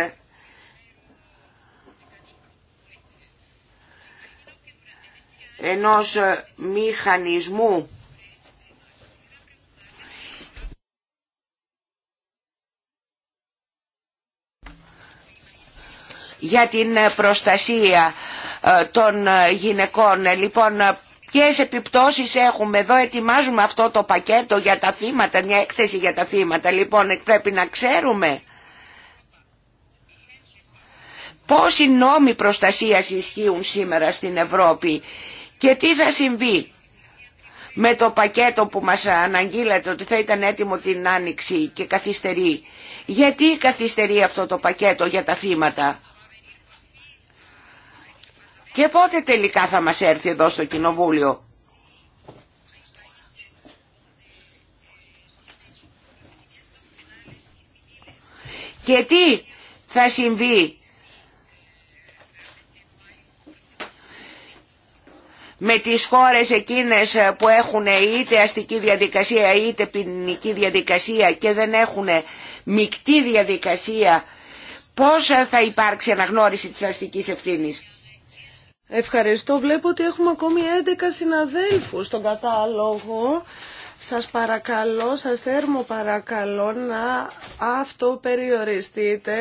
ενός ε, μηχανισμού για την ε, προστασία ε, των γυναικών. Λοιπόν, ποιες επιπτώσεις έχουμε εδώ, ετοιμάζουμε αυτό το πακέτο για τα θύματα, μια έκθεση για τα θύματα. Λοιπόν, πρέπει να ξέρουμε πόσοι νόμοι προστασίας ισχύουν σήμερα στην Ευρώπη και τι θα συμβεί με το πακέτο που μας αναγγείλατε ότι θα ήταν έτοιμο την άνοιξη και καθυστερεί. Γιατί καθυστερεί αυτό το πακέτο για τα θύματα. Και πότε τελικά θα μας έρθει εδώ στο Κοινοβούλιο. Και τι θα συμβεί με τις χώρες εκείνες ε, που έχουν είτε αστική διαδικασία είτε ποινική διαδικασία και δεν έχουν μεικτή διαδικασία, πώς ε, θα υπάρξει αναγνώριση της αστικής ευθύνης. Ευχαριστώ. Βλέπω ότι έχουμε ακόμη 11 συναδέλφους στον κατάλογο. Σας παρακαλώ, σας θέρμο παρακαλώ να αυτοπεριοριστείτε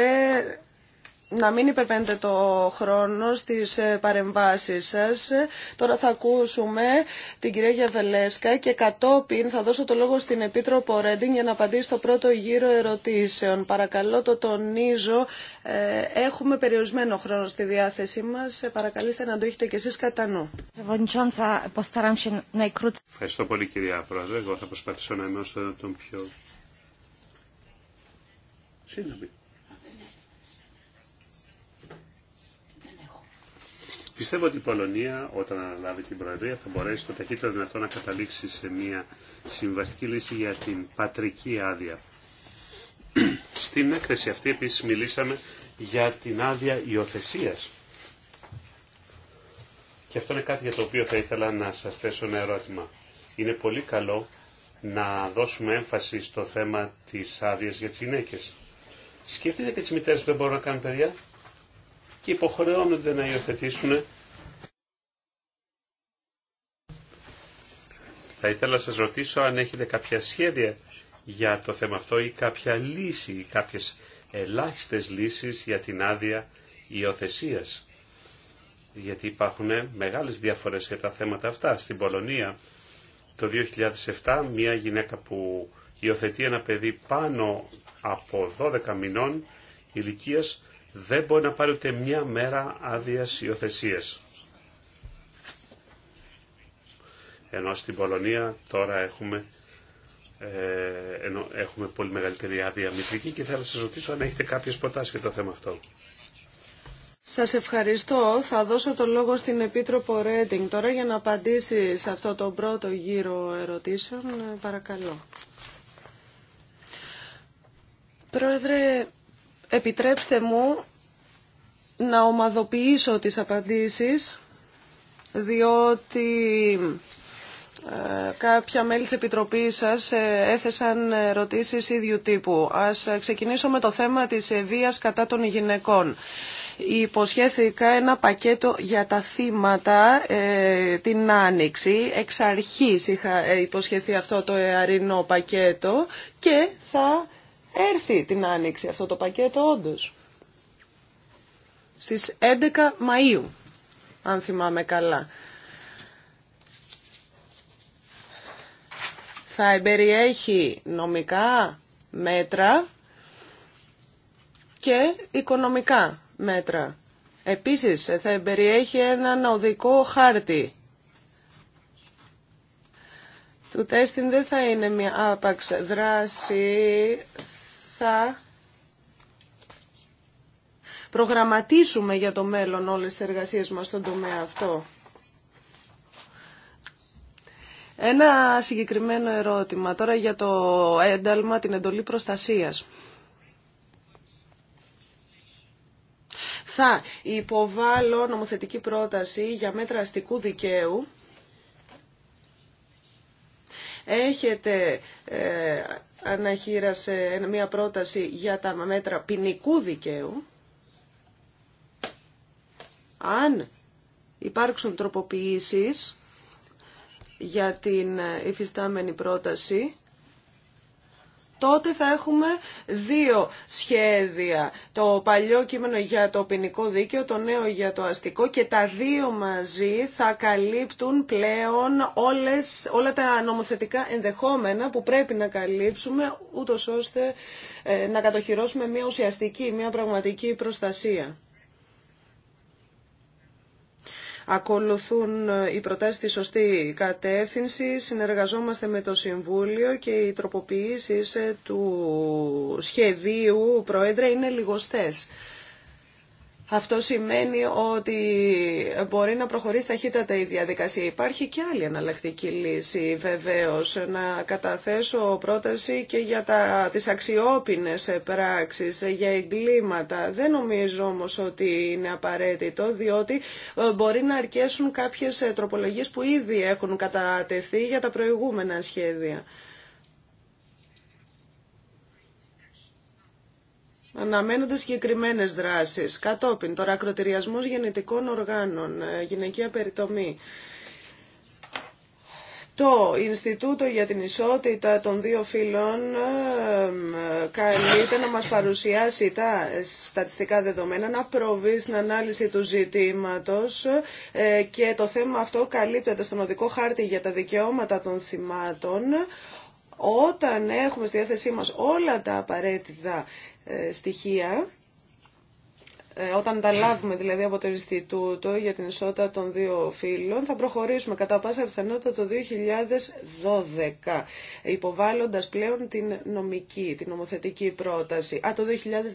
να μην υπερπαίνετε το χρόνο στις ε, παρεμβάσεις σας. Τώρα θα ακούσουμε την κυρία Γιαβελέσκα και κατόπιν θα δώσω το λόγο στην Επίτροπο Ρέντινγκ για να απαντήσει στο πρώτο γύρο ερωτήσεων. Παρακαλώ το τονίζω, ε, έχουμε περιορισμένο χρόνο στη διάθεσή μας. Ε, παρακαλείστε να το έχετε και εσείς κατά νου. Ευχαριστώ πολύ κυρία Πρόεδρε. Εγώ θα προσπαθήσω να είμαι όσο τον πιο σύντομη. Πιστεύω ότι η Πολωνία όταν αναλάβει την Προεδρία θα μπορέσει το ταχύτερο δυνατό να καταλήξει σε μια συμβαστική λύση για την πατρική άδεια. Στην έκθεση αυτή επίσης μιλήσαμε για την άδεια υιοθεσία. Και αυτό είναι κάτι για το οποίο θα ήθελα να σας θέσω ένα ερώτημα. Είναι πολύ καλό να δώσουμε έμφαση στο θέμα τη άδεια για τι γυναίκε. Σκεφτείτε και τι μητέρε που δεν μπορούν να κάνουν παιδιά και υποχρεώνονται να υιοθετήσουν. Θα ήθελα να σας ρωτήσω αν έχετε κάποια σχέδια για το θέμα αυτό ή κάποια λύση ή κάποιες ελάχιστες λύσεις για την άδεια υιοθεσία. Γιατί υπάρχουν μεγάλες διαφορές για τα θέματα αυτά. Στην Πολωνία το 2007 μια γυναίκα που υιοθετεί ένα παιδί πάνω από 12 μηνών ηλικίας δεν μπορεί να πάρει ούτε μια μέρα άδεια υιοθεσία. Ενώ στην Πολωνία τώρα έχουμε, ε, έχουμε πολύ μεγαλύτερη άδεια μητρική και θέλω να σας ρωτήσω αν έχετε κάποιες προτάσεις για το θέμα αυτό. Σας ευχαριστώ. Θα δώσω το λόγο στην Επίτροπο Ρέντινγκ τώρα για να απαντήσει σε αυτό το πρώτο γύρο ερωτήσεων. Ε, παρακαλώ. Πρόεδρε, Επιτρέψτε μου να ομαδοποιήσω τις απαντήσεις, διότι ε, κάποια μέλη της Επιτροπής σας ε, έθεσαν ερωτήσεις ίδιου τύπου. Ας ε, ξεκινήσω με το θέμα της βίας κατά των γυναικών. Υποσχέθηκα ένα πακέτο για τα θύματα την Άνοιξη. Εξ αρχής είχα υποσχεθεί αυτό το εαρινό πακέτο και θα έρθει την Άνοιξη αυτό το πακέτο όντως. Στις 11 Μαΐου, αν θυμάμαι καλά. Θα εμπεριέχει νομικά μέτρα και οικονομικά μέτρα. Επίσης θα εμπεριέχει έναν οδικό χάρτη. Το τέστην δεν θα είναι μια άπαξ δράση, θα προγραμματίσουμε για το μέλλον όλες τις εργασίες μας στον τομέα αυτό. Ένα συγκεκριμένο ερώτημα τώρα για το ένταλμα, την εντολή προστασίας. Θα υποβάλω νομοθετική πρόταση για μέτρα αστικού δικαίου. Έχετε ε, αναχείρασε μια πρόταση για τα μέτρα ποινικού δικαίου. Αν υπάρξουν τροποποιήσεις για την υφιστάμενη πρόταση, τότε θα έχουμε δύο σχέδια. Το παλιό κείμενο για το ποινικό δίκαιο, το νέο για το αστικό και τα δύο μαζί θα καλύπτουν πλέον όλες, όλα τα νομοθετικά ενδεχόμενα που πρέπει να καλύψουμε ούτως ώστε ε, να κατοχυρώσουμε μια ουσιαστική, μια πραγματική προστασία ακολουθούν ε, οι προτάσεις στη σωστή κατεύθυνση. Συνεργαζόμαστε με το Συμβούλιο και οι τροποποιήσεις ε, του σχεδίου, Πρόεδρε, είναι λιγοστές. Αυτό σημαίνει ότι μπορεί να προχωρήσει ταχύτατα η διαδικασία. Υπάρχει και άλλη εναλλακτική λύση βεβαίως. Να καταθέσω πρόταση και για τα, τις αξιόπινες πράξεις, για εγκλήματα. Δεν νομίζω όμως ότι είναι απαραίτητο, διότι ε, μπορεί να αρκέσουν κάποιες ε, τροπολογίες που ήδη έχουν κατατεθεί για τα προηγούμενα σχέδια. Αναμένονται συγκεκριμένε δράσεις. Κατόπιν, τώρα γενετικών γεννητικών οργάνων, ε, γυναικεία περιτομή. Το Ινστιτούτο για την Ισότητα των Δύο Φύλων καλείται να μας παρουσιάσει τα στατιστικά δεδομένα, να προβεί στην ανάλυση του ζητήματος ε, και το θέμα αυτό καλύπτεται στον οδικό χάρτη για τα δικαιώματα των θυμάτων. Όταν έχουμε στη διάθεσή μας όλα τα απαραίτητα ε, στοιχεία ε, όταν τα λάβουμε δηλαδή από το Ινστιτούτο για την ισότητα των δύο φύλων, θα προχωρήσουμε κατά πάσα πιθανότητα το 2012, υποβάλλοντας πλέον την νομική, την νομοθετική πρόταση. Α, το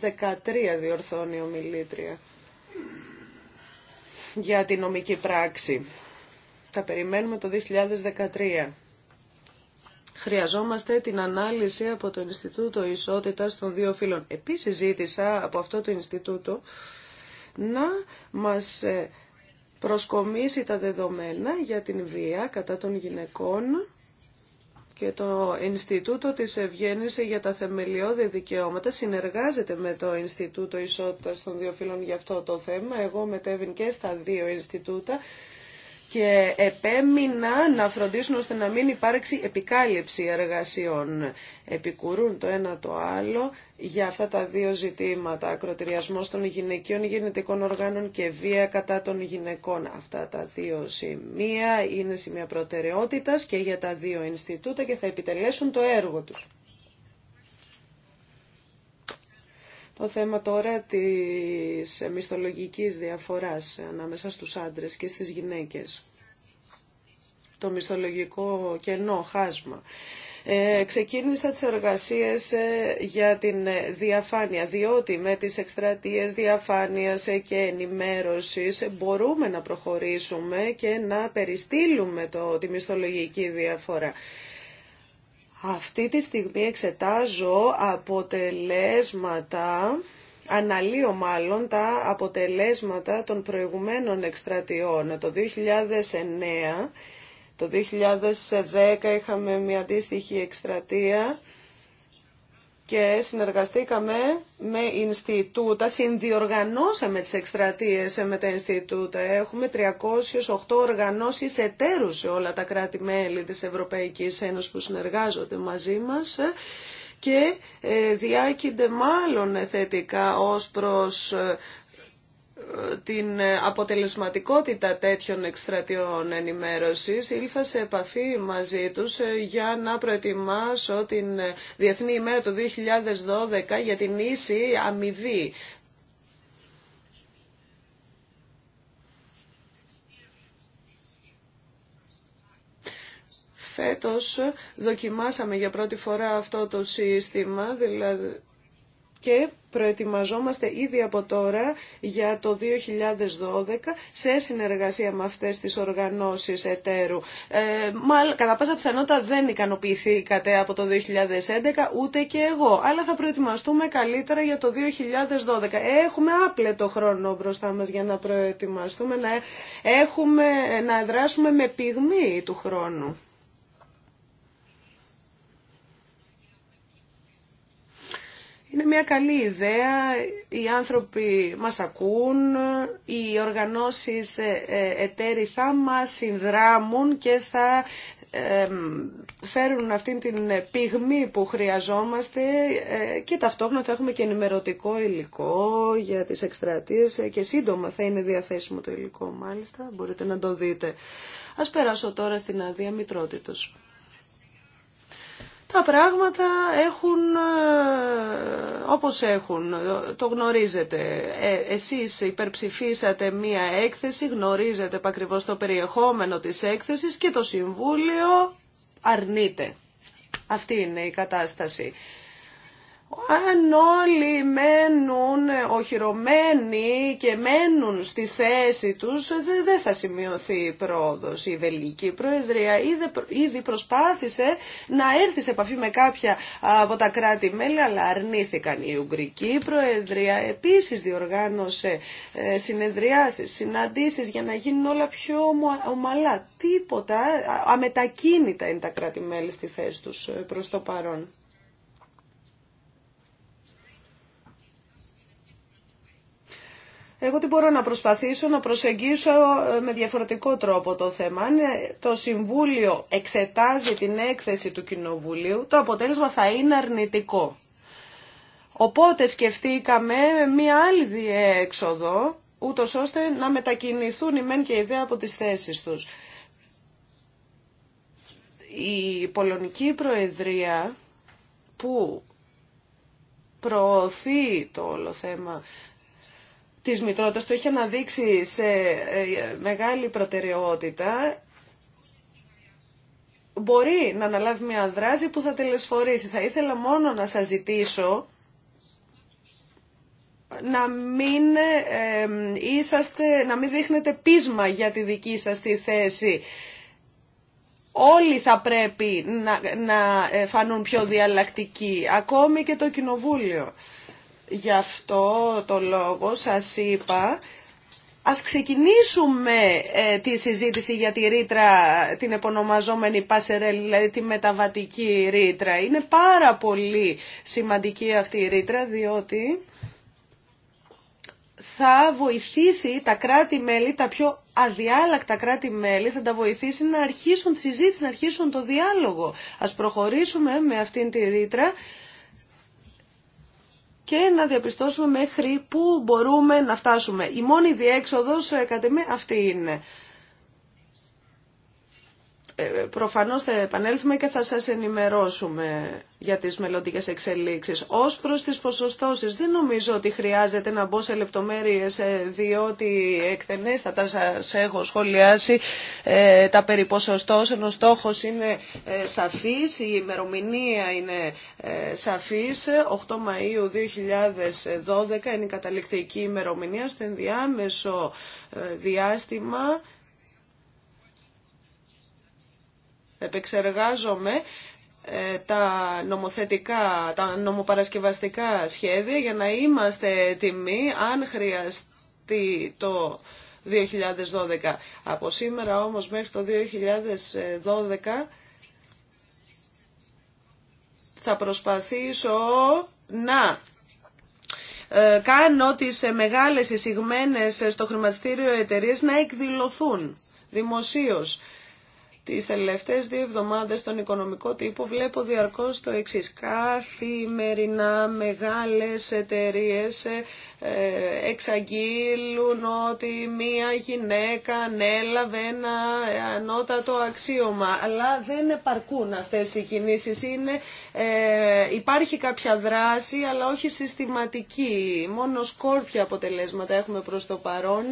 2013 διορθώνει η ομιλήτρια για την νομική πράξη. Θα περιμένουμε το 2013 χρειαζόμαστε την ανάλυση από το Ινστιτούτο Ισότητας των δύο φύλων. Επίσης ζήτησα από αυτό το Ινστιτούτο να μας ε, προσκομίσει τα δεδομένα για την βία κατά των γυναικών και το Ινστιτούτο της Ευγέννηση για τα Θεμελιώδη Δικαιώματα συνεργάζεται με το Ινστιτούτο Ισότητας των Δύο Φύλων για αυτό το θέμα. Εγώ μετέβην και στα δύο Ινστιτούτα και επέμεινα να φροντίσουν ώστε να μην υπάρξει επικάλυψη εργασιών. Επικουρούν το ένα το άλλο για αυτά τα δύο ζητήματα, ακροτηριασμός των γυναικείων γενετικών οργάνων και βία κατά των γυναικών. Αυτά τα δύο σημεία είναι σημεία προτεραιότητας και για τα δύο Ινστιτούτα και θα επιτελέσουν το έργο τους. Το θέμα τώρα της μισθολογικής διαφοράς ανάμεσα στους άντρες και στις γυναίκες. Το μισθολογικό κενό, χάσμα. Ε, ξεκίνησα τις εργασίες ε, για την διαφάνεια, διότι με τις εκστρατείες διαφάνειας ε, και ενημέρωσης μπορούμε να προχωρήσουμε και να περιστήλουμε το, τη μισθολογική διαφορά. Αυτή τη στιγμή εξετάζω αποτελέσματα, αναλύω μάλλον τα αποτελέσματα των προηγουμένων εκστρατιών. Το 2009, το 2010 είχαμε μια αντίστοιχη εκστρατεία και συνεργαστήκαμε με Ινστιτούτα, συνδιοργανώσαμε τις εκστρατείες με τα Ινστιτούτα. Έχουμε 308 οργανώσεις εταίρους σε όλα τα κράτη-μέλη της Ευρωπαϊκής Ένωσης που συνεργάζονται μαζί μας και ε, διάκυνται μάλλον θετικά ως προς ε, την αποτελεσματικότητα τέτοιων εκστρατιών ενημέρωσης ήλθα σε επαφή μαζί τους ε, για να προετοιμάσω την ε, Διεθνή ημέρα του 2012 για την ίση αμοιβή. Φέτος δοκιμάσαμε για πρώτη φορά αυτό το σύστημα, δηλαδή και προετοιμαζόμαστε ήδη από τώρα για το 2012 σε συνεργασία με αυτές τις οργανώσεις εταίρου. Ε, μάλλον, κατά πάσα πιθανότητα δεν ικανοποιηθήκατε από το 2011 ούτε και εγώ, αλλά θα προετοιμαστούμε καλύτερα για το 2012. Έχουμε άπλετο χρόνο μπροστά μας για να προετοιμαστούμε, να, έχουμε, να δράσουμε με πυγμή του χρόνου. Είναι μια καλή ιδέα, οι άνθρωποι μας ακούν, οι οργανώσεις ε, ε, εταίροι θα μας συνδράμουν και θα ε, φέρουν αυτή την πυγμή που χρειαζόμαστε και ταυτόχρονα θα έχουμε και ενημερωτικό υλικό για τις εκστρατείες και σύντομα θα είναι διαθέσιμο το υλικό μάλιστα, μπορείτε να το δείτε. Ας περάσω τώρα στην αδία μητρότητος τα πράγματα έχουν ε, όπως έχουν, το γνωρίζετε. Ε, εσείς υπερψηφίσατε μία έκθεση, γνωρίζετε ακριβώ το περιεχόμενο της έκθεσης και το Συμβούλιο αρνείται. Αυτή είναι η κατάσταση αν όλοι μένουν οχυρωμένοι και μένουν στη θέση τους, δεν θα σημειωθεί η πρόοδος. Η Βελγική Προεδρία ήδη προσπάθησε να έρθει σε επαφή με κάποια από τα κράτη-μέλη, αλλά αρνήθηκαν. Η Ουγγρική Προεδρία επίσης διοργάνωσε ε, συνεδριάσεις, συναντήσεις για να γίνουν όλα πιο ομαλά. Τίποτα, αμετακίνητα είναι τα κράτη-μέλη στη θέση τους ε, προς το παρόν. Εγώ τι μπορώ να προσπαθήσω να προσεγγίσω ε, με διαφορετικό τρόπο το θέμα. Αν ε, το Συμβούλιο εξετάζει την έκθεση του Κοινοβουλίου, το αποτέλεσμα θα είναι αρνητικό. Οπότε σκεφτήκαμε μία άλλη διέξοδο, ούτω ώστε να μετακινηθούν οι μεν και η δε από τις θέσεις τους. Η Πολωνική Προεδρία που προωθεί το όλο θέμα της μητρότητας το είχε αναδείξει σε ε, ε, μεγάλη προτεραιότητα μπορεί να αναλάβει μια δράση που θα τελεσφορήσει. Θα ήθελα μόνο να σας ζητήσω να μην, ε, να μην δείχνετε πείσμα για τη δική σας τη θέση. Όλοι θα πρέπει να, να ε, φανούν πιο διαλλακτικοί, ακόμη και το Κοινοβούλιο. Γι' αυτό το λόγο σας είπα Ας ξεκινήσουμε ε, τη συζήτηση για τη ρήτρα, την επωνομαζόμενη πάσερελη, δηλαδή τη μεταβατική ρήτρα. Είναι πάρα πολύ σημαντική αυτή η ρήτρα, διότι θα βοηθήσει τα κράτη-μέλη, τα πιο αδιάλακτα κράτη-μέλη, θα τα βοηθήσει να αρχίσουν τη συζήτηση, να αρχίσουν το διάλογο. Ας προχωρήσουμε με αυτήν τη ρήτρα και να διαπιστώσουμε μέχρι πού μπορούμε να φτάσουμε. Η μόνη διέξοδος, ε, κατά αυτή είναι. Ε, προφανώς θα επανέλθουμε και θα σας ενημερώσουμε για τις μελλοντικές εξελίξεις. Ως προς τις ποσοστώσεις δεν νομίζω ότι χρειάζεται να μπω σε λεπτομέρειες ε, διότι εκτενέστατα σας έχω σχολιάσει ε, τα περί ποσοστώσεων. Ο στόχος είναι σαφής, η ημερομηνία είναι σαφής. 8 Μαΐου 2012 είναι η καταληκτική ημερομηνία στο ενδιάμεσο διάστημα επεξεργάζομαι ε, τα νομοθετικά, τα νομοπαρασκευαστικά σχέδια για να είμαστε έτοιμοι αν χρειαστεί το 2012. Από σήμερα όμως μέχρι το 2012 θα προσπαθήσω να ε, κάνω τις μεγάλες εισηγμένες στο χρηματιστήριο εταιρείες να εκδηλωθούν δημοσίως. Τις τελευταίες δύο εβδομάδες στον οικονομικό τύπο βλέπω διαρκώς το εξής. Καθημερινά μεγάλες εταιρείες ε, εξαγγείλουν ότι μία γυναίκα ανέλαβε ένα ανώτατο αξίωμα. Αλλά δεν επαρκούν αυτές οι κινήσεις. Είναι, ε, υπάρχει κάποια δράση αλλά όχι συστηματική. Μόνο σκόρπια αποτελέσματα έχουμε προς το παρόν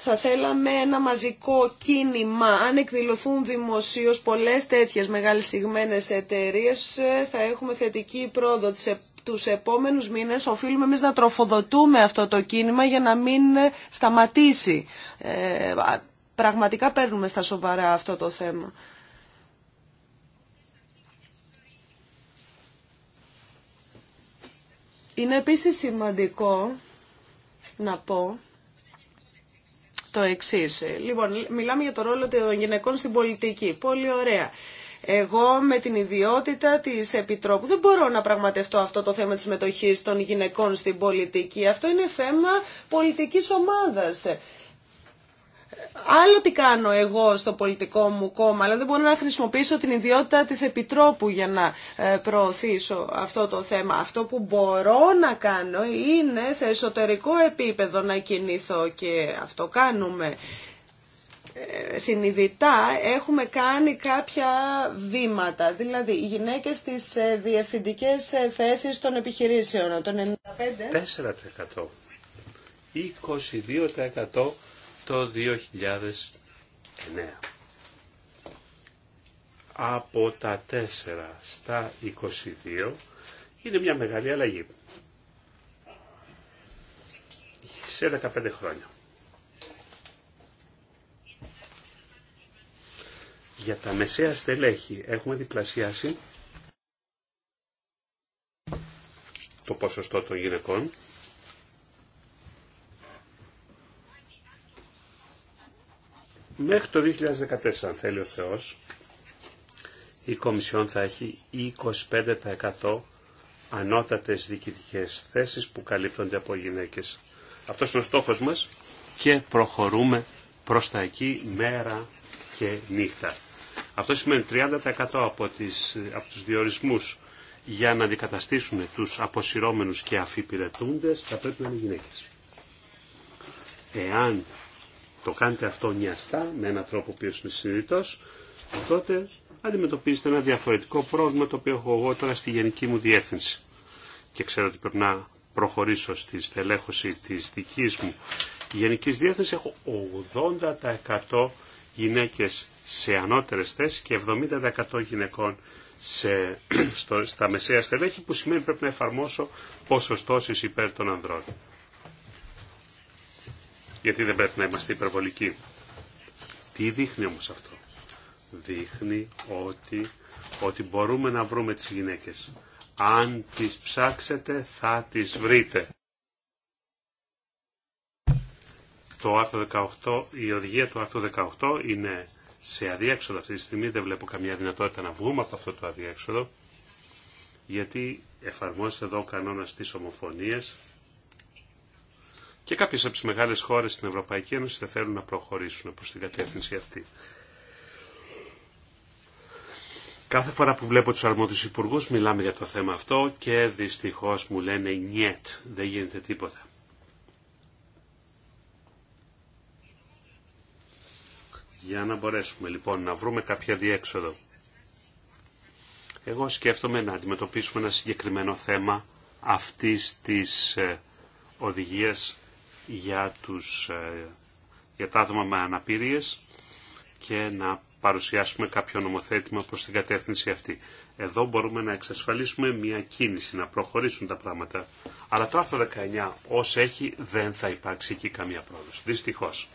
θα θέλαμε ένα μαζικό κίνημα. Αν εκδηλωθούν πολλέ πολλές τέτοιες συγμένε εταιρείε, θα έχουμε θετική πρόοδο τους επόμενους μήνες. Οφείλουμε εμείς να τροφοδοτούμε αυτό το κίνημα για να μην σταματήσει. Ε, πραγματικά παίρνουμε στα σοβαρά αυτό το θέμα. Είναι επίσης σημαντικό να πω το εξή. Λοιπόν, μιλάμε για το ρόλο των γυναικών στην πολιτική. Πολύ ωραία. Εγώ με την ιδιότητα της Επιτρόπου δεν μπορώ να πραγματευτώ αυτό το θέμα της συμμετοχής των γυναικών στην πολιτική. Αυτό είναι θέμα πολιτικής ομάδας. Άλλο τι κάνω εγώ στο πολιτικό μου κόμμα, αλλά δεν μπορώ να χρησιμοποιήσω την ιδιότητα της Επιτρόπου για να ε, προωθήσω αυτό το θέμα. Αυτό που μπορώ να κάνω είναι σε εσωτερικό επίπεδο να κινηθώ και αυτό κάνουμε. Ε, συνειδητά έχουμε κάνει κάποια βήματα, δηλαδή οι γυναίκες στις ε, διευθυντικές θέσεις των επιχειρήσεων, 95... 4%. 22% το 2009. Από τα 4 στα 22 είναι μια μεγάλη αλλαγή. Σε 15 χρόνια. Για τα μεσαία στελέχη έχουμε διπλασιάσει το ποσοστό των γυναικών Μέχρι το 2014, αν θέλει ο Θεός, η Κομισιόν θα έχει 25% ανώτατες διοικητικές θέσεις που καλύπτονται από γυναίκες. Αυτός είναι ο στόχος μας και προχωρούμε προς τα εκεί μέρα και νύχτα. Αυτό σημαίνει 30% από, τις, από τους διορισμούς για να αντικαταστήσουμε τους αποσυρώμενους και αφιπηρετούντες θα πρέπει να είναι γυναίκες. Εάν το κάνετε αυτό νοιαστά, με έναν τρόπο που είναι συνειδητός, τότε αντιμετωπίζετε ένα διαφορετικό πρόβλημα το οποίο έχω εγώ τώρα στη γενική μου διεύθυνση. Και ξέρω ότι πρέπει να προχωρήσω στη στελέχωση τη δική μου γενική διεύθυνση, Έχω 80% γυναίκε σε ανώτερε θέσει και 70% γυναικών στα μεσαία στελέχη που σημαίνει πρέπει να εφαρμόσω ποσοστώσει υπέρ των ανδρών γιατί δεν πρέπει να είμαστε υπερβολικοί. Τι δείχνει όμως αυτό. Δείχνει ότι, ότι μπορούμε να βρούμε τις γυναίκες. Αν τις ψάξετε θα τις βρείτε. Το άρθρο 18, η οδηγία του άρθρου 18 είναι σε αδίέξοδο αυτή τη στιγμή. Δεν βλέπω καμία δυνατότητα να βγούμε από αυτό το αδίέξοδο. Γιατί εφαρμόζεται εδώ ο κανόνας της ομοφωνίας και κάποιες από τις μεγάλες χώρες στην Ευρωπαϊκή Ένωση δεν θέλουν να προχωρήσουν προς την κατεύθυνση αυτή. Κάθε φορά που βλέπω τους αρμόδιους υπουργούς μιλάμε για το θέμα αυτό και δυστυχώς μου λένε νιέτ, δεν γίνεται τίποτα. Για να μπορέσουμε λοιπόν να βρούμε κάποια διέξοδο. Εγώ σκέφτομαι να αντιμετωπίσουμε ένα συγκεκριμένο θέμα αυτής της ε, οδηγίας για, τους, ε, για τα άτομα με αναπηρίες και να παρουσιάσουμε κάποιο νομοθέτημα προς την κατεύθυνση αυτή. Εδώ μπορούμε να εξασφαλίσουμε μια κίνηση, να προχωρήσουν τα πράγματα. Αλλά το άρθρο 19 ως έχει δεν θα υπάρξει εκεί καμία πρόοδος. Δυστυχώς.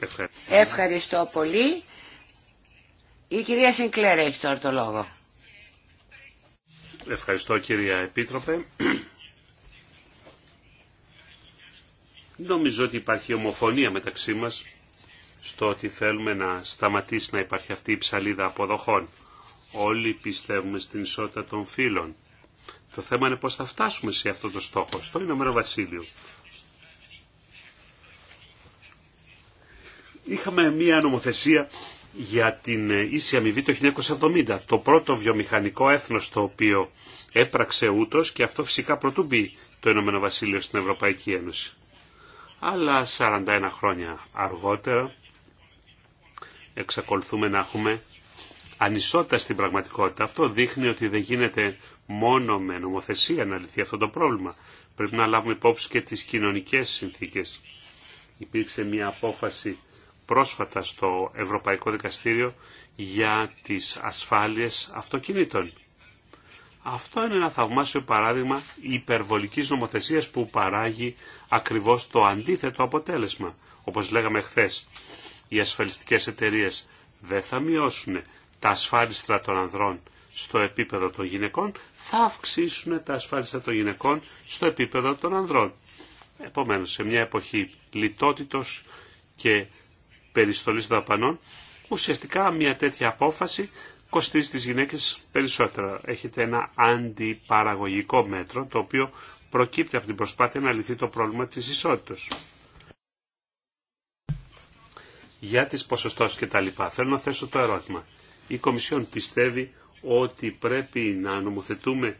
Ευχαριστώ. Ευχαριστώ πολύ. Η κυρία Σινκλέρα έχει τώρα το λόγο. Ευχαριστώ κυρία Επίτροπε. Νομίζω ότι υπάρχει ομοφωνία μεταξύ μας στο ότι θέλουμε να σταματήσει να υπάρχει αυτή η ψαλίδα αποδοχών. Όλοι πιστεύουμε στην ισότητα των φίλων. Το θέμα είναι πώς θα φτάσουμε σε αυτό το στόχο, στο Ηνωμένο Βασίλειο. Είχαμε μία νομοθεσία για την ίση αμοιβή το 1970, το πρώτο βιομηχανικό έθνος το οποίο έπραξε ούτως και αυτό φυσικά πρωτού μπει το Ηνωμένο Βασίλειο στην Ευρωπαϊκή Ένωση αλλά 41 χρόνια αργότερα εξακολουθούμε να έχουμε ανισότητα στην πραγματικότητα. Αυτό δείχνει ότι δεν γίνεται μόνο με νομοθεσία να λυθεί αυτό το πρόβλημα. Πρέπει να λάβουμε υπόψη και τις κοινωνικές συνθήκες. Υπήρξε μια απόφαση πρόσφατα στο Ευρωπαϊκό Δικαστήριο για τις ασφάλειες αυτοκινήτων. Αυτό είναι ένα θαυμάσιο παράδειγμα υπερβολικής νομοθεσίας που παράγει ακριβώς το αντίθετο αποτέλεσμα. Όπως λέγαμε χθε, οι ασφαλιστικές εταιρείε δεν θα μειώσουν τα ασφάλιστρα των ανδρών στο επίπεδο των γυναικών, θα αυξήσουν τα ασφάλιστρα των γυναικών στο επίπεδο των ανδρών. Επομένως, σε μια εποχή λιτότητος και περιστολής δαπανών, ουσιαστικά μια τέτοια απόφαση κοστίζει τις γυναίκες περισσότερο. Έχετε ένα αντιπαραγωγικό μέτρο το οποίο προκύπτει από την προσπάθεια να λυθεί το πρόβλημα της ισότητας. Για τις ποσοστώσεις και τα λοιπά, θέλω να θέσω το ερώτημα. Η Κομισιόν πιστεύει ότι πρέπει να νομοθετούμε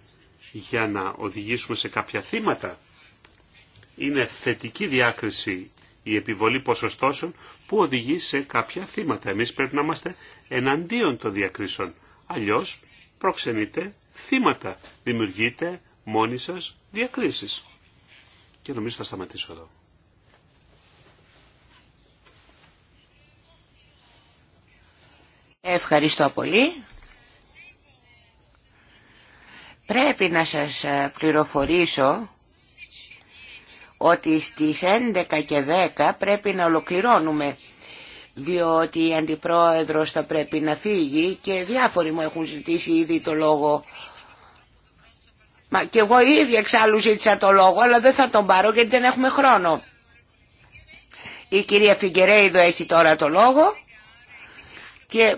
για να οδηγήσουμε σε κάποια θύματα. Είναι θετική διάκριση η επιβολή ποσοστώσεων που οδηγεί σε κάποια θύματα. Εμείς πρέπει να είμαστε εναντίον των διακρίσεων. Αλλιώς προξενείτε θύματα. Δημιουργείτε μόνοι σας διακρίσεις. Και νομίζω θα σταματήσω εδώ. Ευχαριστώ πολύ. Πρέπει να σας ε, πληροφορήσω ότι στις 11 και 10 πρέπει να ολοκληρώνουμε διότι η Αντιπρόεδρος θα πρέπει να φύγει και διάφοροι μου έχουν ζητήσει ήδη το λόγο. Μα και εγώ ήδη εξάλλου ζήτησα το λόγο, αλλά δεν θα τον πάρω γιατί δεν έχουμε χρόνο. Η κυρία Φιγκερέιδο έχει τώρα το λόγο και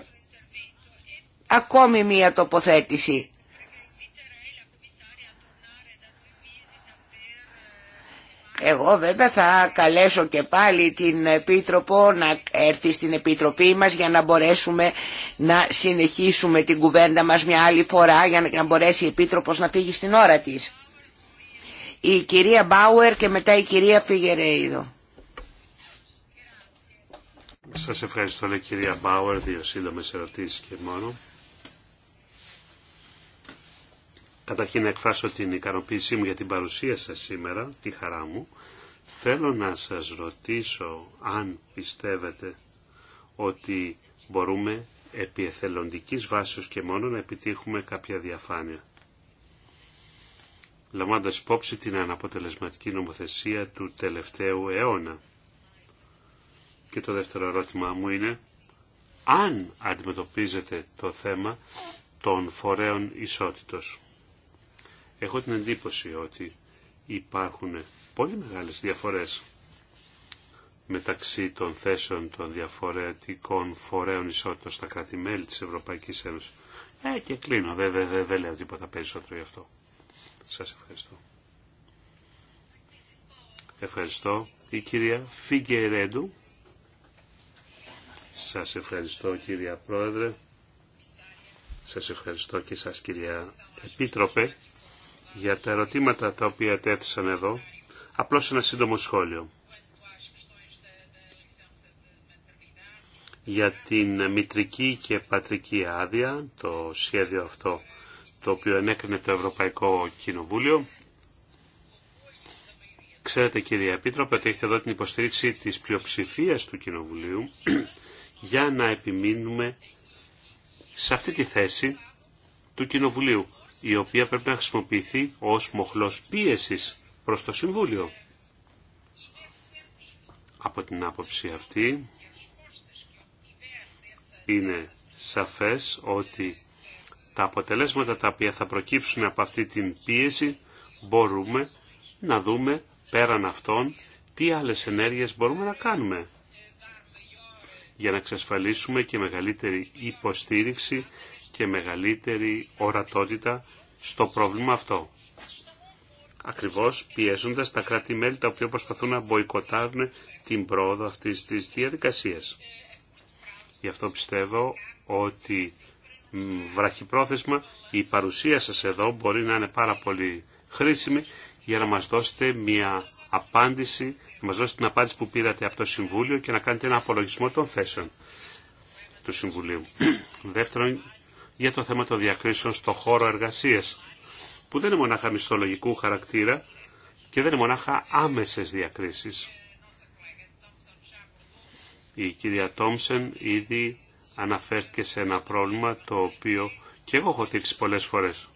ακόμη μία τοποθέτηση. Εγώ βέβαια θα καλέσω και πάλι την Επίτροπο να έρθει στην Επιτροπή μας για να μπορέσουμε να συνεχίσουμε την κουβέντα μας μια άλλη φορά για να μπορέσει η Επίτροπος να φύγει στην ώρα της. Η κυρία Μπάουερ και μετά η κυρία Φιγερέιδο. Σας ευχαριστώ λέει, κυρία Μπάουερ, δύο σύντομες ερωτήσεις και μόνο. καταρχήν να εκφράσω την ικανοποίησή μου για την παρουσία σας σήμερα, τη χαρά μου. Θέλω να σας ρωτήσω αν πιστεύετε ότι μπορούμε επί εθελοντικής βάσης και μόνο να επιτύχουμε κάποια διαφάνεια. Λαμβάνοντας υπόψη την αναποτελεσματική νομοθεσία του τελευταίου αιώνα. Και το δεύτερο ερώτημά μου είναι αν αντιμετωπίζετε το θέμα των φορέων ισότητος. Έχω την εντύπωση ότι υπάρχουν πολύ μεγάλες διαφορές μεταξύ των θέσεων των διαφορετικών φορέων ισότητας στα κράτη-μέλη της Ευρωπαϊκής Ένωσης. Ε, και κλείνω. Δεν δε, δε, δε λέω τίποτα περισσότερο γι' αυτό. Σας ευχαριστώ. Ευχαριστώ. Η κυρία Φιγκερέντου. Σας ευχαριστώ κυρία Πρόεδρε. Σας ευχαριστώ και σας κυρία Επίτροπε για τα ερωτήματα τα οποία τέθησαν εδώ. Απλώς ένα σύντομο σχόλιο. Για την μητρική και πατρική άδεια, το σχέδιο αυτό το οποίο ενέκρινε το Ευρωπαϊκό Κοινοβούλιο. Ξέρετε κύριε Επίτροπε ότι έχετε εδώ την υποστήριξη της πλειοψηφίας του Κοινοβουλίου για να επιμείνουμε σε αυτή τη θέση του Κοινοβουλίου η οποία πρέπει να χρησιμοποιηθεί ως μοχλός πίεσης προς το Συμβούλιο. Από την άποψη αυτή είναι σαφές ότι τα αποτελέσματα τα οποία θα προκύψουν από αυτή την πίεση μπορούμε να δούμε πέραν αυτών τι άλλες ενέργειες μπορούμε να κάνουμε για να εξασφαλίσουμε και μεγαλύτερη υποστήριξη και μεγαλύτερη ορατότητα στο πρόβλημα αυτό. Ακριβώς πιέζοντας τα κράτη-μέλη τα οποία προσπαθούν να μποϊκοτάρουν την πρόοδο αυτής της διαδικασίας. Γι' αυτό πιστεύω ότι βραχυπρόθεσμα η παρουσία σας εδώ μπορεί να είναι πάρα πολύ χρήσιμη για να μας δώσετε μια απάντηση, να μας δώσετε την απάντηση που πήρατε από το Συμβούλιο και να κάνετε ένα απολογισμό των θέσεων του Συμβουλίου. Δεύτερον, για το θέμα των διακρίσεων στο χώρο εργασίας, που δεν είναι μονάχα μισθολογικού χαρακτήρα και δεν είναι μονάχα άμεσες διακρίσεις. Η κυρία Τόμσεν ήδη αναφέρθηκε σε ένα πρόβλημα το οποίο και εγώ έχω θίξει πολλές φορές,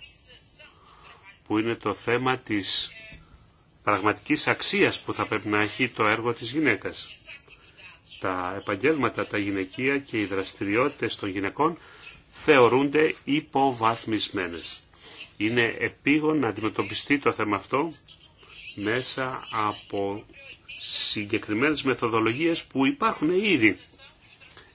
που είναι το θέμα της πραγματικής αξίας που θα πρέπει να έχει το έργο της γυναίκας. Τα επαγγέλματα, τα γυναικεία και οι δραστηριότητες των γυναικών θεωρούνται υποβαθμισμένες. Είναι επίγον να αντιμετωπιστεί το θέμα αυτό μέσα από συγκεκριμένες μεθοδολογίες που υπάρχουν ήδη.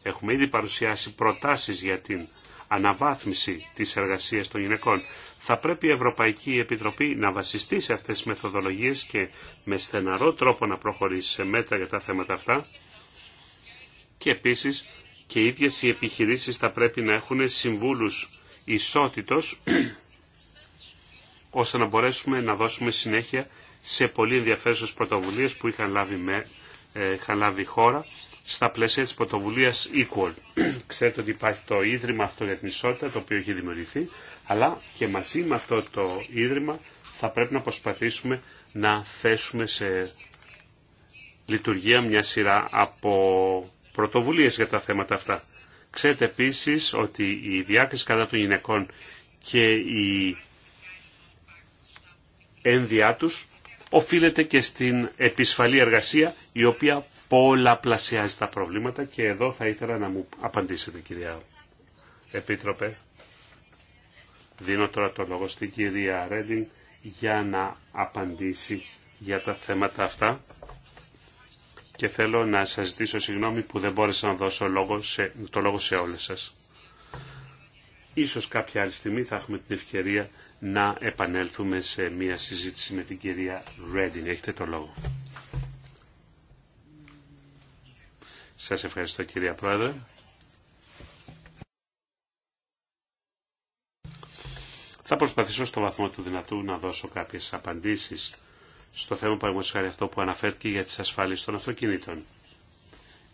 Έχουμε ήδη παρουσιάσει προτάσεις για την αναβάθμιση της εργασίας των γυναικών. Θα πρέπει η Ευρωπαϊκή Επιτροπή να βασιστεί σε αυτές τις μεθοδολογίες και με στεναρό τρόπο να προχωρήσει σε μέτρα για τα θέματα αυτά και επίσης και οι ίδιες οι επιχειρήσεις θα πρέπει να έχουν συμβούλους ισότητος ώστε να μπορέσουμε να δώσουμε συνέχεια σε πολύ ενδιαφέρουσες πρωτοβουλίες που είχαν λάβει, με, ε, χώρα στα πλαίσια της πρωτοβουλία Equal. Ξέρετε ότι υπάρχει το Ίδρυμα αυτό για την ισότητα το οποίο έχει δημιουργηθεί, αλλά και μαζί με αυτό το Ίδρυμα θα πρέπει να προσπαθήσουμε να θέσουμε σε λειτουργία μια σειρά από πρωτοβουλίες για τα θέματα αυτά. Ξέρετε επίσης ότι η διάκριση κατά των γυναικών και η ένδυά τους οφείλεται και στην επισφαλή εργασία η οποία πολλαπλασιάζει τα προβλήματα και εδώ θα ήθελα να μου απαντήσετε κυρία Επίτροπε. Δίνω τώρα το λόγο στην κυρία Ρέντιν για να απαντήσει για τα θέματα αυτά και θέλω να σας ζητήσω συγγνώμη που δεν μπόρεσα να δώσω λόγο σε, το λόγο σε όλες σας. Ίσως κάποια άλλη στιγμή θα έχουμε την ευκαιρία να επανέλθουμε σε μια συζήτηση με την κυρία Ρέντιν. Έχετε το λόγο. Σας ευχαριστώ κυρία Πρόεδρε. Θα προσπαθήσω στο βαθμό του δυνατού να δώσω κάποιες απαντήσεις στο θέμα παραγωγής αυτό που αναφέρθηκε για τις ασφάλειες των αυτοκινήτων.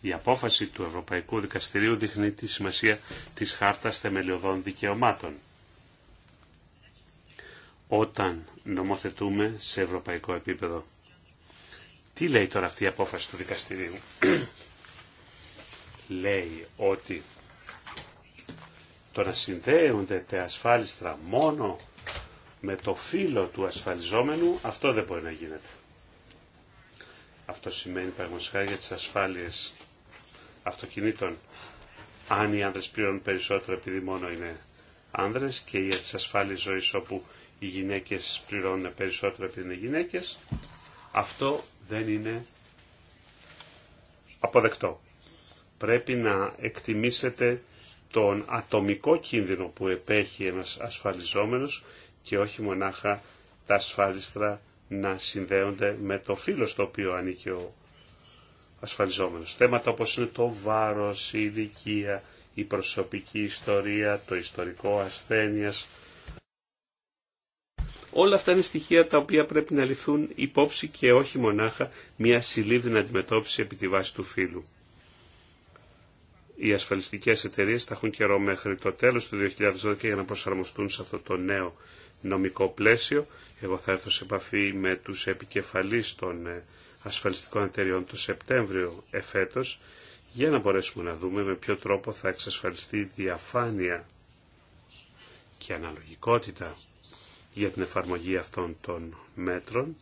Η απόφαση του Ευρωπαϊκού Δικαστηρίου δείχνει τη σημασία της χάρτας θεμελιωδών δικαιωμάτων. Όταν νομοθετούμε σε ευρωπαϊκό επίπεδο. Τι λέει τώρα αυτή η απόφαση του δικαστηρίου. λέει ότι το να συνδέονται τα ασφάλιστρα μόνο με το φύλλο του ασφαλιζόμενου, αυτό δεν μπορεί να γίνεται. Αυτό σημαίνει πραγματικά για τις ασφάλειες αυτοκινήτων, αν οι άνδρες πληρώνουν περισσότερο επειδή μόνο είναι άνδρες και για τις ασφάλειες ζωής όπου οι γυναίκες πληρώνουν περισσότερο επειδή είναι γυναίκες, αυτό δεν είναι αποδεκτό. Πρέπει να εκτιμήσετε τον ατομικό κίνδυνο που επέχει ένας ασφαλιζόμενος και όχι μονάχα τα ασφάλιστρα να συνδέονται με το φύλλο στο οποίο ανήκει ο ασφαλιζόμενος. Θέματα όπως είναι το βάρος, η ηλικία, η προσωπική ιστορία, το ιστορικό ασθένειας. Όλα αυτά είναι στοιχεία τα οποία πρέπει να ληφθούν υπόψη και όχι μονάχα μια συλλήβδη αντιμετώπιση επί τη βάση του φύλου. Οι ασφαλιστικές εταιρείες θα έχουν καιρό μέχρι το τέλος του 2012 για να προσαρμοστούν σε αυτό το νέο νομικό πλαίσιο. Εγώ θα έρθω σε επαφή με τους επικεφαλείς των ε, ασφαλιστικών εταιριών το Σεπτέμβριο εφέτος για να μπορέσουμε να δούμε με ποιο τρόπο θα εξασφαλιστεί διαφάνεια και αναλογικότητα για την εφαρμογή αυτών των μέτρων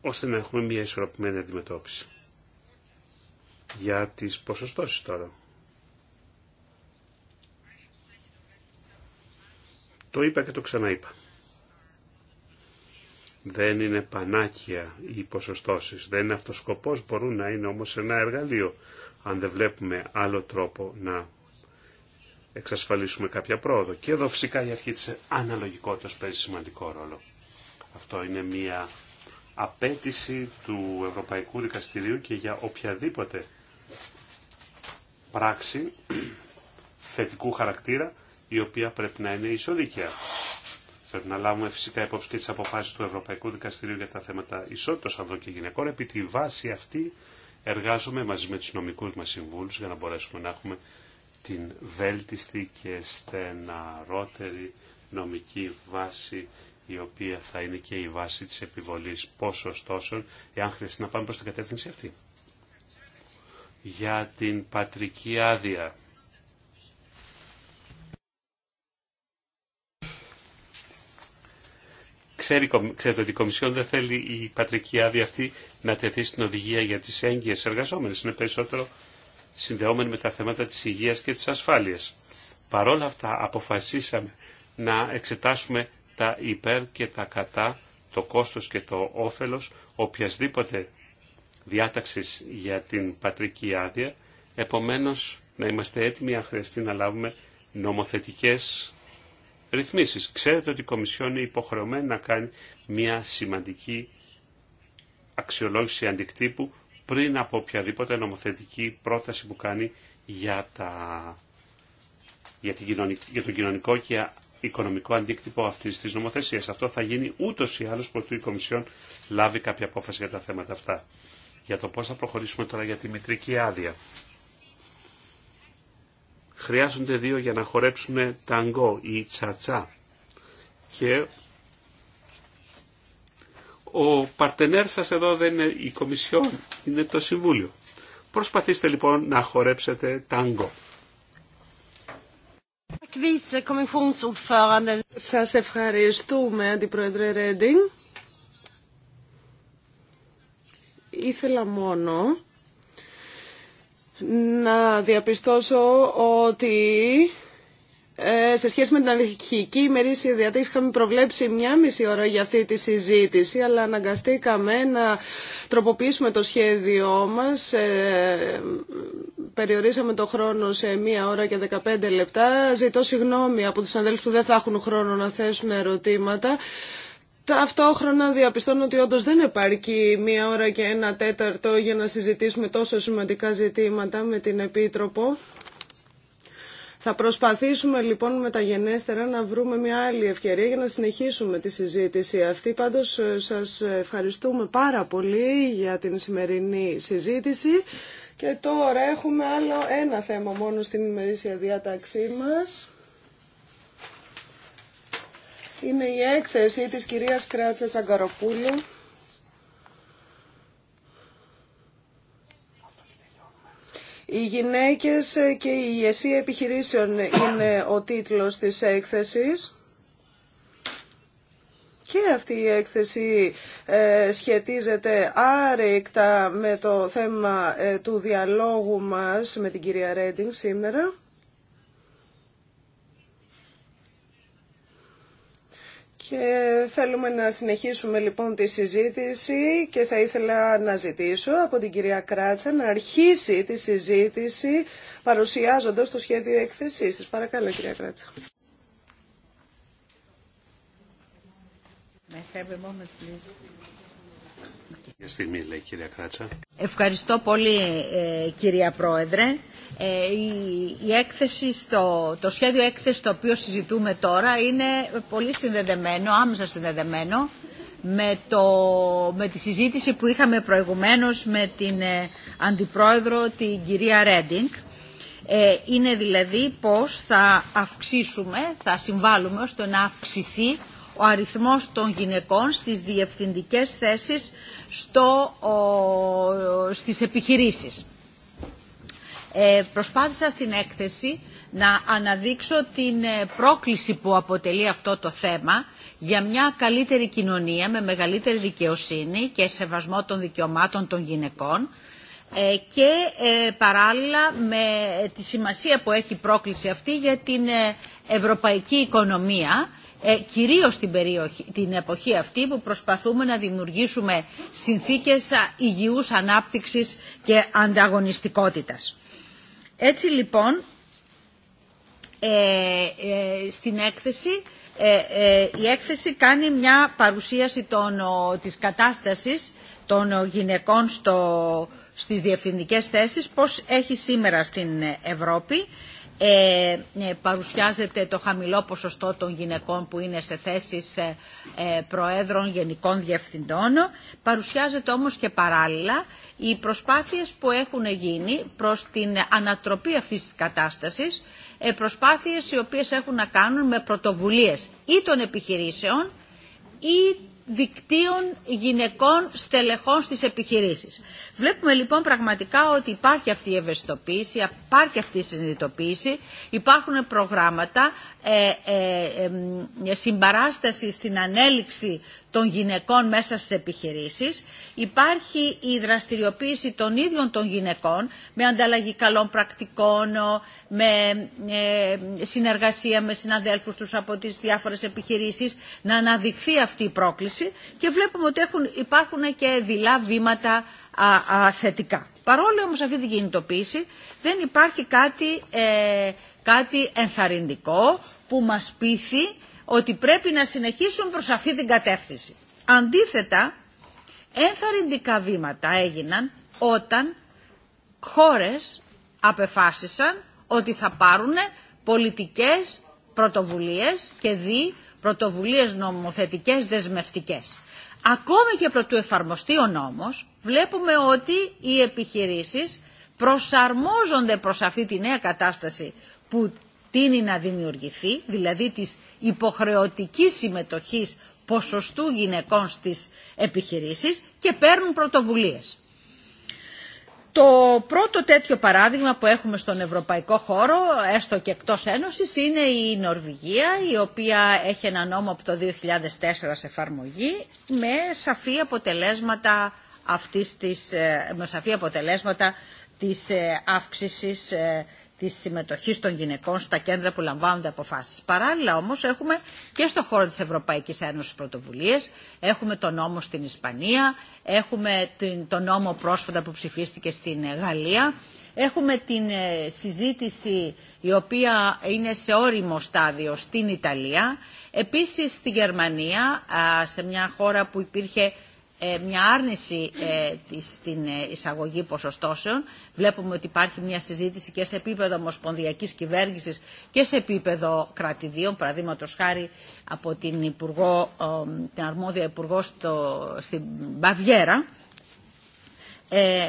ώστε να έχουμε μια ισορροπημένη αντιμετώπιση. Για τις ποσοστώσεις τώρα. Το είπα και το ξαναείπα. Δεν είναι πανάκια οι ποσοστώσεις, δεν είναι αυτός σκοπός, μπορούν να είναι όμως ένα εργαλείο, αν δεν βλέπουμε άλλο τρόπο να εξασφαλίσουμε κάποια πρόοδο. Και εδώ φυσικά η αρχή της αναλογικότητας παίζει σημαντικό ρόλο. Αυτό είναι μια απέτηση του Ευρωπαϊκού Δικαστηρίου και για οποιαδήποτε πράξη θετικού χαρακτήρα η οποία πρέπει να είναι ισοδίκαια. Πρέπει να λάβουμε φυσικά υπόψη και τι αποφάσει του Ευρωπαϊκού Δικαστηρίου για τα θέματα ισότητα ανδρών και γυναικών. Επί τη βάση αυτή εργάζομαι μαζί με του νομικού μα συμβούλου για να μπορέσουμε να έχουμε την βέλτιστη και στεναρότερη νομική βάση η οποία θα είναι και η βάση της επιβολής ποσοστώσεων, εάν χρειαστεί να πάμε προς την κατεύθυνση αυτή. Για την πατρική άδεια Ξέρετε ότι η Κομισιόν δεν θέλει η πατρική άδεια αυτή να τεθεί στην οδηγία για τις έγκυες εργαζόμενες. Είναι περισσότερο συνδεόμενη με τα θέματα της υγείας και της ασφάλειας. Παρόλα αυτά αποφασίσαμε να εξετάσουμε τα υπέρ και τα κατά, το κόστος και το όφελος οποιασδήποτε διάταξης για την πατρική άδεια. Επομένως, να είμαστε έτοιμοι αν χρειαστεί να λάβουμε νομοθετικές ρυθμίσεις. Ξέρετε ότι η Κομισιόν είναι υποχρεωμένη να κάνει μια σημαντική αξιολόγηση αντικτύπου πριν από οποιαδήποτε νομοθετική πρόταση που κάνει για, τα, για, την για τον κοινωνικό και οικονομικό αντίκτυπο αυτής της νομοθεσίας. Αυτό θα γίνει ούτως ή άλλως προτού η Κομισιόν λάβει κάποια απόφαση για τα θέματα αυτά. Για το πώς θα προχωρήσουμε τώρα για τη μητρική άδεια χρειάζονται δύο για να χορέψουν ταγκό ή τσατσά. Και ο παρτενέρ σας εδώ δεν είναι η Κομισιόν, είναι το Συμβούλιο. Προσπαθήστε λοιπόν να χορέψετε τάγκο. Σας ευχαριστούμε, Αντιπρόεδρε Ρέντινγκ. Ήθελα μόνο να διαπιστώσω ότι ε, σε σχέση με την αρχική ημερήσια διατήρηση είχαμε προβλέψει μια μισή ώρα για αυτή τη συζήτηση, αλλά αναγκαστήκαμε να τροποποιήσουμε το σχέδιό μας. Ε, περιορίσαμε το χρόνο σε μία ώρα και 15 λεπτά. Ζητώ συγγνώμη από τους αδέλφους που δεν θα έχουν χρόνο να θέσουν ερωτήματα. Ταυτόχρονα διαπιστώνω ότι όντω δεν επαρκεί μία ώρα και ένα τέταρτο για να συζητήσουμε τόσο σημαντικά ζητήματα με την Επίτροπο. Θα προσπαθήσουμε λοιπόν μεταγενέστερα να βρούμε μια άλλη ευκαιρία για να συνεχίσουμε τη συζήτηση αυτή. Πάντως ε, σας ευχαριστούμε πάρα πολύ για την σημερινή συζήτηση. Και τώρα έχουμε άλλο ένα θέμα μόνο στην ημερήσια διάταξή μας είναι η έκθεση της κυρίας Κράτσα Τσαγκαροπούλου. Οι γυναίκες και η ηγεσία επιχειρήσεων είναι ο τίτλος της έκθεσης. Και αυτή η έκθεση ε, σχετίζεται άρρηκτα με το θέμα ε, του διαλόγου μας με την κυρία Ρέντινγκ σήμερα. Και θέλουμε να συνεχίσουμε λοιπόν τη συζήτηση και θα ήθελα να ζητήσω από την κυρία Κράτσα να αρχίσει τη συζήτηση παρουσιάζοντας το σχέδιο έκθεσής της. Παρακαλώ κυρία Κράτσα. κυρία Κράτσα. Ευχαριστώ πολύ ε, κυρία Πρόεδρε. Ε, η έκθεση στο, το σχέδιο έκθεση το οποίο συζητούμε τώρα είναι πολύ συνδεδεμένο, άμεσα συνδεδεμένο με, το, με τη συζήτηση που είχαμε προηγουμένως με την ε, Αντιπρόεδρο την κυρία Ρέντινγκ. Ε, είναι δηλαδή πώς θα αυξήσουμε, θα συμβάλλουμε ώστε να αυξηθεί ο αριθμός των γυναικών στις διευθυντικές θέσεις στο, ο, στις επιχειρήσεις. Ε, προσπάθησα στην έκθεση να αναδείξω την ε, πρόκληση που αποτελεί αυτό το θέμα για μια καλύτερη κοινωνία με μεγαλύτερη δικαιοσύνη και σεβασμό των δικαιωμάτων των γυναικών ε, και παράλληλα με τη σημασία που έχει η πρόκληση αυτή για την ευρωπαϊκή οικονομία κυρίως την, την εποχή αυτή που προσπαθούμε να δημιουργήσουμε συνθήκες υγιούς ανάπτυξης και ανταγωνιστικότητας. Έτσι λοιπόν, ε, ε, στην έκθεση, ε, η έκθεση κάνει μια παρουσίαση των, της κατάστασης των γυναικών στο, στις διευθυντικές θέσεις, πώς έχει σήμερα στην Ευρώπη ε, ε, παρουσιάζεται το χαμηλό ποσοστό των γυναικών που είναι σε θέσεις ε, προέδρων γενικών διευθυντών. Παρουσιάζεται όμως και παράλληλα οι προσπάθειες που έχουν γίνει προς την ανατροπή αυτής της κατάστασης, προσπάθειες οι οποίες έχουν να κάνουν με πρωτοβουλίες ή των επιχειρήσεων ή δικτύων γυναικών στελεχών στις επιχειρήσεις. Βλέπουμε λοιπόν πραγματικά ότι υπάρχει αυτή η ευαισθητοποίηση, υπάρχει αυτή η συνειδητοποίηση, υπάρχουν προγράμματα ε, ε, ε, συμπαράσταση στην ανέλυξη των γυναικών μέσα στις επιχειρήσεις. Υπάρχει η δραστηριοποίηση των ίδιων των γυναικών με ανταλλαγή καλών πρακτικών, με ε, συνεργασία με συναδέλφους τους από τις διάφορες επιχειρήσεις, να αναδειχθεί αυτή η πρόκληση και βλέπουμε ότι έχουν, υπάρχουν και δειλά βήματα α, θετικά. Παρόλο όμως αυτή την κινητοποίηση δεν υπάρχει κάτι, ε, κάτι ενθαρρυντικό που μας πείθει ότι πρέπει να συνεχίσουν προς αυτή την κατεύθυνση. Αντίθετα, ενθαρρυντικά βήματα έγιναν όταν χώρες απεφάσισαν ότι θα πάρουν πολιτικές πρωτοβουλίες και δι πρωτοβουλίες νομοθετικές δεσμευτικές. Ακόμη και προτού εφαρμοστεί ο νόμος, βλέπουμε ότι οι επιχειρήσεις προσαρμόζονται προς αυτή τη νέα κατάσταση που τίνει να δημιουργηθεί, δηλαδή της υποχρεωτικής συμμετοχής ποσοστού γυναικών στις επιχειρήσεις και παίρνουν πρωτοβουλίες. Το πρώτο τέτοιο παράδειγμα που έχουμε στον ευρωπαϊκό χώρο, έστω και εκτός Ένωσης, είναι η Νορβηγία, η οποία έχει ένα νόμο από το 2004 σε εφαρμογή, με σαφή αποτελέσματα αυτής της, ε, με αποτελέσματα της ε, αύξησης ε, Τη συμμετοχή των γυναικών στα κέντρα που λαμβάνονται αποφάσει. Παράλληλα όμως έχουμε και στον χώρο της Ευρωπαϊκή Ένωση πρωτοβουλίες, έχουμε τον νόμο στην Ισπανία, έχουμε τον νόμο πρόσφατα που ψηφίστηκε στην Γαλλία, Έχουμε την ε, συζήτηση η οποία είναι σε όριμο στάδιο στην Ιταλία. Επίσης στη Γερμανία, σε μια χώρα που υπήρχε ε, μια άρνηση ε, στην ε, εισαγωγή ποσοστώσεων. Βλέπουμε ότι υπάρχει μια συζήτηση και σε επίπεδο μοσπονδιακής κυβέρνησης και σε επίπεδο κρατηδίων, παραδείγματο χάρη από την, υπουργό, την αρμόδια υπουργό στο, στην Μπαβιέρα.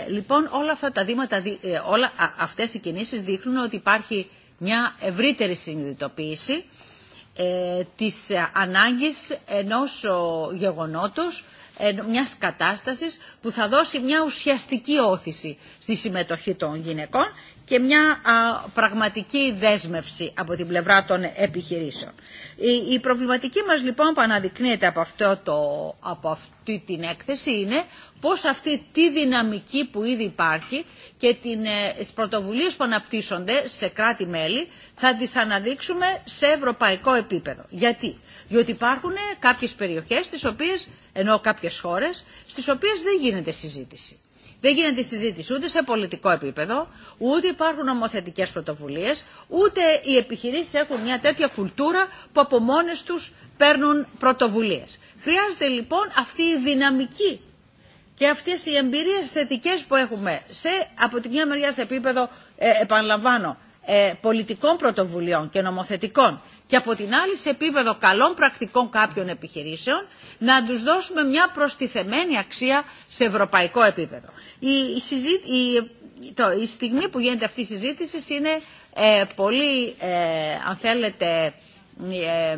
λοιπόν, όλα αυτά τα δήματα, όλα αυτές οι κινήσεις δείχνουν ότι υπάρχει μια ευρύτερη συνειδητοποίηση ε, της ανάγκης ενός γεγονότος μιας κατάστασης που θα δώσει μια ουσιαστική όθηση στη συμμετοχή των γυναικών και μια πραγματική δέσμευση από την πλευρά των επιχειρήσεων. Η προβληματική μας λοιπόν που αναδεικνύεται από, αυτό το, από αυτή την έκθεση είναι πώς αυτή τη δυναμική που ήδη υπάρχει και ε, τις πρωτοβουλίες που αναπτύσσονται σε κράτη-μέλη θα τις αναδείξουμε σε ευρωπαϊκό επίπεδο. Γιατί? Διότι υπάρχουν κάποιες περιοχές, στις οποίες, ενώ κάποιες χώρες, στις οποίες δεν γίνεται συζήτηση. Δεν γίνεται συζήτηση ούτε σε πολιτικό επίπεδο, ούτε υπάρχουν νομοθετικέ πρωτοβουλίε, ούτε οι επιχειρήσει έχουν μια τέτοια κουλτούρα που από μόνε του παίρνουν πρωτοβουλίε. Χρειάζεται λοιπόν αυτή η δυναμική και αυτέ οι εμπειρίες θετικέ που έχουμε σε, από τη μια μεριά σε επίπεδο, ε, επαναλαμβάνω, ε, πολιτικών πρωτοβουλειών και νομοθετικών και από την άλλη σε επίπεδο καλών πρακτικών κάποιων επιχειρήσεων να τους δώσουμε μια προστιθεμένη αξία σε ευρωπαϊκό επίπεδο. Η, Το... η στιγμή που γίνεται αυτή η συζήτηση είναι ε, πολύ, ε, αν θέλετε, ε,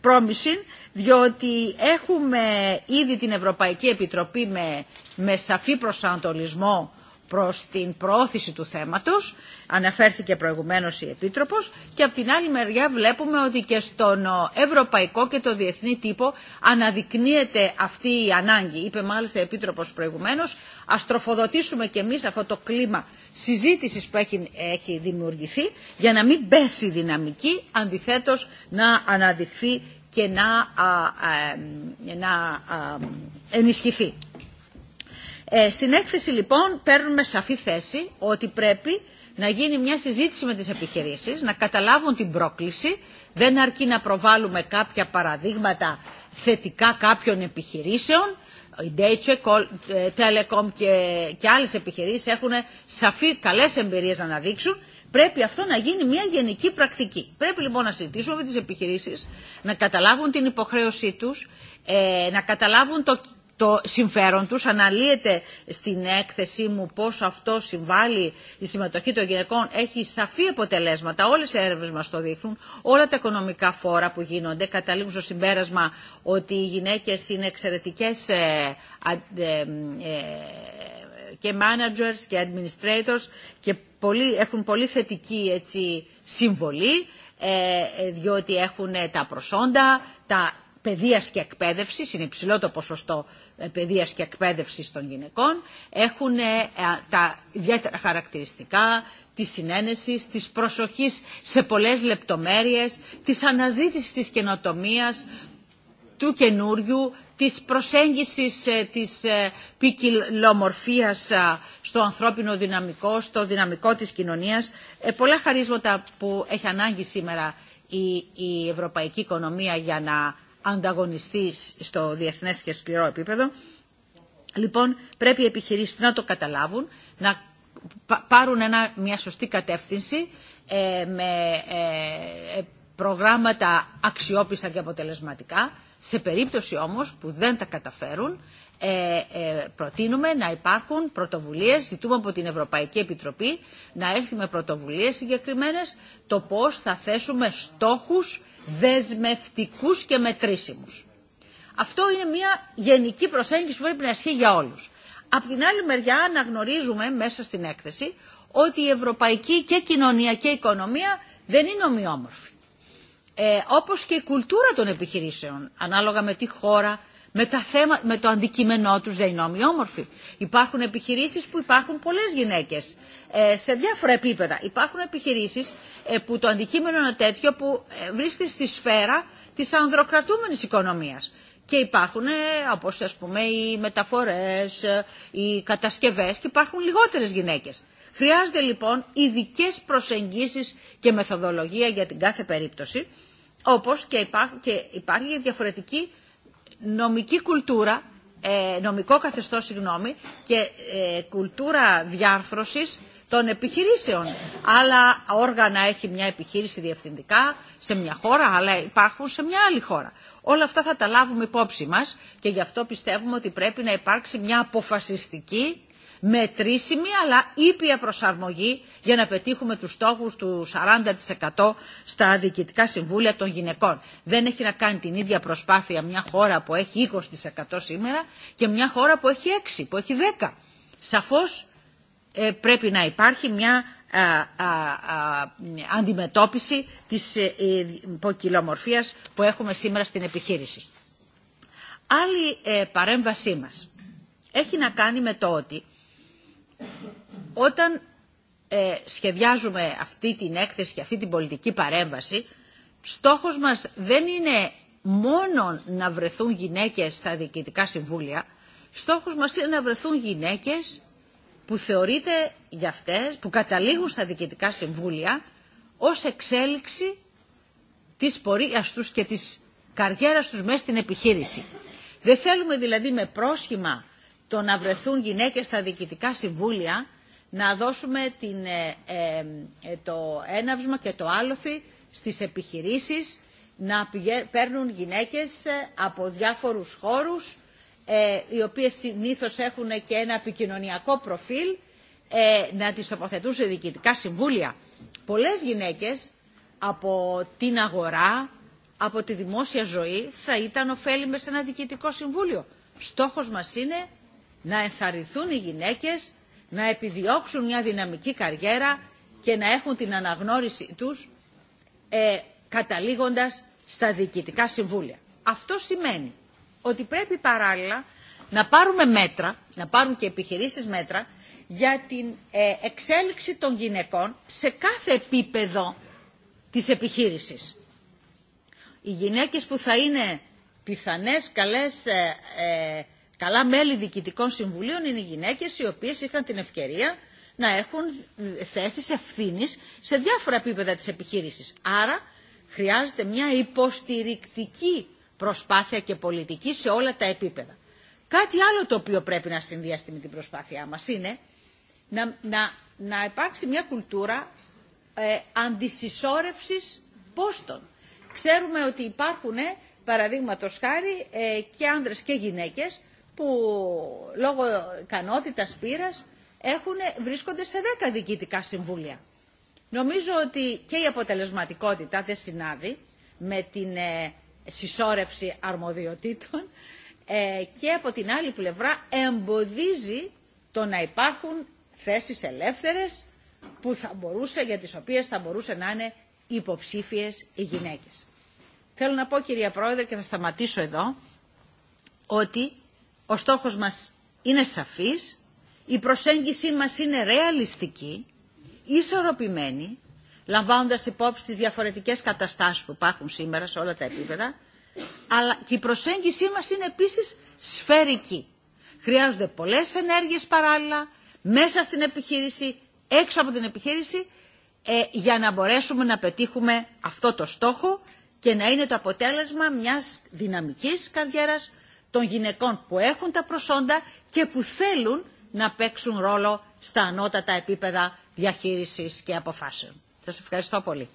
πρόμηση, διότι έχουμε ήδη την Ευρωπαϊκή Επιτροπή με, με σαφή προσανατολισμό προς την προώθηση του θέματος, αναφέρθηκε προηγουμένως η Επίτροπος, και από την άλλη μεριά βλέπουμε ότι και στον ευρωπαϊκό και το διεθνή τύπο αναδεικνύεται αυτή η ανάγκη. Είπε μάλιστα η Επίτροπος προηγουμένως, ας τροφοδοτήσουμε και εμείς αυτό το κλίμα συζήτησης που έχει, έχει δημιουργηθεί, για να μην πέσει η δυναμική, αντιθέτως να αναδειχθεί και να, ενισχυθεί. Ε, στην έκθεση λοιπόν παίρνουμε σαφή θέση ότι πρέπει να γίνει μια συζήτηση με τις επιχειρήσεις, να καταλάβουν την πρόκληση. Δεν αρκεί να προβάλλουμε κάποια παραδείγματα θετικά κάποιων επιχειρήσεων. Η Deutsche ε, Telekom και, και άλλες επιχειρήσεις έχουν σαφή καλές εμπειρίες να αναδείξουν. Πρέπει αυτό να γίνει μια γενική πρακτική. Πρέπει λοιπόν να συζητήσουμε με τις επιχειρήσεις, να καταλάβουν την υποχρέωσή τους, ε, να καταλάβουν το το συμφέρον τους. Αναλύεται στην έκθεσή μου πώς αυτό συμβάλλει η συμμετοχή των γυναικών. Έχει σαφή αποτελέσματα, όλες οι έρευνες μας το δείχνουν. Όλα τα οικονομικά φόρα που γίνονται καταλήγουν στο συμπέρασμα ότι οι γυναίκες είναι εξαιρετικές ε, ε, ε, και managers και administrators και πολύ, έχουν πολύ θετική έτσι, συμβολή διότι έχουν τα προσόντα, τα παιδείας και εκπαίδευση, είναι υψηλό το ποσοστό ε, παιδείας και εκπαίδευσης των γυναικών έχουν ε, τα ιδιαίτερα χαρακτηριστικά της συνένεσης, της προσοχής σε πολλές λεπτομέρειες, της αναζήτησης της καινοτομίας, του καινούριου, της προσέγγισης ε, της ποικιλομορφίας στο ανθρώπινο δυναμικό, στο δυναμικό της κοινωνίας. Πολλά χαρίσματα που έχει ανάγκη σήμερα η, η ευρωπαϊκή οικονομία για να ανταγωνιστής στο διεθνές και σκληρό επίπεδο. Λοιπόν, πρέπει οι να το καταλάβουν, να πάρουν ένα, μια σωστή κατεύθυνση ε, με ε, ε, προγράμματα αξιόπιστα και αποτελεσματικά. Σε περίπτωση όμως που δεν τα καταφέρουν, ε, ε, προτείνουμε να υπάρχουν πρωτοβουλίες, ζητούμε από την Ευρωπαϊκή Επιτροπή να έρθει με πρωτοβουλίες συγκεκριμένες το πώς θα θέσουμε στόχους δεσμευτικούς και μετρήσιμους. Αυτό είναι μια γενική προσέγγιση που πρέπει να ισχύει για όλους. Απ' την άλλη μεριά αναγνωρίζουμε μέσα στην έκθεση ότι η ευρωπαϊκή και κοινωνιακή οικονομία δεν είναι ομοιόμορφη. Ε, όπως και η κουλτούρα των επιχειρήσεων, ανάλογα με τη χώρα, με, τα θέμα, με το αντικείμενό τους δεν είναι ομοιόμορφοι. Υπάρχουν επιχειρήσεις που υπάρχουν πολλές γυναίκες ε, σε διάφορα επίπεδα. Υπάρχουν επιχειρήσεις ε, που το αντικείμενο είναι τέτοιο που ε, βρίσκεται στη σφαίρα της ανδροκρατούμενης οικονομίας. Και υπάρχουν, όπως ας πούμε, οι μεταφορές, οι κατασκευές και υπάρχουν λιγότερες γυναίκες. Χρειάζεται λοιπόν ειδικέ προσεγγίσεις και μεθοδολογία για την κάθε περίπτωση, όπως και υπάρχει, και υπάρχει διαφορετική νομική κουλτούρα, ε, νομικό καθεστώς συγγνώμη, και ε, κουλτούρα διάρθρωσης των επιχειρήσεων. Άλλα όργανα έχει μια επιχείρηση διευθυντικά σε μια χώρα, αλλά υπάρχουν σε μια άλλη χώρα. Όλα αυτά θα τα λάβουμε υπόψη μας και γι' αυτό πιστεύουμε ότι πρέπει να υπάρξει μια αποφασιστική μετρήσιμη αλλά ήπια προσαρμογή για να πετύχουμε τους στόχους του 40% στα διοικητικά συμβούλια των γυναικών. Δεν έχει να κάνει την ίδια προσπάθεια μια χώρα που έχει 20% σήμερα και μια χώρα που έχει 6, που έχει 10. Σαφώς ε, πρέπει να υπάρχει μια αντιμετώπιση της ε, ε, ποικιλομορφίας που έχουμε σήμερα στην επιχείρηση. Άλλη ε, παρέμβασή μας έχει να κάνει με το ότι όταν ε, σχεδιάζουμε αυτή την έκθεση και αυτή την πολιτική παρέμβαση, στόχος μας δεν είναι μόνο να βρεθούν γυναίκες στα διοικητικά συμβούλια, στόχος μας είναι να βρεθούν γυναίκες που θεωρείται για αυτές, που καταλήγουν στα διοικητικά συμβούλια ως εξέλιξη της πορείας τους και της καριέρας τους μέσα στην επιχείρηση. Δεν θέλουμε δηλαδή με πρόσχημα το να βρεθούν γυναίκες στα διοικητικά συμβούλια, να δώσουμε την, ε, ε, το έναυσμα και το άλοφι στις επιχειρήσεις, να παίρνουν γυναίκες ε, από διάφορους χώρους, οι οποίες συνήθως έχουν και ένα επικοινωνιακό προφίλ, να τις τοποθετούν σε διοικητικά συμβούλια. Πολλές γυναίκες από την αγορά, από τη δημόσια ζωή, θα ήταν ωφέλιμες σε ένα διοικητικό συμβούλιο. Στόχος μας είναι να ενθαρρυνθούν οι γυναίκες να επιδιώξουν μια δυναμική καριέρα και να έχουν την αναγνώριση τους ε, καταλήγοντας στα διοικητικά συμβούλια. Αυτό σημαίνει ότι πρέπει παράλληλα να πάρουμε μέτρα, να πάρουν και επιχειρήσεις μέτρα για την ε, εξέλιξη των γυναικών σε κάθε επίπεδο της επιχείρησης. Οι γυναίκες που θα είναι πιθανές καλές ε, ε, Καλά μέλη διοικητικών συμβουλίων είναι οι γυναίκες οι οποίες είχαν την ευκαιρία να έχουν θέσεις ευθύνη σε διάφορα επίπεδα της επιχείρησης. Άρα χρειάζεται μια υποστηρικτική προσπάθεια και πολιτική σε όλα τα επίπεδα. Κάτι άλλο το οποίο πρέπει να συνδυαστεί με την προσπάθειά μας είναι να, να, να υπάρξει μια κουλτούρα ε, αντισυσσόρευσης πόστων. Ξέρουμε ότι υπάρχουν, ε, παραδείγματο χάρη, ε, και άνδρες και γυναίκες που λόγω ικανότητα πείρας έχουν, βρίσκονται σε δέκα διοικητικά συμβούλια. Νομίζω ότι και η αποτελεσματικότητα δεν συνάδει με την ε, συσσόρευση αρμοδιοτήτων ε, και από την άλλη πλευρά εμποδίζει το να υπάρχουν θέσεις ελεύθερες που θα μπορούσε, για τις οποίες θα μπορούσε να είναι υποψήφιες οι γυναίκες. Θέλω να πω κυρία Πρόεδρε και θα σταματήσω εδώ ότι ο στόχος μας είναι σαφής, η προσέγγιση μας είναι ρεαλιστική, ισορροπημένη, λαμβάνοντας υπόψη τις διαφορετικές καταστάσεις που υπάρχουν σήμερα σε όλα τα επίπεδα, αλλά και η προσέγγιση μας είναι επίσης σφαιρική. Χρειάζονται πολλές ενέργειες παράλληλα, μέσα στην επιχείρηση, έξω από την επιχείρηση, ε, για να μπορέσουμε να πετύχουμε αυτό το στόχο και να είναι το αποτέλεσμα μιας δυναμικής καριέρας των γυναικών που έχουν τα προσόντα και που θέλουν να παίξουν ρόλο στα ανώτατα επίπεδα διαχείρισης και αποφάσεων. Σας ευχαριστώ πολύ.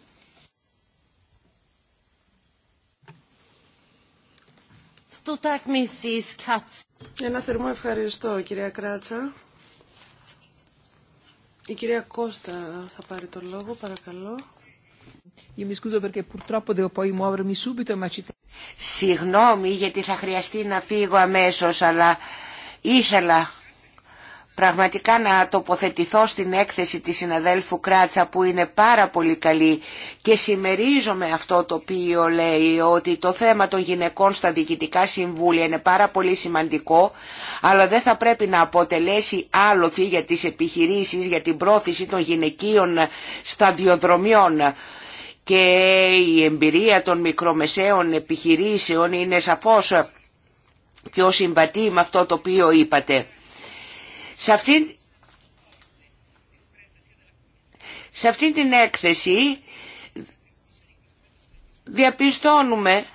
Ένα θερμό ευχαριστώ, κυρία Κράτσα. Η κυρία Κώστα θα πάρει το λόγο, παρακαλώ. Συγγνώμη γιατί θα χρειαστεί να φύγω αμέσως, αλλά ήθελα πραγματικά να τοποθετηθώ στην έκθεση της συναδέλφου Κράτσα που είναι πάρα πολύ καλή και συμμερίζομαι αυτό το οποίο λέει ότι το θέμα των γυναικών στα διοικητικά συμβούλια είναι πάρα πολύ σημαντικό αλλά δεν θα πρέπει να αποτελέσει άλοθη για τις επιχειρήσεις για την πρόθεση των γυναικείων σταδιοδρομιών και η εμπειρία των μικρομεσαίων επιχειρήσεων είναι σαφώς πιο συμβατή με αυτό το οποίο είπατε. Σε αυτή, την έκθεση διαπιστώνουμε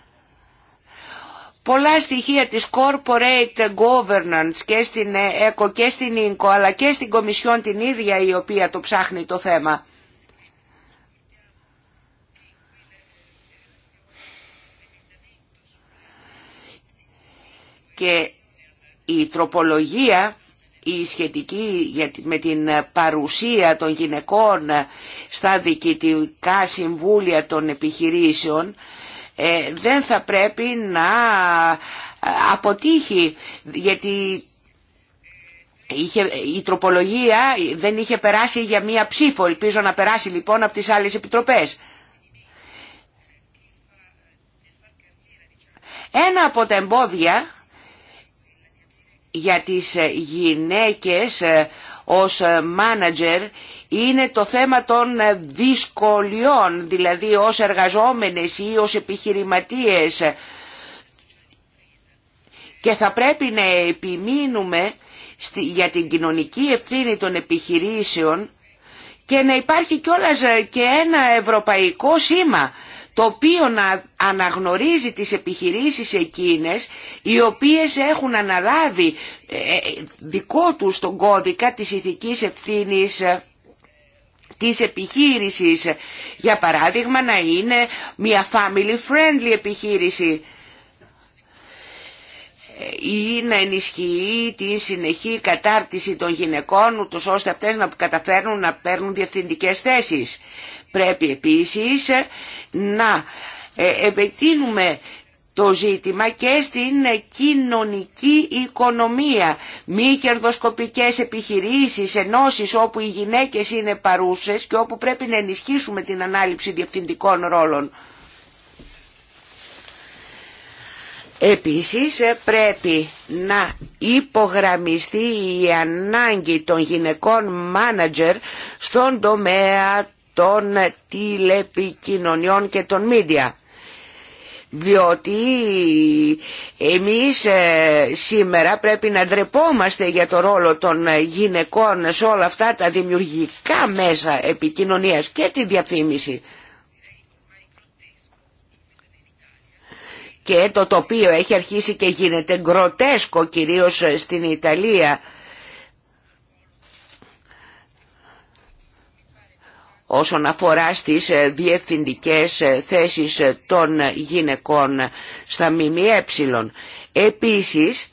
πολλά στοιχεία της corporate governance και στην ε- ΕΚΟ και στην ΙΝΚΟ αλλά και στην Κομισιόν την ίδια η οποία το ψάχνει το θέμα. και η τροπολογία η σχετική με την παρουσία των γυναικών στα διοικητικά συμβούλια των επιχειρήσεων ε, δεν θα πρέπει να ε, αποτύχει γιατί η τροπολογία δεν είχε περάσει για μία ψήφο. Ελπίζω να περάσει λοιπόν από τις άλλες επιτροπές. Ένα από τα εμπόδια για τις ε, γυναίκες ε, ως μάνατζερ είναι το θέμα των ε, δυσκολιών, δηλαδή ως εργαζόμενες ή ως επιχειρηματίες και θα πρέπει να επιμείνουμε για την κοινωνική ευθύνη των επιχειρήσεων και να υπάρχει κιόλας και ένα ευρωπαϊκό σήμα το οποίο να αναγνωρίζει τις επιχειρήσεις εκείνες οι οποίες έχουν αναλάβει ε, ε, δικό τους τον κώδικα της ηθικής ευθύνης ε, της επιχείρησης. Για παράδειγμα να είναι μια family friendly επιχείρηση ή να ενισχύει τη συνεχή κατάρτιση των γυναικών ούτως ώστε αυτές να καταφέρνουν να παίρνουν διευθυντικές θέσεις. Πρέπει επίσης ε, να ε, επεκτείνουμε το ζήτημα και στην ε, κοινωνική οικονομία. Μη κερδοσκοπικές επιχειρήσεις, ενώσεις όπου οι γυναίκες είναι παρούσες και όπου πρέπει να ενισχύσουμε την ανάληψη διευθυντικών ρόλων. Επίσης πρέπει να υπογραμμιστεί η ανάγκη των γυναικών μάνατζερ στον τομέα των τηλεπικοινωνιών και των μίντια. Διότι εμείς ε, σήμερα πρέπει να ντρεπόμαστε για το ρόλο των γυναικών σε όλα αυτά τα δημιουργικά μέσα επικοινωνίας και τη διαφήμιση. Και το τοπίο έχει αρχίσει και γίνεται γκροτέσκο κυρίως στην Ιταλία όσον αφορά στις ε, διευθυντικές ε, θέσεις ε, των γυναικών στα ΜΜΕ. Επίσης,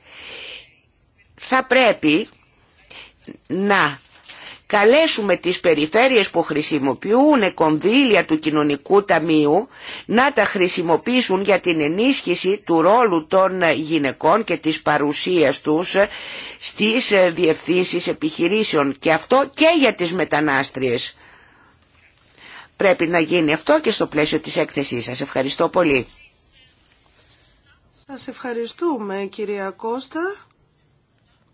θα πρέπει να καλέσουμε τις περιφέρειες που χρησιμοποιούν κονδύλια του κοινωνικού ταμείου να τα χρησιμοποιήσουν για την ενίσχυση του ρόλου των γυναικών και της παρουσίας τους στις διευθύνσεις επιχειρήσεων και αυτό και για τις μετανάστριες πρέπει να γίνει αυτό και στο πλαίσιο της έκθεσής σας. Ευχαριστώ πολύ. Σας ευχαριστούμε κυρία Κώστα.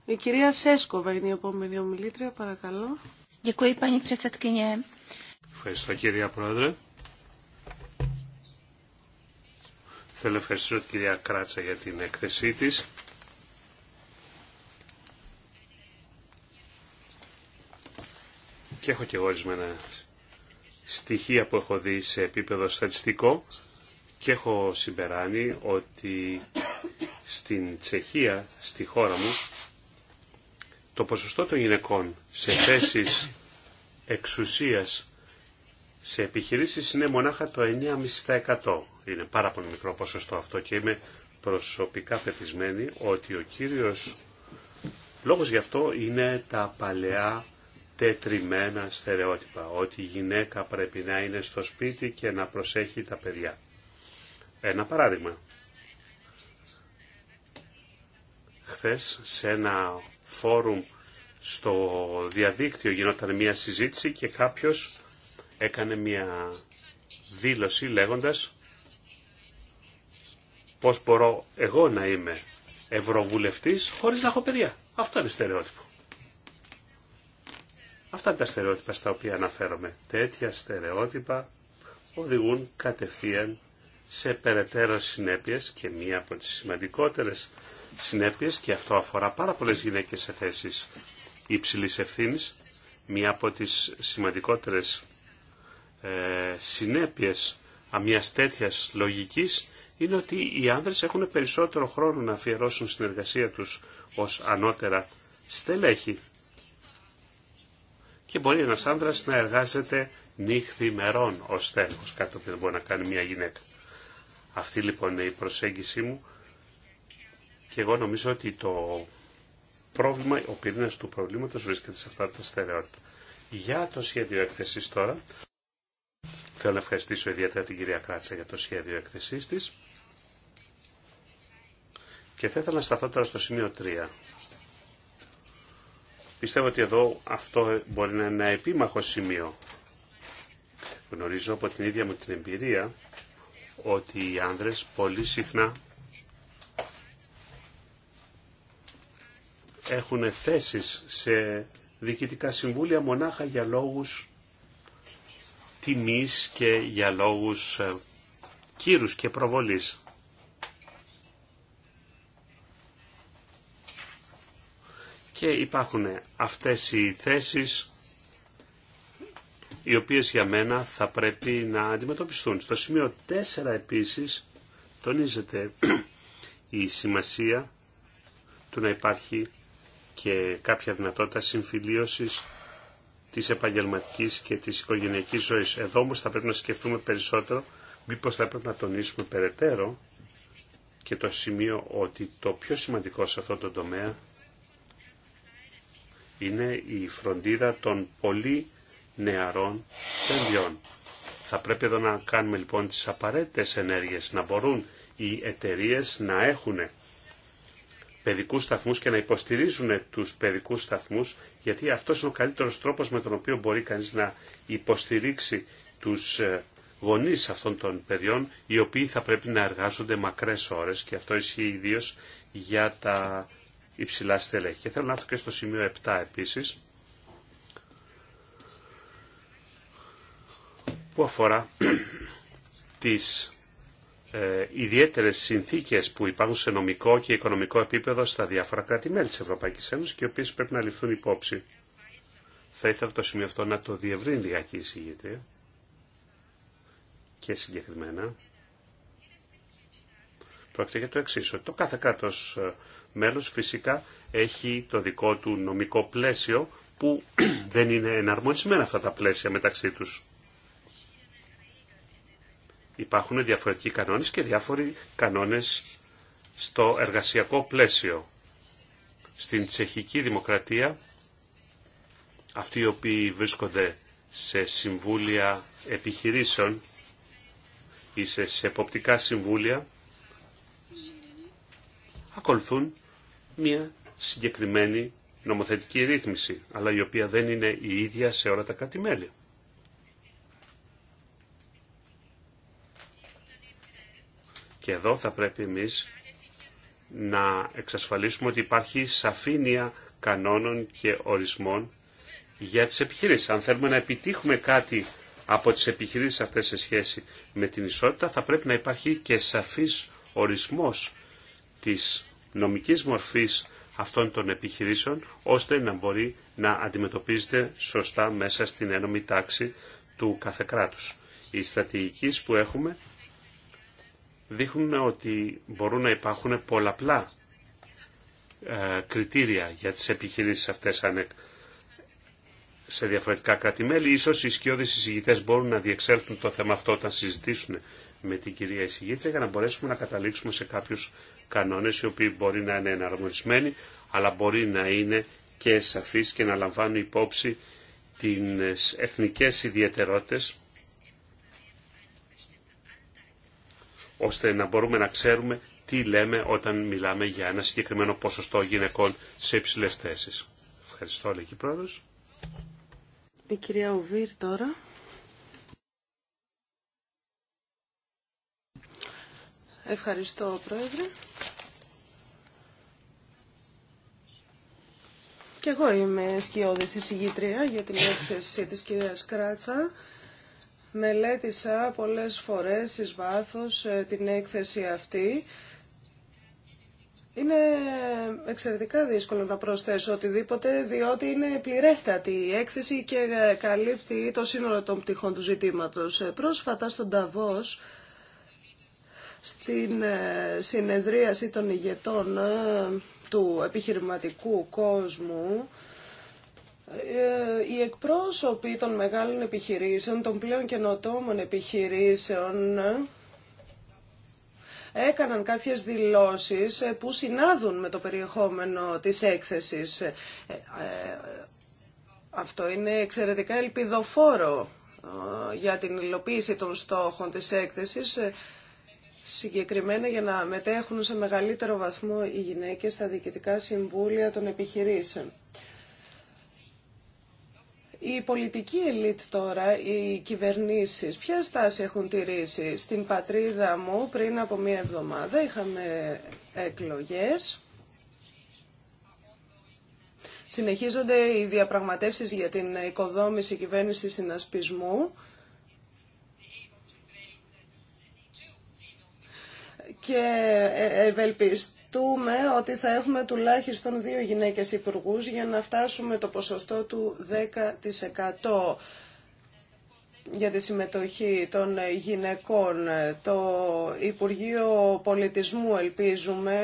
Η κυρία Σέσκοβα είναι η επόμενη ομιλήτρια, παρακαλώ. Ευχαριστώ κυρία Πρόεδρε. Θέλω να ευχαριστήσω την κυρία Κράτσα για την έκθεσή της. Και έχω και εγώ ορισμένες στοιχεία που έχω δει σε επίπεδο στατιστικό και έχω συμπεράνει ότι στην Τσεχία, στη χώρα μου, το ποσοστό των γυναικών σε θέσεις εξουσίας σε επιχειρήσεις είναι μονάχα το 9,5%. Είναι πάρα πολύ μικρό ποσοστό αυτό και είμαι προσωπικά πεπισμένη ότι ο κύριος λόγος γι' αυτό είναι τα παλαιά τετριμένα στερεότυπα, ότι η γυναίκα πρέπει να είναι στο σπίτι και να προσέχει τα παιδιά. Ένα παράδειγμα. Χθες σε ένα φόρουμ στο διαδίκτυο γινόταν μια συζήτηση και κάποιος έκανε μια δήλωση λέγοντας πώς μπορώ εγώ να είμαι ευρωβουλευτής χωρίς να έχω παιδιά. Αυτό είναι στερεότυπο. Αυτά τα στερεότυπα στα οποία αναφέρομαι. Τέτοια στερεότυπα οδηγούν κατευθείαν σε περαιτέρω συνέπειες και μία από τις σημαντικότερες συνέπειες και αυτό αφορά πάρα πολλές γυναίκες σε θέσεις υψηλής ευθύνης. Μία από τις σημαντικότερες ε, συνέπειες μιας τέτοιας λογικής είναι ότι οι άνδρες έχουν περισσότερο χρόνο να αφιερώσουν στην εργασία τους ως ανώτερα στελέχη και μπορεί ένα άντρα να εργάζεται νύχθη μερών ω τέλο, κάτι που δεν μπορεί να κάνει μια γυναίκα. Αυτή λοιπόν είναι η προσέγγιση μου και εγώ νομίζω ότι το πρόβλημα, ο πυρήνα του προβλήματο βρίσκεται σε αυτά τα στερεότυπα. Για το σχέδιο έκθεση τώρα, θέλω να ευχαριστήσω ιδιαίτερα την κυρία Κράτσα για το σχέδιο έκθεσής της και θα ήθελα να σταθώ τώρα στο σημείο 3 Πιστεύω ότι εδώ αυτό μπορεί να είναι ένα επίμαχο σημείο. Γνωρίζω από την ίδια μου την εμπειρία ότι οι άνδρες πολύ συχνά έχουν θέσεις σε διοικητικά συμβούλια μονάχα για λόγους τιμής και για λόγους ε, κύρους και προβολής. και υπάρχουν αυτές οι θέσεις οι οποίες για μένα θα πρέπει να αντιμετωπιστούν. Στο σημείο 4 επίσης τονίζεται η σημασία του να υπάρχει και κάποια δυνατότητα συμφιλίωσης της επαγγελματικής και της οικογενειακής ζωής. Εδώ όμως θα πρέπει να σκεφτούμε περισσότερο μήπως θα πρέπει να τονίσουμε περαιτέρω και το σημείο ότι το πιο σημαντικό σε αυτό το τομέα είναι η φροντίδα των πολύ νεαρών παιδιών. Θα πρέπει εδώ να κάνουμε λοιπόν τις απαραίτητες ενέργειες, να μπορούν οι εταιρείε να έχουν παιδικούς σταθμούς και να υποστηρίζουν τους παιδικούς σταθμούς, γιατί αυτός είναι ο καλύτερος τρόπος με τον οποίο μπορεί κανείς να υποστηρίξει τους ε, γονείς αυτών των παιδιών, οι οποίοι θα πρέπει να εργάζονται μακρές ώρες και αυτό ισχύει ιδίω για τα υψηλά στελέχη. Και θέλω να έρθω και στο σημείο 7 επίσης, που αφορά τις ε, ιδιαίτερες συνθήκες που υπάρχουν σε νομικό και οικονομικό επίπεδο στα διάφορα κράτη-μέλη της Ευρωπαϊκής Ένωσης και οι οποίες πρέπει να ληφθούν υπόψη. Θα ήθελα το σημείο αυτό να το διευρύνει λιγάκι η και συγκεκριμένα. Πρόκειται για το εξή, το κάθε κράτος ε, μέλος φυσικά έχει το δικό του νομικό πλαίσιο που δεν είναι εναρμονισμένα αυτά τα πλαίσια μεταξύ τους. Υπάρχουν διαφορετικοί κανόνες και διάφοροι κανόνες στο εργασιακό πλαίσιο. Στην τσεχική δημοκρατία, αυτοί οι οποίοι βρίσκονται σε συμβούλια επιχειρήσεων ή σε εποπτικά συμβούλια, ακολουθούν μια συγκεκριμένη νομοθετική ρύθμιση, αλλά η οποία δεν είναι η ίδια σε όλα τα κατημέλια. Και εδώ θα πρέπει εμείς να εξασφαλίσουμε ότι υπάρχει σαφήνεια κανόνων και ορισμών για τις επιχειρήσεις. Αν θέλουμε να επιτύχουμε κάτι από τις επιχειρήσεις αυτές σε σχέση με την ισότητα, θα πρέπει να υπάρχει και σαφής ορισμός της νομικής μορφής αυτών των επιχειρήσεων, ώστε να μπορεί να αντιμετωπίζεται σωστά μέσα στην ένωμη τάξη του κάθε κράτους. Οι στρατηγικοί που έχουμε δείχνουν ότι μπορούν να υπάρχουν πολλαπλά ε, κριτήρια για τις επιχειρήσεις αυτές ανεκ σε διαφορετικά κράτη-μέλη. Ίσως οι σκιώδεις εισηγητές μπορούν να διεξέλθουν το θέμα αυτό όταν συζητήσουν με την κυρία εισηγήτρια για να μπορέσουμε να καταλήξουμε σε κάποιους κανόνες οι οποίοι μπορεί να είναι εναρμονισμένοι αλλά μπορεί να είναι και σαφείς και να λαμβάνουν υπόψη τις εθνικές ιδιαιτερότητες ώστε να μπορούμε να ξέρουμε τι λέμε όταν μιλάμε για ένα συγκεκριμένο ποσοστό γυναικών σε υψηλέ θέσεις. Ευχαριστώ, λέει και Η κυρία Ουβίρ τώρα. Ευχαριστώ, πρόεδρε. Και εγώ είμαι σκιώδης εισηγήτρια για την έκθεση της κυρίας Κράτσα. Μελέτησα πολλές φορές εις βάθος ε, την έκθεση αυτή. Είναι εξαιρετικά δύσκολο να προσθέσω οτιδήποτε, διότι είναι πληρέστατη η έκθεση και ε, καλύπτει το σύνολο των πτυχών του ζητήματος. Ε, πρόσφατα στον Ταβός, στην συνεδρίαση των ηγετών του επιχειρηματικού κόσμου, ε, οι εκπρόσωποι των μεγάλων επιχειρήσεων, των πλέον καινοτόμων επιχειρήσεων, έκαναν κάποιες δηλώσεις που συνάδουν με το περιεχόμενο της έκθεσης. Ε, ε, αυτό είναι εξαιρετικά ελπιδοφόρο για την υλοποίηση των στόχων της έκθεσης συγκεκριμένα για να μετέχουν σε μεγαλύτερο βαθμό οι γυναίκες στα διοικητικά συμβούλια των επιχειρήσεων. Η πολιτική ελίτ τώρα, οι κυβερνήσεις, ποια στάση έχουν τηρήσει. Στην πατρίδα μου πριν από μία εβδομάδα είχαμε εκλογές. Συνεχίζονται οι διαπραγματεύσεις για την οικοδόμηση κυβέρνησης συνασπισμού. και ε, ε, ευελπιστούμε ότι θα έχουμε τουλάχιστον δύο γυναίκες υπουργούς για να φτάσουμε το ποσοστό του 10% για τη συμμετοχή των γυναικών. Το Υπουργείο Πολιτισμού ελπίζουμε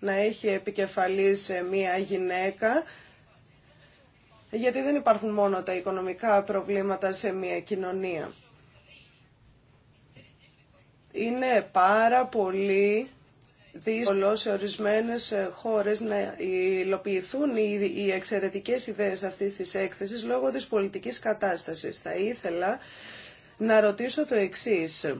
να έχει επικεφαλής μία γυναίκα γιατί δεν υπάρχουν μόνο τα οικονομικά προβλήματα σε μία κοινωνία. Είναι πάρα πολύ δύσκολο σε ορισμένες ε, χώρες να υλοποιηθούν οι εξαιρετικές ιδέες αυτής της έκθεσης λόγω της πολιτικής κατάστασης. Θα ήθελα να ρωτήσω το εξής.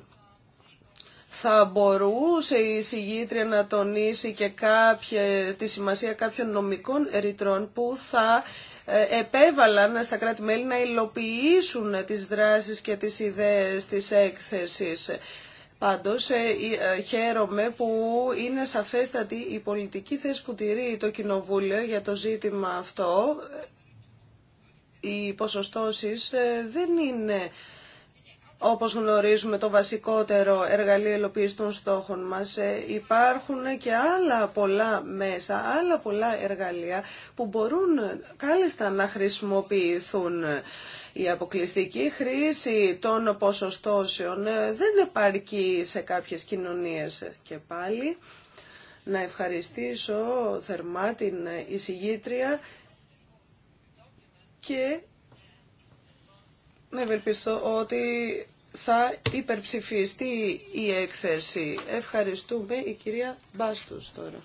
Θα μπορούσε η συγγήτρια να τονίσει και κάποια, τη σημασία κάποιων νομικών ρητρών που θα ε, επέβαλαν στα κράτη-μέλη να υλοποιήσουν τις δράσεις και τις ιδέες της έκθεσης. Πάντως ε, ε, χαίρομαι που είναι σαφέστατη η πολιτική θέση που τηρεί το Κοινοβούλιο για το ζήτημα αυτό. Οι ποσοστώσεις ε, δεν είναι όπως γνωρίζουμε το βασικότερο εργαλείο ελοπίστων των στόχων μας, υπάρχουν και άλλα πολλά μέσα, άλλα πολλά εργαλεία που μπορούν κάλλιστα να χρησιμοποιηθούν. Η αποκλειστική χρήση των ποσοστώσεων ε, δεν επαρκεί σε κάποιες κοινωνίες και πάλι. Να ευχαριστήσω θερμά την εισηγήτρια και να ευελπιστώ ότι θα υπερψηφιστεί η έκθεση. Ευχαριστούμε η κυρία Μπάστους τώρα.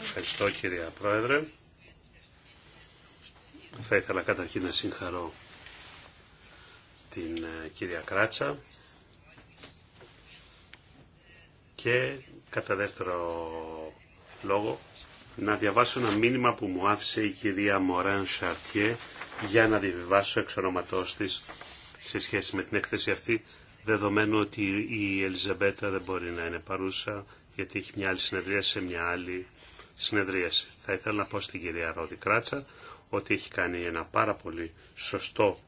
Ευχαριστώ κυρία Πρόεδρε. Θα ήθελα καταρχήν να συγχαρώ την ε, κυρία Κράτσα και κατά δεύτερο λόγο να διαβάσω ένα μήνυμα που μου άφησε η κυρία Μωράν Σαρτιέ για να διαβιβάσω εξ ονοματός της σε σχέση με την έκθεση αυτή δεδομένου ότι η Ελιζαμπέτα δεν μπορεί να είναι παρούσα γιατί έχει μια άλλη συνεδρία σε μια άλλη συνεδρίαση. Θα ήθελα να πω στην κυρία Ρόδη Κράτσα ότι έχει κάνει ένα πάρα πολύ σωστό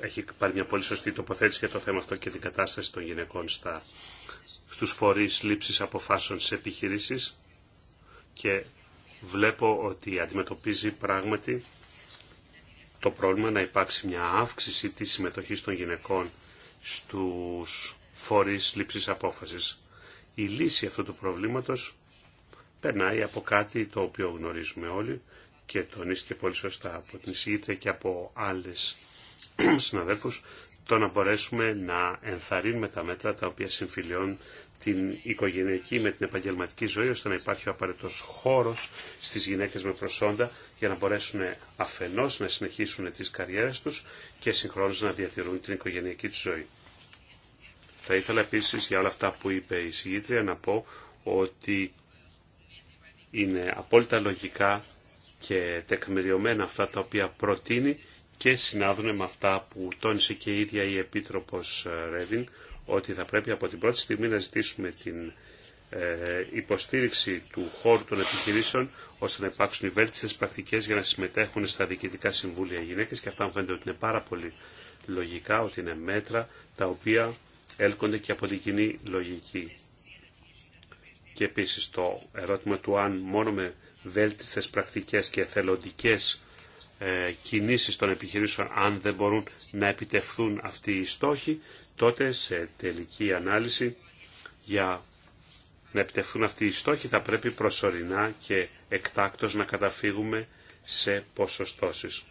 ε, έχει πάρει μια πολύ σωστή τοποθέτηση για το θέμα αυτό και την κατάσταση των γυναικών στα, στους φορείς λήψης αποφάσεων σε επιχειρήσεις και βλέπω ότι αντιμετωπίζει πράγματι το πρόβλημα να υπάρξει μια αύξηση της συμμετοχής των γυναικών στους φορείς λήψης απόφασης. Η λύση αυτού του προβλήματος περνάει από κάτι το οποίο γνωρίζουμε όλοι και τονίστηκε πολύ σωστά από την εισηγήτρια και από άλλες συναδέλφους, το να μπορέσουμε να ενθαρρύνουμε τα μέτρα τα οποία συμφιλειώνουν την οικογενειακή με την επαγγελματική ζωή, ώστε να υπάρχει ο απαραίτητο χώρο στι γυναίκε με προσόντα για να μπορέσουν αφενό να συνεχίσουν τι καριέρε του και συγχρόνω να διατηρούν την οικογενειακή του ζωή. Θα ήθελα επίση για όλα αυτά που είπε η συγγήτρια να πω ότι είναι απόλυτα λογικά και τεκμηριωμένα αυτά τα οποία προτείνει και συνάδουν με αυτά που τόνισε και η ίδια η Επίτροπος ε, Ρέδιν ότι θα πρέπει από την πρώτη στιγμή να ζητήσουμε την ε, υποστήριξη του χώρου των επιχειρήσεων ώστε να υπάρξουν οι βέλτιστες πρακτικές για να συμμετέχουν στα διοικητικά συμβούλια οι γυναίκες και αυτά μου φαίνεται ότι είναι πάρα πολύ λογικά, ότι είναι μέτρα τα οποία έλκονται και από την κοινή λογική. Και επίσης το ερώτημα του αν μόνο με βέλτιστες πρακτικές και εθελοντικές ε, κινήσεις των επιχειρήσεων αν δεν μπορούν να επιτευχθούν αυτοί οι στόχοι, τότε σε τελική ανάλυση για να επιτευχθούν αυτοί οι στόχοι θα πρέπει προσωρινά και εκτάκτως να καταφύγουμε σε ποσοστώσεις.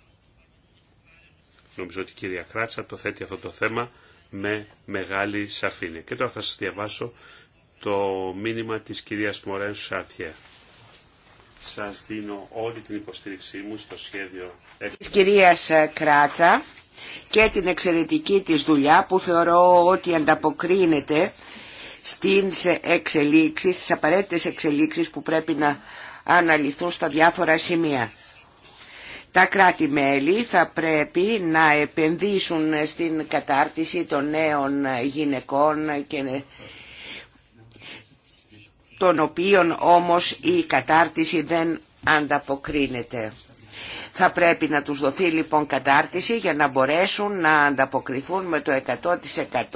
Νομίζω ότι η κυρία Κράτσα το θέτει αυτό το θέμα με μεγάλη σαφήνεια. Και τώρα θα σας διαβάσω το μήνυμα της κυρίας Μωρέν Σάρτιε. Σας δίνω όλη την υποστήριξή μου στο σχέδιο της κυρίας ε, Κράτσα και την εξαιρετική της δουλειά που θεωρώ ότι ανταποκρίνεται στις εξελίξεις, στις απαραίτητες εξελίξεις που πρέπει να αναλυθούν στα διάφορα σημεία. Τα κράτη-μέλη θα πρέπει να επενδύσουν στην κατάρτιση των νέων γυναικών και των οποίων όμως η κατάρτιση δεν ανταποκρίνεται. Θα πρέπει να τους δοθεί λοιπόν κατάρτιση για να μπορέσουν να ανταποκριθούν με το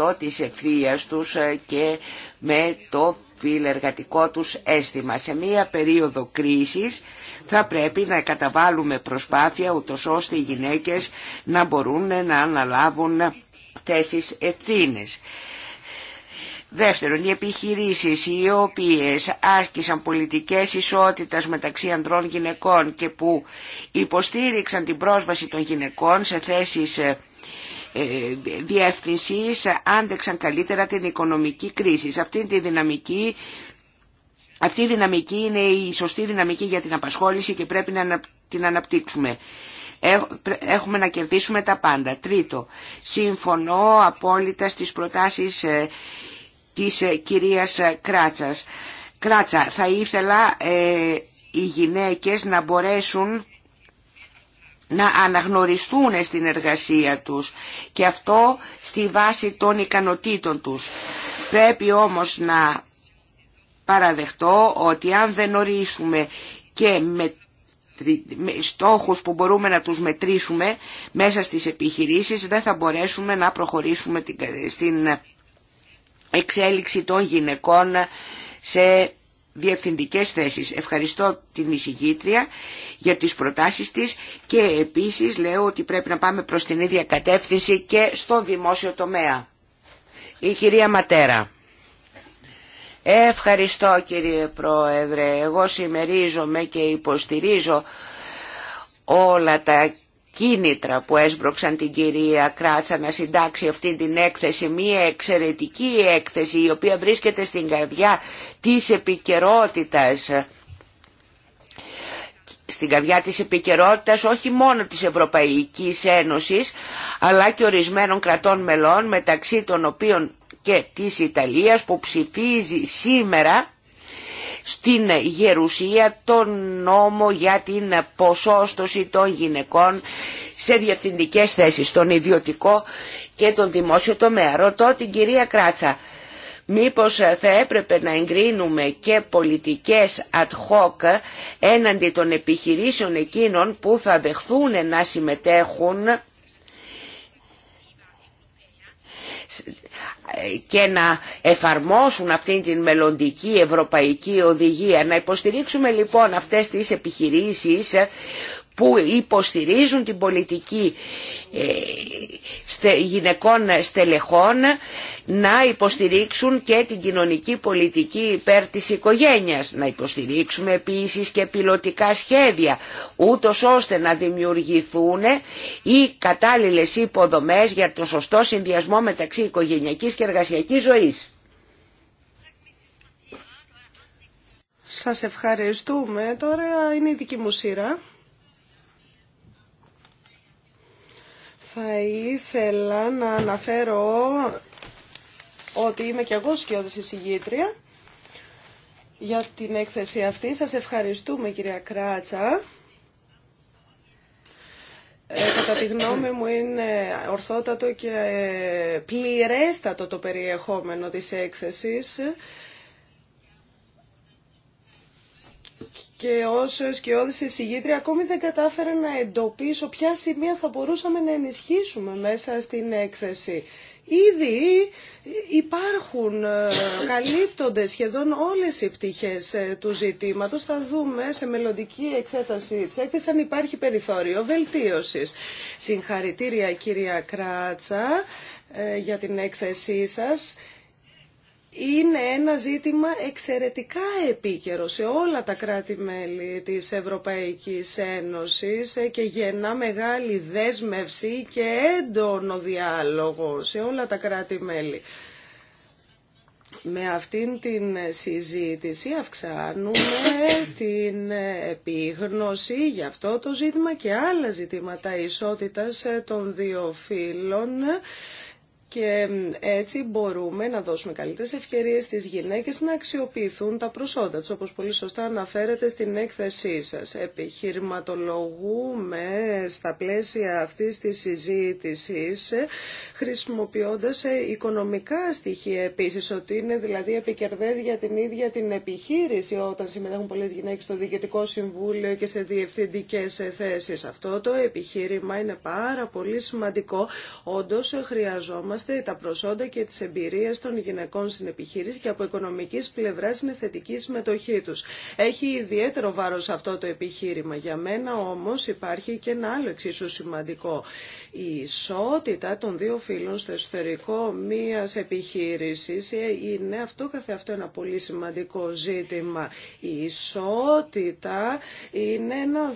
100% της ευθεία τους ε, και με το φιλεργατικό τους αίσθημα. Σε μία περίοδο κρίσης θα πρέπει να καταβάλουμε προσπάθεια ούτως ώστε οι γυναίκες να μπορούν να αναλάβουν θέσεις ευθύνες. Δεύτερον, οι επιχειρήσεις οι οποίες άσκησαν πολιτικές ισότητας μεταξύ ανδρών γυναικών και που υποστήριξαν την πρόσβαση των γυναικών σε θέσεις ε, ε, διευθυνσής άντεξαν καλύτερα την οικονομική κρίση. αυτή τη δυναμική αυτή η δυναμική είναι η σωστή δυναμική για την απασχόληση και πρέπει να την αναπτύξουμε. Έχουμε να κερδίσουμε τα πάντα. Τρίτο, συμφωνώ απόλυτα στις προτάσεις ε, της ε, κυρίας ε, Κράτσας. Κράτσα, θα ήθελα ε, οι γυναίκες να μπορέσουν να αναγνωριστούν στην εργασία τους και αυτό στη βάση των ικανοτήτων τους. Πρέπει όμως να παραδεχτώ ότι αν δεν ορίσουμε και με στόχους που μπορούμε να τους μετρήσουμε μέσα στις επιχειρήσεις δεν θα μπορέσουμε να προχωρήσουμε στην εξέλιξη των γυναικών σε διευθυντικές θέσεις. Ευχαριστώ την εισηγήτρια για τις προτάσεις της και επίσης λέω ότι πρέπει να πάμε προς την ίδια κατεύθυνση και στο δημόσιο τομέα. Η κυρία Ματέρα. Ευχαριστώ κύριε Πρόεδρε. Εγώ συμμερίζομαι και υποστηρίζω όλα τα κίνητρα που έσπρωξαν την κυρία Κράτσα να συντάξει αυτή την έκθεση, μία εξαιρετική έκθεση η οποία βρίσκεται στην καρδιά της επικαιρότητα. Στην καρδιά της επικαιρότητα όχι μόνο της Ευρωπαϊκής Ένωσης αλλά και ορισμένων κρατών μελών μεταξύ των οποίων και της Ιταλίας που ψηφίζει σήμερα στην Γερουσία τον νόμο για την ποσόστοση των γυναικών σε διευθυντικές θέσεις, τον ιδιωτικό και τον δημόσιο τομέα. Ρωτώ την κυρία Κράτσα, μήπως θα έπρεπε να εγκρίνουμε και πολιτικές ad hoc έναντι των επιχειρήσεων εκείνων που θα δεχθούν να συμμετέχουν και να εφαρμόσουν αυτήν την μελλοντική ευρωπαϊκή οδηγία. Να υποστηρίξουμε λοιπόν αυτές τις επιχειρήσεις που υποστηρίζουν την πολιτική ε, γυναικών στελεχών να υποστηρίξουν και την κοινωνική πολιτική υπέρ της οικογένειας. Να υποστηρίξουμε επίσης και πιλωτικά σχέδια, ούτω ώστε να δημιουργηθούν οι κατάλληλες υποδομές για το σωστό συνδυασμό μεταξύ οικογενειακής και εργασιακής ζωής. Σας ευχαριστούμε. Τώρα είναι η δική μου σειρά. Θα ήθελα να αναφέρω ότι είμαι κι εγώ σκιώδης εισηγήτρια για την έκθεση αυτή. Σας ευχαριστούμε κυρία Κράτσα. Ε, κατά τη γνώμη μου είναι ορθότατο και πληρέστατο το περιεχόμενο της έκθεσης. και ως σκιώδης εισηγήτρια ακόμη δεν κατάφερα να εντοπίσω ποια σημεία θα μπορούσαμε να ενισχύσουμε μέσα στην έκθεση. Ήδη υπάρχουν, ε, καλύπτονται σχεδόν όλες οι πτυχές ε, του ζητήματος. Θα δούμε σε μελλοντική εξέταση της έκθεσης αν υπάρχει περιθώριο βελτίωσης. Συγχαρητήρια κυρία Κράτσα ε, για την έκθεσή σας είναι ένα ζήτημα εξαιρετικά επίκαιρο σε όλα τα κράτη-μέλη της Ευρωπαϊκής Ένωσης ε, και γεννά μεγάλη δέσμευση και έντονο διάλογο σε όλα τα κράτη-μέλη. Με αυτήν την συζήτηση αυξάνουμε την επίγνωση για αυτό το ζήτημα και άλλα ζητήματα ισότητας των δύο φύλων και έτσι μπορούμε να δώσουμε καλύτερες ευκαιρίες στις γυναίκες να αξιοποιηθούν τα προσόντα τους, όπως πολύ σωστά αναφέρετε στην έκθεσή σας. Επιχειρηματολογούμε στα πλαίσια αυτής της συζήτησης, ε, χρησιμοποιώντας ε, οικονομικά στοιχεία επίσης, ότι είναι δηλαδή επικερδές για την ίδια την επιχείρηση όταν συμμετέχουν πολλές γυναίκες στο Διοικητικό Συμβούλιο και σε διευθυντικές ε, θέσεις. Αυτό το επιχείρημα είναι πάρα πολύ σημαντικό. Όντως χρειαζόμαστε τα προσόντα και τις εμπειρίες των γυναικών στην επιχείρηση και από οικονομικής πλευράς είναι θετική συμμετοχή τους. Έχει ιδιαίτερο βάρος αυτό το επιχείρημα. Για μένα όμως υπάρχει και ένα άλλο εξίσου σημαντικό. Η ισότητα των δύο φίλων στο εσωτερικό μίας επιχείρησης είναι αυτό καθεαυτό ένα πολύ σημαντικό ζήτημα. Η ισότητα είναι ένα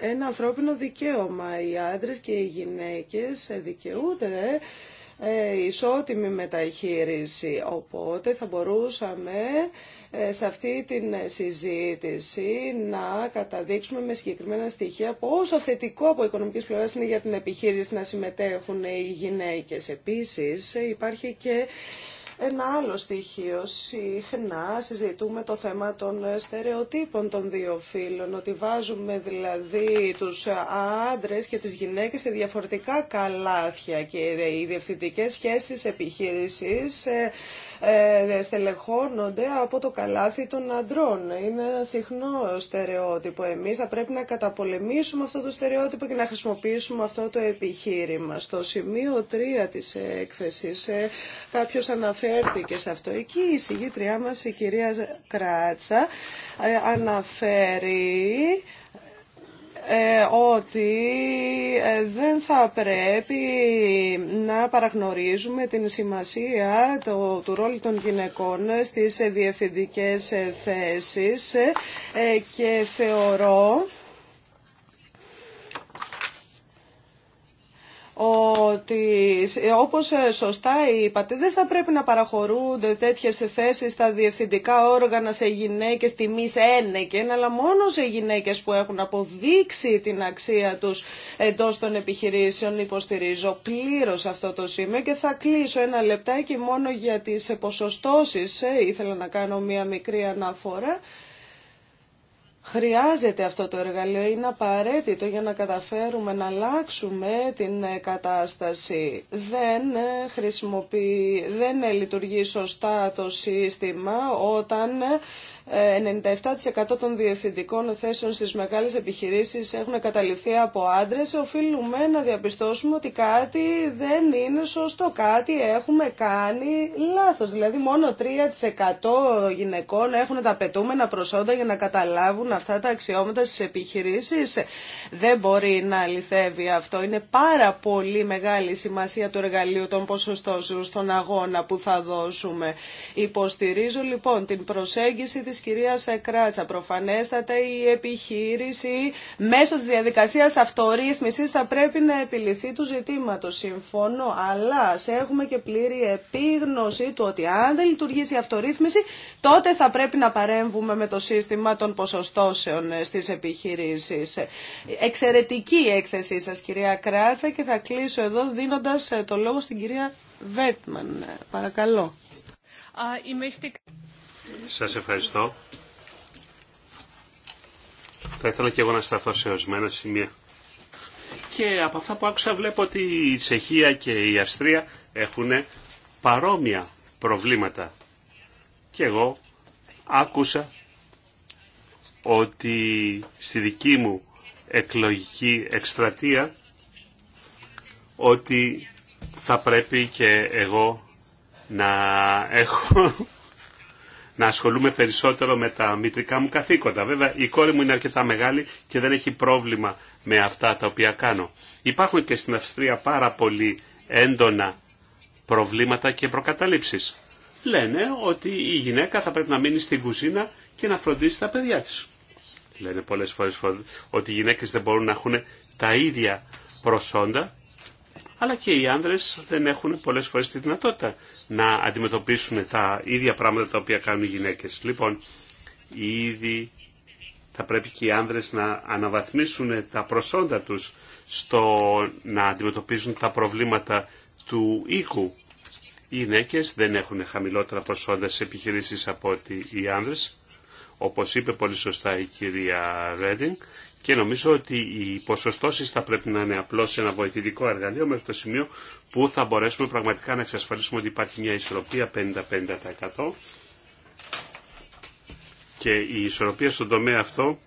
ένα ανθρώπινο δικαίωμα. Οι άντρες και οι γυναίκες δικαιούνται ε, ισότιμη μεταχείριση. Οπότε θα μπορούσαμε ε, σε αυτή την συζήτηση να καταδείξουμε με συγκεκριμένα στοιχεία πόσο θετικό από οικονομικής πλευράς είναι για την επιχείρηση να συμμετέχουν οι γυναίκες. Επίσης υπάρχει και ένα άλλο στοιχείο, συχνά συζητούμε το θέμα των στερεοτύπων των δύο φύλων, ότι βάζουμε δηλαδή τους άντρες και τις γυναίκες σε διαφορετικά καλάθια και οι διευθυντικές σχέσεις επιχείρησης ε, ε, στελεχώνονται από το καλάθι των αντρών. Είναι ένα συχνό στερεότυπο. Εμείς θα πρέπει να καταπολεμήσουμε αυτό το στερεότυπο και να χρησιμοποιήσουμε αυτό το επιχείρημα. Στο σημείο 3 της έκθεσης ε, κάποιος αναφέρθηκε σε αυτό. Εκεί η συγγήτριά μας, η κυρία Κράτσα, ε, αναφέρει ε, ότι ε, δεν θα πρέπει να παραγνωρίζουμε την σημασία το, του ρόλου των γυναικών στις διευθυντικές ε, θέσεις και θεωρώ ότι όπως ε, σωστά είπατε δεν θα πρέπει να παραχωρούνται τέτοιες θέσεις στα διευθυντικά όργανα σε γυναίκες τιμής ένεκεν αλλά μόνο σε γυναίκες που έχουν αποδείξει την αξία τους εντός των επιχειρήσεων υποστηρίζω πλήρως αυτό το σημείο και θα κλείσω ένα λεπτάκι μόνο για τις ποσοστώσεις ε, ήθελα να κάνω μια μικρή αναφορά Χρειάζεται αυτό το εργαλείο, είναι απαραίτητο για να καταφέρουμε να αλλάξουμε την ε, κατάσταση. Δεν, ε, χρησιμοποιεί, δεν ε, λειτουργεί σωστά το σύστημα όταν 97% των διευθυντικών θέσεων στις μεγάλες επιχειρήσεις έχουν καταληφθεί από άντρες, οφείλουμε να διαπιστώσουμε ότι κάτι δεν είναι σωστό, κάτι έχουμε κάνει λάθος. Δηλαδή μόνο 3% γυναικών έχουν τα πετούμενα προσόντα για να καταλάβουν αυτά τα αξιώματα στις επιχειρήσεις. Δεν μπορεί να αληθεύει αυτό. Είναι πάρα πολύ μεγάλη σημασία του εργαλείου των ποσοστώσεων στον αγώνα που θα δώσουμε. Υποστηρίζω λοιπόν την προσέγγιση της Κυρία Κράτσα. Προφανέστατα η επιχείρηση μέσω της διαδικασίας αυτορύθμισης θα πρέπει να επιληθεί του ζητήματο Συμφωνώ, αλλά σε έχουμε και πλήρη επίγνωση του ότι αν δεν λειτουργήσει η αυτορύθμιση τότε θα πρέπει να παρέμβουμε με το σύστημα των ποσοστώσεων ε, στις επιχειρήσεις. Εξαιρετική η έκθεσή σα, κυρία Κράτσα και θα κλείσω εδώ δίνοντα ε, το λόγο στην κυρία Βέρτμαν. Παρακαλώ. Σας ευχαριστώ. Θα ήθελα και εγώ να σταθώ σε ορισμένα σημεία. Και από αυτά που άκουσα βλέπω ότι η Τσεχία και η Αυστρία έχουν παρόμοια προβλήματα. Και εγώ άκουσα ότι στη δική μου εκλογική εκστρατεία ότι θα πρέπει και εγώ να έχω να ασχολούμαι περισσότερο με τα μητρικά μου καθήκοντα. Βέβαια, η κόρη μου είναι αρκετά μεγάλη και δεν έχει πρόβλημα με αυτά τα οποία κάνω. Υπάρχουν και στην Αυστρία πάρα πολύ έντονα προβλήματα και προκαταλήψεις. Λένε ότι η γυναίκα θα πρέπει να μείνει στην κουζίνα και να φροντίσει τα παιδιά της. Λένε πολλές φορές ότι οι γυναίκες δεν μπορούν να έχουν τα ίδια προσόντα αλλά και οι άνδρες δεν έχουν πολλές φορές τη δυνατότητα να αντιμετωπίσουν τα ίδια πράγματα τα οποία κάνουν οι γυναίκες. Λοιπόν, ήδη θα πρέπει και οι άνδρες να αναβαθμίσουν τα προσόντα τους στο να αντιμετωπίζουν τα προβλήματα του οίκου. Οι γυναίκες δεν έχουν χαμηλότερα προσόντα σε επιχειρήσεις από ότι οι άνδρες. Όπως είπε πολύ σωστά η κυρία Ρέντινγκ, και νομίζω ότι οι ποσοστώσει θα πρέπει να είναι απλώ ένα βοηθητικό εργαλείο μέχρι το σημείο που θα μπορέσουμε πραγματικά να εξασφαλίσουμε ότι υπάρχει μια ισορροπία 50-50% και η ισορροπία στον τομέα αυτό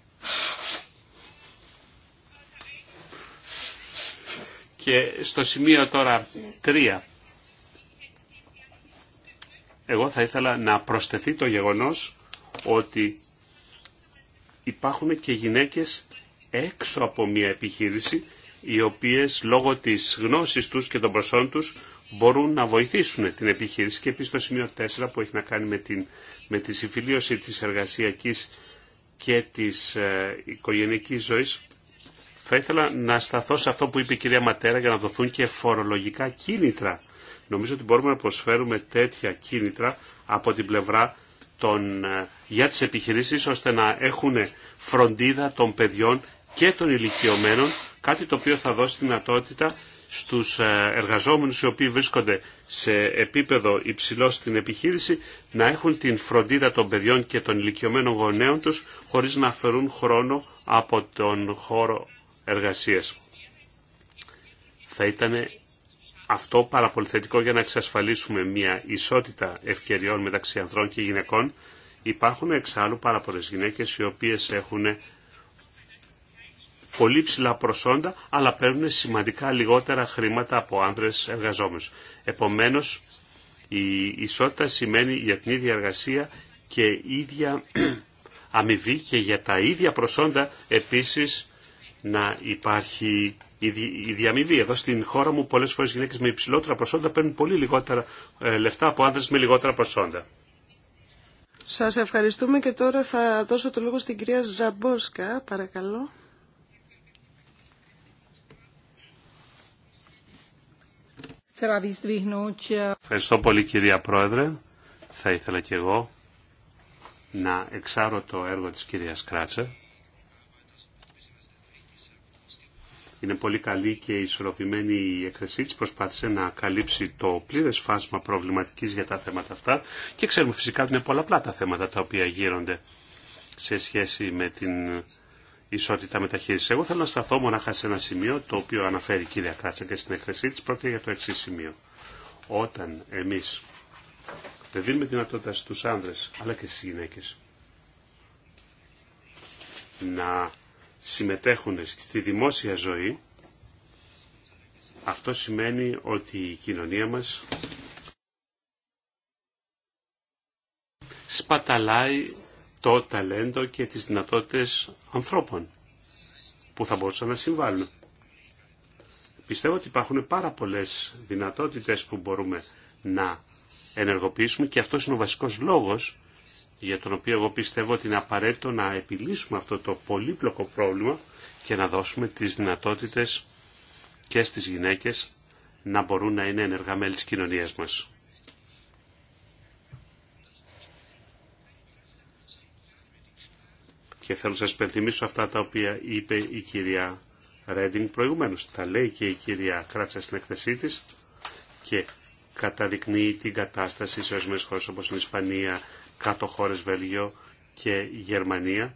και στο σημείο τώρα 3 εγώ θα ήθελα να προσθεθεί το γεγονός ότι υπάρχουν και γυναίκες έξω από μια επιχείρηση οι οποίες λόγω της γνώσης τους και των προσώπων τους μπορούν να βοηθήσουν την επιχείρηση και επίσης το σημείο 4 που έχει να κάνει με, την, με τη συμφιλίωση της εργασιακής και της ε, οικογενειακής ζωής θα ήθελα να σταθώ σε αυτό που είπε η κυρία Ματέρα για να δοθούν και φορολογικά κίνητρα. Νομίζω ότι μπορούμε να προσφέρουμε τέτοια κίνητρα από την πλευρά των, ε, για τις επιχειρήσεις ώστε να έχουν φροντίδα των παιδιών και των ηλικιωμένων, κάτι το οποίο θα δώσει δυνατότητα στους ε, εργαζόμενους οι οποίοι βρίσκονται σε επίπεδο υψηλό στην επιχείρηση να έχουν την φροντίδα των παιδιών και των ηλικιωμένων γονέων τους χωρίς να αφαιρούν χρόνο από τον χώρο εργασίας. Θα ήταν αυτό παραπολυθετικό για να εξασφαλίσουμε μια ισότητα ευκαιριών μεταξύ ανδρών και γυναικών. Υπάρχουν εξάλλου πάρα πολλές γυναίκες οι οποίες έχουν πολύ ψηλά προσόντα, αλλά παίρνουν σημαντικά λιγότερα χρήματα από άνδρες εργαζόμενους. Επομένως, η ισότητα σημαίνει για την ίδια εργασία και ίδια αμοιβή και για τα ίδια προσόντα επίσης να υπάρχει η διαμοιβή. Εδώ στην χώρα μου πολλές φορές γυναίκες με υψηλότερα προσόντα παίρνουν πολύ λιγότερα ε, λεφτά από άνδρες με λιγότερα προσόντα. Σας ευχαριστούμε και τώρα θα δώσω το λόγο στην κυρία Ζαμπόσκα, παρακαλώ. Eh, Ευχαριστώ πολύ κυρία Πρόεδρε. Θα ήθελα και εγώ να εξάρω το έργο της κυρίας Κράτσα. Είναι πολύ καλή και ισορροπημένη η έκθεσή της. Προσπάθησε να καλύψει το πλήρες φάσμα προβληματικής για τα θέματα αυτά και ξέρουμε φυσικά ότι είναι πολλαπλά τα θέματα τα οποία γύρονται σε σχέση με την ισότητα μεταχείριση. Εγώ θέλω να σταθώ μονάχα σε ένα σημείο το οποίο αναφέρει η κυρία Κράτσα και στην έκθεσή τη. Πρόκειται για το εξή σημείο. Όταν εμεί δεν δίνουμε δυνατότητα στου άνδρε αλλά και στι γυναίκε να συμμετέχουν στη δημόσια ζωή, αυτό σημαίνει ότι η κοινωνία μας σπαταλάει το ταλέντο και τις δυνατότητες ανθρώπων που θα μπορούσαν να συμβάλλουν. Πιστεύω ότι υπάρχουν πάρα πολλές δυνατότητες που μπορούμε να ενεργοποιήσουμε και αυτός είναι ο βασικός λόγος για τον οποίο εγώ πιστεύω ότι είναι απαραίτητο να επιλύσουμε αυτό το πολύπλοκο πρόβλημα και να δώσουμε τις δυνατότητες και στις γυναίκες να μπορούν να είναι ενεργά μέλη της κοινωνίας μας. Και θέλω να σας υπενθυμίσω αυτά τα οποία είπε η κυρία Ρέντινγκ προηγουμένως. Τα λέει και η κυρία Κράτσα στην εκθεσή της και καταδεικνύει την κατάσταση σε ορισμένες χώρες όπως η Ισπανία, κάτω χώρες Βέλγιο και Γερμανία.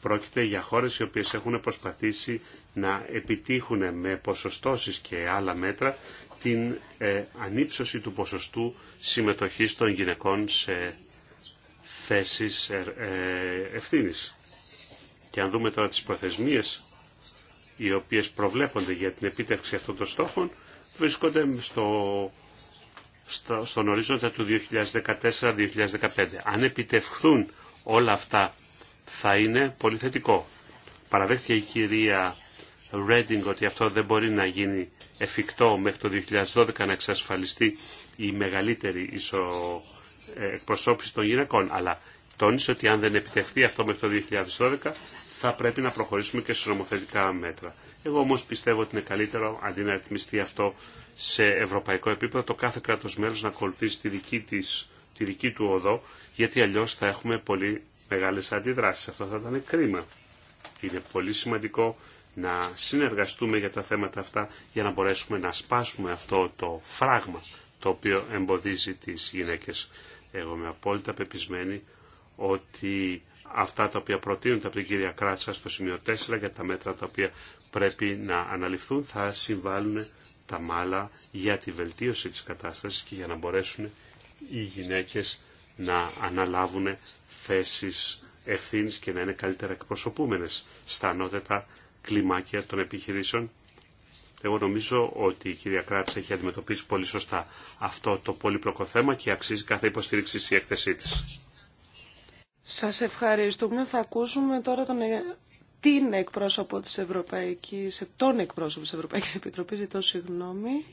Πρόκειται για χώρες οι οποίες έχουν προσπαθήσει να επιτύχουν με ποσοστώσεις και άλλα μέτρα την ε, ανύψωση του ποσοστού συμμετοχής των γυναικών σε θέσεις ε, ε, ευθύνης. Και αν δούμε τώρα τις προθεσμίες οι οποίες προβλέπονται για την επίτευξη αυτών των στόχων βρίσκονται στο, στο, στον ορίζοντα του 2014-2015. Αν επιτευχθούν όλα αυτά θα είναι πολύ θετικό. Παραδέχτηκε η κυρία Ρέντινγκ ότι αυτό δεν μπορεί να γίνει εφικτό μέχρι το 2012 να εξασφαλιστεί η μεγαλύτερη ισο εκπροσώπηση των γυναικών. Αλλά τόνισε ότι αν δεν επιτευχθεί αυτό μέχρι το 2012 θα πρέπει να προχωρήσουμε και σε νομοθετικά μέτρα. Εγώ όμω πιστεύω ότι είναι καλύτερο αντί να ρυθμιστεί αυτό σε ευρωπαϊκό επίπεδο το κάθε κράτο μέλος να ακολουθήσει τη δική, της, τη δική του οδό γιατί αλλιώ θα έχουμε πολύ μεγάλε αντιδράσει. Αυτό θα ήταν κρίμα. Είναι πολύ σημαντικό να συνεργαστούμε για τα θέματα αυτά για να μπορέσουμε να σπάσουμε αυτό το φράγμα το οποίο εμποδίζει τις γυναίκες εγώ είμαι απόλυτα πεπισμένη ότι αυτά τα οποία προτείνουν τα την κυρία Κράτσα στο σημείο 4 για τα μέτρα τα οποία πρέπει να αναλυφθούν θα συμβάλλουν τα μάλα για τη βελτίωση της κατάστασης και για να μπορέσουν οι γυναίκες να αναλάβουν θέσεις ευθύνης και να είναι καλύτερα εκπροσωπούμενες στα ανώτερα κλιμάκια των επιχειρήσεων εγώ νομίζω ότι η κυρία Κράτς έχει αντιμετωπίσει πολύ σωστά αυτό το πολύπλοκο θέμα και αξίζει κάθε υποστήριξη η έκθεσή της. Σας ευχαριστούμε. Θα ακούσουμε τώρα τον, ε, την εκπρόσωπο της Ευρωπαϊκής, τον εκπρόσωπο της Ευρωπαϊκής Επιτροπής, ζητώ συγγνώμη.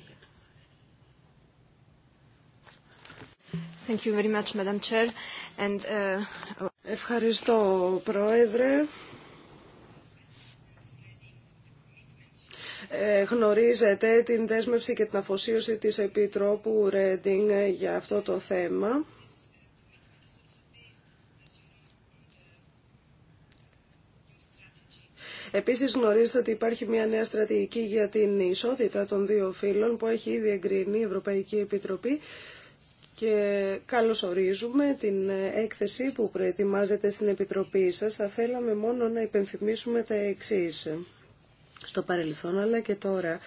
Thank you very much, Madam Chair. And, uh, Ευχαριστώ, Πρόεδρε. Ε, γνωρίζετε την δέσμευση και την αφοσίωση της Επιτρόπου Ρέντινγκ για αυτό το θέμα. Επίσης γνωρίζετε ότι υπάρχει μια νέα στρατηγική για την ισότητα των δύο φύλων που έχει ήδη εγκρίνει η Ευρωπαϊκή Επιτροπή και καλωσορίζουμε την έκθεση που προετοιμάζεται στην Επιτροπή σας. Θα θέλαμε μόνο να υπενθυμίσουμε τα εξής το παρελθόν αλλά και τώρα.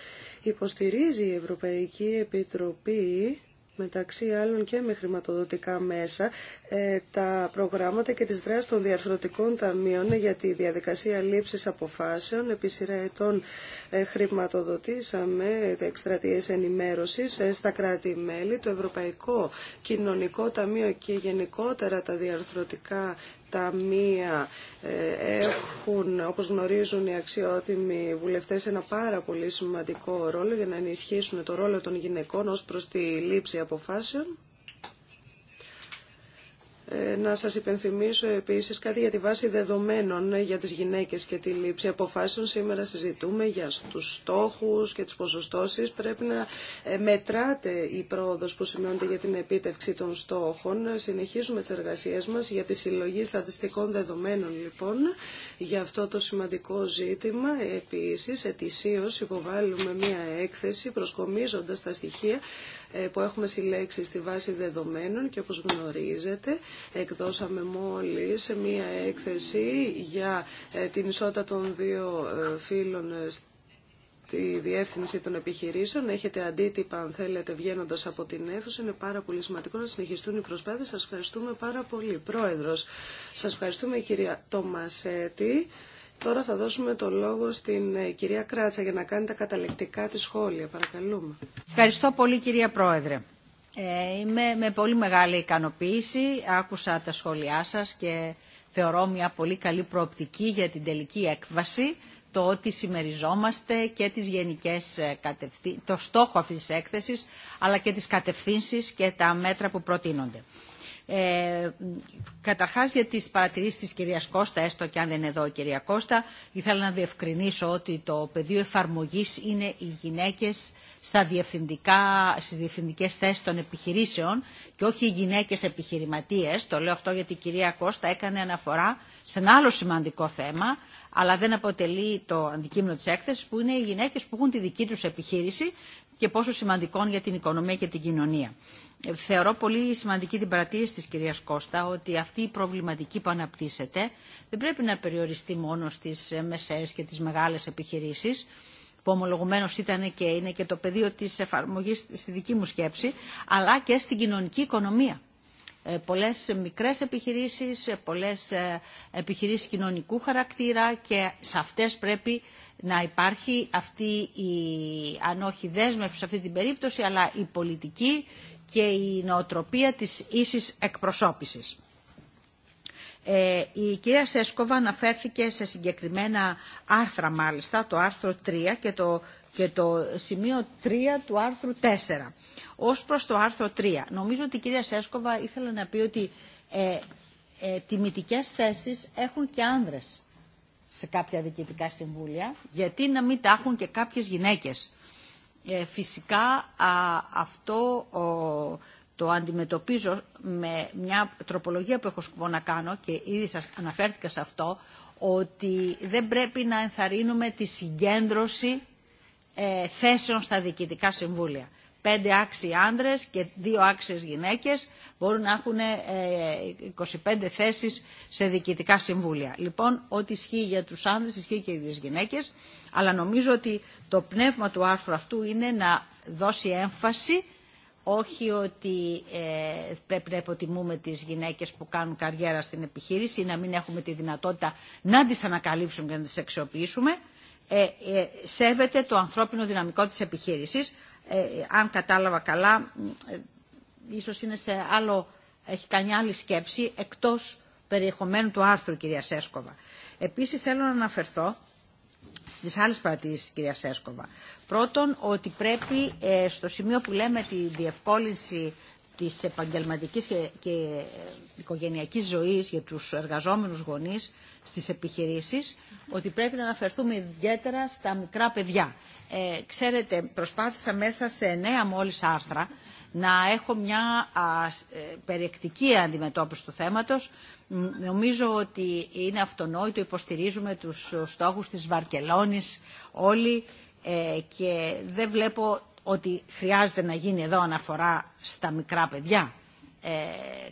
Υποστηρίζει η Ευρωπαϊκή Επιτροπή μεταξύ άλλων και με χρηματοδοτικά μέσα, ε, τα προγράμματα και τις δράσεις των διαρθρωτικών ταμείων για τη διαδικασία λήψης αποφάσεων. Επί σειρά ετών ε, χρηματοδοτήσαμε εκστρατείες ενημέρωσης ε, στα κράτη-μέλη, το Ευρωπαϊκό Κοινωνικό Ταμείο και γενικότερα τα διαρθρωτικά τα μία ε, έχουν, όπως γνωρίζουν οι αξιότιμοι βουλευτές, ένα πάρα πολύ σημαντικό ρόλο για να ενισχύσουν το ρόλο των γυναικών ως προς τη λήψη αποφάσεων. Ε, να σας υπενθυμίσω επίσης κάτι για τη βάση δεδομένων για τις γυναίκες και τη λήψη αποφάσεων. Σήμερα συζητούμε για τους στόχους και τις ποσοστώσεις. Πρέπει να ε, μετράτε η πρόοδος που σημειώνεται για την επίτευξη των στόχων. Συνεχίζουμε τις εργασίες μας για τη συλλογή στατιστικών δεδομένων λοιπόν για αυτό το σημαντικό ζήτημα. Επίσης, ετησίως υποβάλλουμε μία έκθεση προσκομίζοντας τα στοιχεία ε, που έχουμε συλλέξει στη βάση δεδομένων και όπως γνωρίζετε εκδώσαμε μόλις μία έκθεση για ε, την ισότητα των δύο ε, φύλων τη διεύθυνση των επιχειρήσεων. Έχετε αντίτυπα, αν θέλετε, βγαίνοντα από την αίθουσα. Είναι πάρα πολύ σημαντικό να συνεχιστούν οι προσπάθειε. Σα ευχαριστούμε πάρα πολύ. Πρόεδρο, σα ευχαριστούμε, κυρία Τομασέτη. Τώρα θα δώσουμε το λόγο στην ε, κυρία Κράτσα για να κάνει τα καταληκτικά της σχόλια. Παρακαλούμε. Ευχαριστώ πολύ κυρία Πρόεδρε. Ε, είμαι με πολύ μεγάλη ικανοποίηση. Άκουσα τα σχόλιά σας και θεωρώ μια πολύ καλή προοπτική για την τελική έκβαση το ότι συμμεριζόμαστε και τις γενικές ε, κατευθύ... το στόχο αυτής της έκθεσης αλλά και τις κατευθύνσεις και τα μέτρα που προτείνονται. Ε, καταρχάς για τις παρατηρήσεις της κυρίας Κώστα, έστω και αν δεν είναι εδώ η κυρία Κώστα, ήθελα να διευκρινίσω ότι το πεδίο εφαρμογής είναι οι γυναίκες στα διευθυντικέ στις διευθυντικές θέσεις των επιχειρήσεων και όχι οι γυναίκες επιχειρηματίες. Το λέω αυτό γιατί η κυρία Κώστα έκανε αναφορά σε ένα άλλο σημαντικό θέμα, αλλά δεν αποτελεί το αντικείμενο της έκθεσης, που είναι οι γυναίκες που έχουν τη δική τους επιχείρηση και πόσο σημαντικών για την οικονομία και την κοινωνία. Θεωρώ πολύ σημαντική την παρατήρηση της κυρίας Κώστα ότι αυτή η προβληματική που αναπτύσσεται δεν πρέπει να περιοριστεί μόνο στις μεσαίες και τις μεγάλες επιχειρήσεις που ομολογουμένως ήταν και είναι και το πεδίο της εφαρμογής στη δική μου σκέψη αλλά και στην κοινωνική οικονομία. Ε, πολλές μικρές επιχειρήσεις, πολλές ε, επιχειρήσεις κοινωνικού χαρακτήρα και σε αυτές πρέπει να υπάρχει αυτή η, αν όχι δέσμευση σε αυτή την περίπτωση, αλλά η πολιτική και η νοοτροπία της ίσης εκπροσώπησης. Ε, η κυρία Σέσκοβα αναφέρθηκε σε συγκεκριμένα άρθρα μάλιστα, το άρθρο 3 και το, και το σημείο 3 του άρθρου 4. Ως προς το άρθρο 3, νομίζω ότι η κυρία Σέσκοβα ήθελε να πει ότι ε, ε, τιμητικές θέσεις έχουν και άνδρες σε κάποια διοικητικά συμβούλια, γιατί να μην τα έχουν και κάποιες γυναίκες. Ε, φυσικά αυτό το αντιμετωπίζω με μια τροπολογία που έχω σκοπό να κάνω και ήδη σας αναφέρθηκα σε αυτό ότι δεν πρέπει να ενθαρρύνουμε τη συγκέντρωση ε, θέσεων στα διοικητικά συμβούλια πέντε άξιοι άνδρες και δύο άξιες γυναίκες μπορούν να έχουν 25 ε, θέσεις σε διοικητικά συμβούλια. Λοιπόν, ό,τι ισχύει για τους άνδρες ισχύει και για τις γυναίκες, αλλά νομίζω ότι το πνεύμα του άρθρου αυτού είναι να δώσει έμφαση όχι ότι ε, πρέπει να υποτιμούμε τις γυναίκες που κάνουν καριέρα στην επιχείρηση ή να μην έχουμε τη δυνατότητα να τις ανακαλύψουμε και να τις αξιοποιήσουμε. Ε, ε, σέβεται το ανθρώπινο δυναμικό της επιχείρησης, ε, αν κατάλαβα καλά, ε, ίσως είναι σε άλλο, έχει κάνει άλλη σκέψη, εκτός περιεχομένου του άρθρου, κυρία Σέσκοβα. Επίσης θέλω να αναφερθώ στις άλλες παρατηρήσεις, κυρία Σέσκοβα. Πρώτον, ότι πρέπει ε, στο σημείο που λέμε τη διευκόλυνση της επαγγελματικής και οικογενειακής ζωής για τους εργαζόμενους γονείς στις επιχειρήσεις, ότι πρέπει να αναφερθούμε ιδιαίτερα στα μικρά παιδιά. Ε, ξέρετε, προσπάθησα μέσα σε νέα μόλις άρθρα να έχω μια ε, περιεκτική αντιμετώπιση του θέματος. Νομίζω ότι είναι αυτονόητο, υποστηρίζουμε τους στόχους της Βαρκελόνης όλοι ε, και δεν βλέπω ότι χρειάζεται να γίνει εδώ αναφορά στα μικρά παιδιά.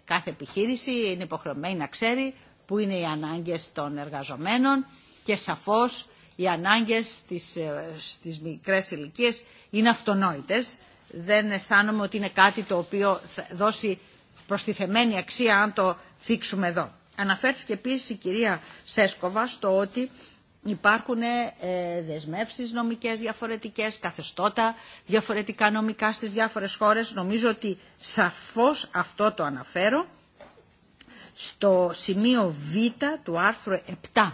κάθε επιχείρηση είναι υποχρεωμένη να ξέρει πού είναι οι ανάγκες των εργαζομένων και σαφώς οι ανάγκες στις, ε, στις μικρές ηλικίε είναι αυτονόητες. Δεν αισθάνομαι ότι είναι κάτι το οποίο θα δώσει προστιθεμένη αξία αν το θίξουμε εδώ. Αναφέρθηκε επίσης η κυρία Σέσκοβα στο ότι υπάρχουν ε, δεσμεύσεις νομικές διαφορετικές, καθεστώτα διαφορετικά νομικά στις διάφορες χώρες. Νομίζω ότι σαφώς αυτό το αναφέρω στο σημείο Β του άρθρου 7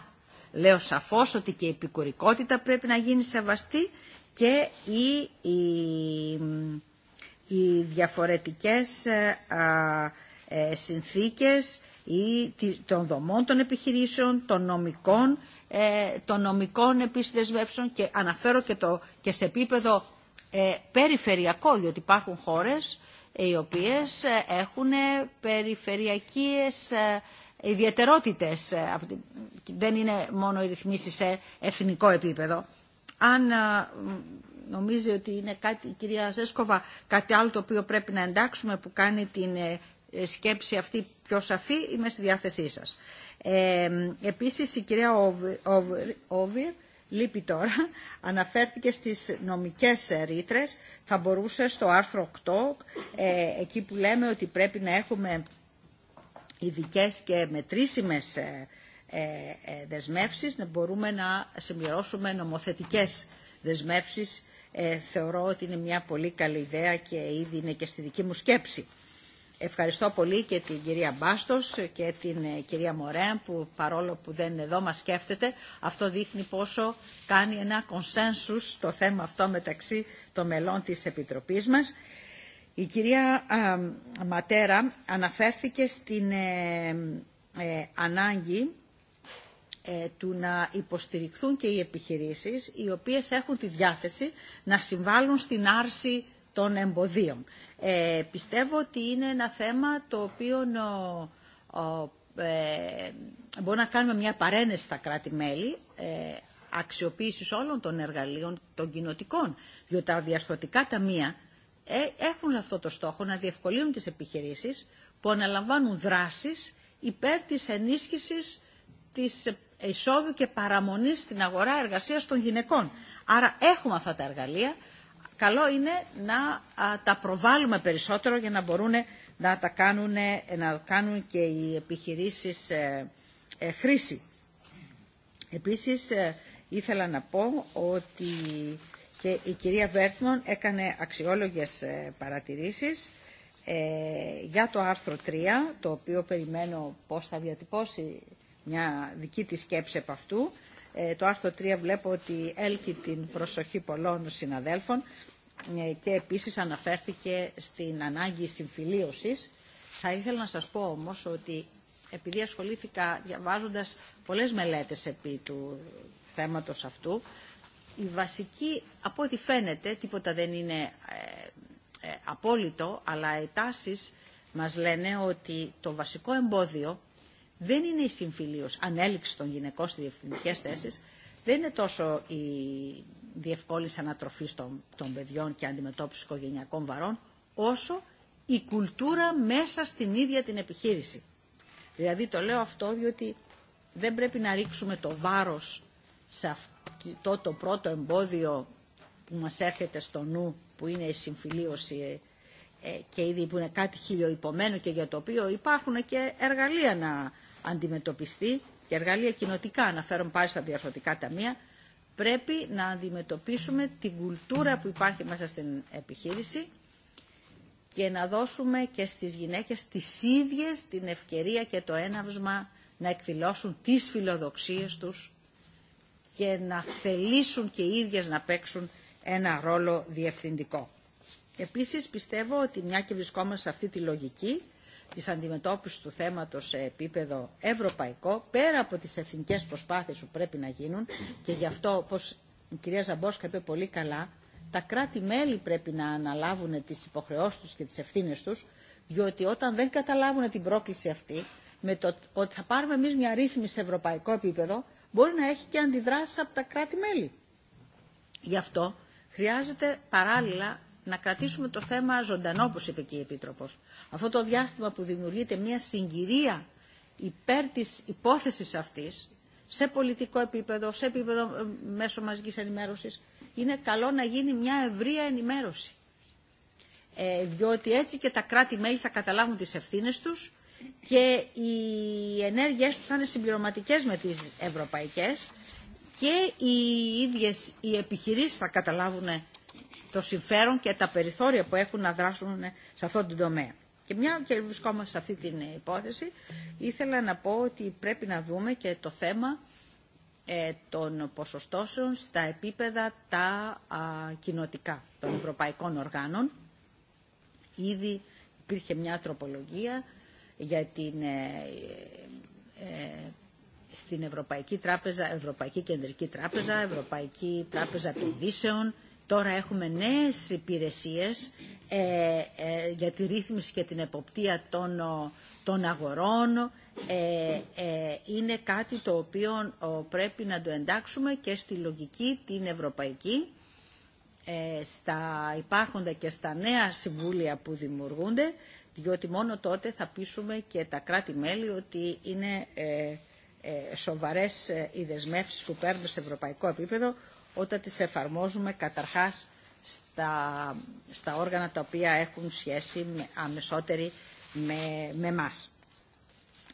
Λέω σαφώς ότι και η επικουρικότητα πρέπει να γίνει σεβαστή και οι, οι, διαφορετικές ε, ε, συνθήκες ή των δομών των επιχειρήσεων, των νομικών, ε, των νομικών επίσης δεσμεύσεων και αναφέρω και, το, και σε επίπεδο ε, περιφερειακό, διότι υπάρχουν χώρες οι οποίες έχουν περιφερειακές ιδιαιτερότητες, ε, δεν είναι μόνο οι ρυθμίσεις σε εθνικό επίπεδο. Αν ε, νομίζει ότι είναι κάτι, κυρία Ζέσκοβα, κάτι άλλο το οποίο πρέπει να εντάξουμε που κάνει την ε, σκέψη αυτή πιο σαφή, είμαι στη διάθεσή σας. Ε, επίσης η κυρία Όβιρ, λείπει τώρα, αναφέρθηκε στις νομικές ρήτρε, θα μπορούσε στο άρθρο 8, εκεί που λέμε ότι πρέπει να έχουμε ειδικέ και μετρήσιμες ε, ε, ε, δεσμεύσεις, να μπορούμε να συμπληρώσουμε νομοθετικές δεσμεύσεις. Θεωρώ ότι είναι μια πολύ καλή ιδέα και ήδη είναι και στη δική μου σκέψη. Ευχαριστώ πολύ και την κυρία Μπάστος και την κυρία Μορέν, που παρόλο που δεν είναι εδώ μας σκέφτεται. Αυτό δείχνει πόσο κάνει ένα κονσένσους το θέμα αυτό μεταξύ των μελών της Επιτροπής μας. Η κυρία Ματέρα αναφέρθηκε στην ε, ε, ανάγκη ε, του να υποστηριχθούν και οι επιχειρήσεις οι οποίες έχουν τη διάθεση να συμβάλλουν στην άρση των εμποδίων. Ε, πιστεύω ότι είναι ένα θέμα το οποίο ε, να κάνουμε μια παρένεση στα κράτη-μέλη αξιοποίησης όλων των εργαλείων των κοινοτικών, διότι τα διαρθρωτικά ταμεία ε, έχουν αυτό το στόχο να διευκολύνουν τις επιχειρήσεις που αναλαμβάνουν δράσεις υπέρ της ενίσχυσης της εισόδου και παραμονής στην αγορά εργασίας των γυναικών. Άρα έχουμε αυτά τα εργαλεία. Καλό είναι να τα προβάλλουμε περισσότερο για να μπορούν να τα κάνουν, να κάνουν και οι επιχειρήσεις ε, ε, χρήση. Επίσης, ήθελα να πω ότι και η κυρία Βέρτμον έκανε αξιόλογες ε, παρατηρήσεις ε, για το άρθρο 3, το οποίο περιμένω πώς θα διατυπώσει μια δική της σκέψη επ' αυτού. Ε, το άρθρο 3 βλέπω ότι έλκει την προσοχή πολλών συναδέλφων και επίσης αναφέρθηκε στην ανάγκη συμφιλίωσης. Θα ήθελα να σας πω όμως ότι επειδή ασχολήθηκα διαβάζοντας πολλές μελέτες επί του θέματος αυτού, η βασική, από ό,τι φαίνεται, τίποτα δεν είναι ε, ε, απόλυτο, αλλά οι τάσεις μας λένε ότι το βασικό εμπόδιο δεν είναι η συμφιλίωση, ανέλυξη των γυναικών στις διευθυντικές θέσεις, δεν είναι τόσο η διευκόλυνση ανατροφής των, των παιδιών και αντιμετώπιση οικογενειακών βαρών, όσο η κουλτούρα μέσα στην ίδια την επιχείρηση. Δηλαδή το λέω αυτό διότι δεν πρέπει να ρίξουμε το βάρος σε αυτό το πρώτο εμπόδιο που μας έρχεται στο νου, που είναι η συμφιλίωση ε, ε, και ήδη που είναι κάτι χιλιοϊπωμένο και για το οποίο υπάρχουν και εργαλεία να αντιμετωπιστεί και εργαλεία κοινοτικά, αναφέρομαι πάλι στα διαρθρωτικά ταμεία, πρέπει να αντιμετωπίσουμε την κουλτούρα που υπάρχει μέσα στην επιχείρηση και να δώσουμε και στις γυναίκες τις ίδιες την ευκαιρία και το έναυσμα να εκδηλώσουν τις φιλοδοξίες τους και να θελήσουν και οι ίδιες να παίξουν ένα ρόλο διευθυντικό. Επίσης πιστεύω ότι μια και βρισκόμαστε σε αυτή τη λογική της αντιμετώπισης του θέματος σε επίπεδο ευρωπαϊκό, πέρα από τις εθνικές προσπάθειες που πρέπει να γίνουν και γι' αυτό όπως η κυρία Ζαμπόσκα είπε πολύ καλά, τα κράτη-μέλη πρέπει να αναλάβουν τις υποχρεώσεις τους και τις ευθύνες τους, διότι όταν δεν καταλάβουν την πρόκληση αυτή, με το ότι θα πάρουμε εμείς μια ρύθμιση σε ευρωπαϊκό επίπεδο, μπορεί να έχει και αντιδράσει από τα κράτη-μέλη. Γι' αυτό χρειάζεται παράλληλα να κρατήσουμε το θέμα ζωντανό, όπως είπε και η Επίτροπος. Αυτό το διάστημα που δημιουργείται μια συγκυρία υπέρ της υπόθεσης αυτής, σε πολιτικό επίπεδο, σε επίπεδο ε, μέσω μαζικής ενημέρωσης, είναι καλό να γίνει μια ευρεία ενημέρωση. Ε, διότι έτσι και τα κράτη-μέλη θα καταλάβουν τις ευθύνες τους και οι ενέργειές θα είναι συμπληρωματικές με τις ευρωπαϊκές και οι ίδιες οι επιχειρήσεις θα καταλάβουν το συμφέρον και τα περιθώρια που έχουν να δράσουν σε αυτόν τον τομέα. Και μια και βρισκόμαστε σε αυτή την υπόθεση, ήθελα να πω ότι πρέπει να δούμε και το θέμα ε, των ποσοστώσεων στα επίπεδα τα α, κοινοτικά των ευρωπαϊκών οργάνων. Ήδη υπήρχε μια τροπολογία για την, ε, ε, στην Ευρωπαϊκή, Τράπεζα, Ευρωπαϊκή Κεντρική Τράπεζα, Ευρωπαϊκή Τράπεζα Επενδύσεων. Τώρα έχουμε νέες υπηρεσίες ε, για τη ρύθμιση και την εποπτεία των, των αγορών. είναι κάτι το οποίο πρέπει να το εντάξουμε και στη λογική την ευρωπαϊκή στα υπάρχοντα και στα νέα συμβούλια που δημιουργούνται διότι μόνο τότε θα πείσουμε και τα κράτη-μέλη ότι είναι ε, ε, σοβαρές ε, οι δεσμεύσεις που παίρνουν σε ευρωπαϊκό επίπεδο όταν τις εφαρμόζουμε καταρχάς στα, όργανα τα οποία έχουν σχέση με, αμεσότερη με, με μας.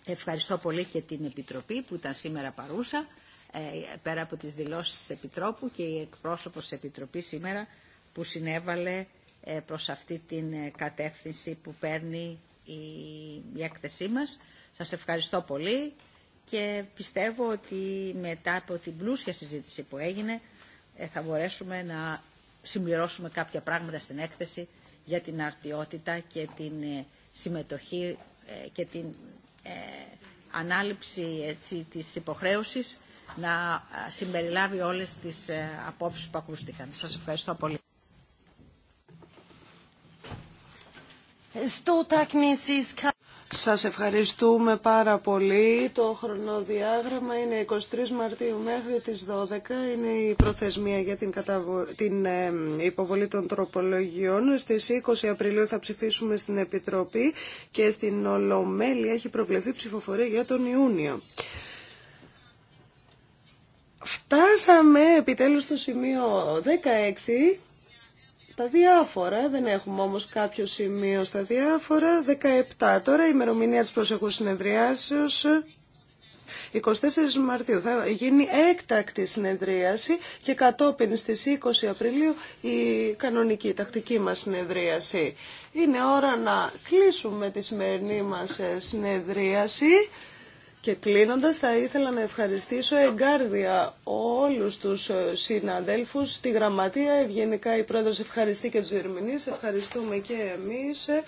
Ευχαριστώ πολύ και την Επιτροπή που ήταν σήμερα παρούσα, ε, πέρα από τις δηλώσεις της Επιτρόπου και η εκπρόσωπος της Επιτροπής σήμερα που συνέβαλε ε, προς αυτή την ε, κατεύθυνση που παίρνει η, η έκθεσή μας. Σας ευχαριστώ πολύ και πιστεύω ότι μετά από την πλούσια συζήτηση που έγινε ε, θα μπορέσουμε να συμπληρώσουμε κάποια πράγματα στην έκθεση για την αρτιότητα και την συμμετοχή και την ε, ανάληψη έτσι, της υποχρέωσης να συμπεριλάβει όλες τις απόψεις που ακούστηκαν. Σας ευχαριστώ πολύ. Σας ευχαριστούμε πάρα πολύ. Το χρονοδιάγραμμα είναι 23 Μαρτίου μέχρι τις 12. Είναι η προθεσμία για την, την ε, υποβολή των τροπολογιών. Στις 20 Απριλίου θα ψηφίσουμε στην Επιτροπή και στην Ολομέλεια έχει προβλεφθεί ψηφοφορία για τον Ιούνιο. Φτάσαμε επιτέλους στο σημείο 16 τα διάφορα. Δεν έχουμε όμως κάποιο σημείο στα διάφορα. 17 τώρα, η ημερομηνία της προσεχούς συνεδριάσεως. 24 Μαρτίου θα γίνει έκτακτη συνεδρίαση και κατόπιν στις 20 Απριλίου η κανονική τακτική μας συνεδρίαση. Είναι ώρα να κλείσουμε τη σημερινή μας ε, συνεδρίαση. Και κλείνοντας θα ήθελα να ευχαριστήσω εγκάρδια όλους τους ε, συναδέλφους στη Γραμματεία. Ευγενικά η Πρόεδρος ευχαριστεί και τους ερμηνείς. Ευχαριστούμε και εμείς. Ε,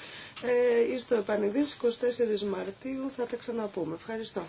στο ε, επανειδής 24 Μαρτίου θα τα ξαναπούμε. Ευχαριστώ.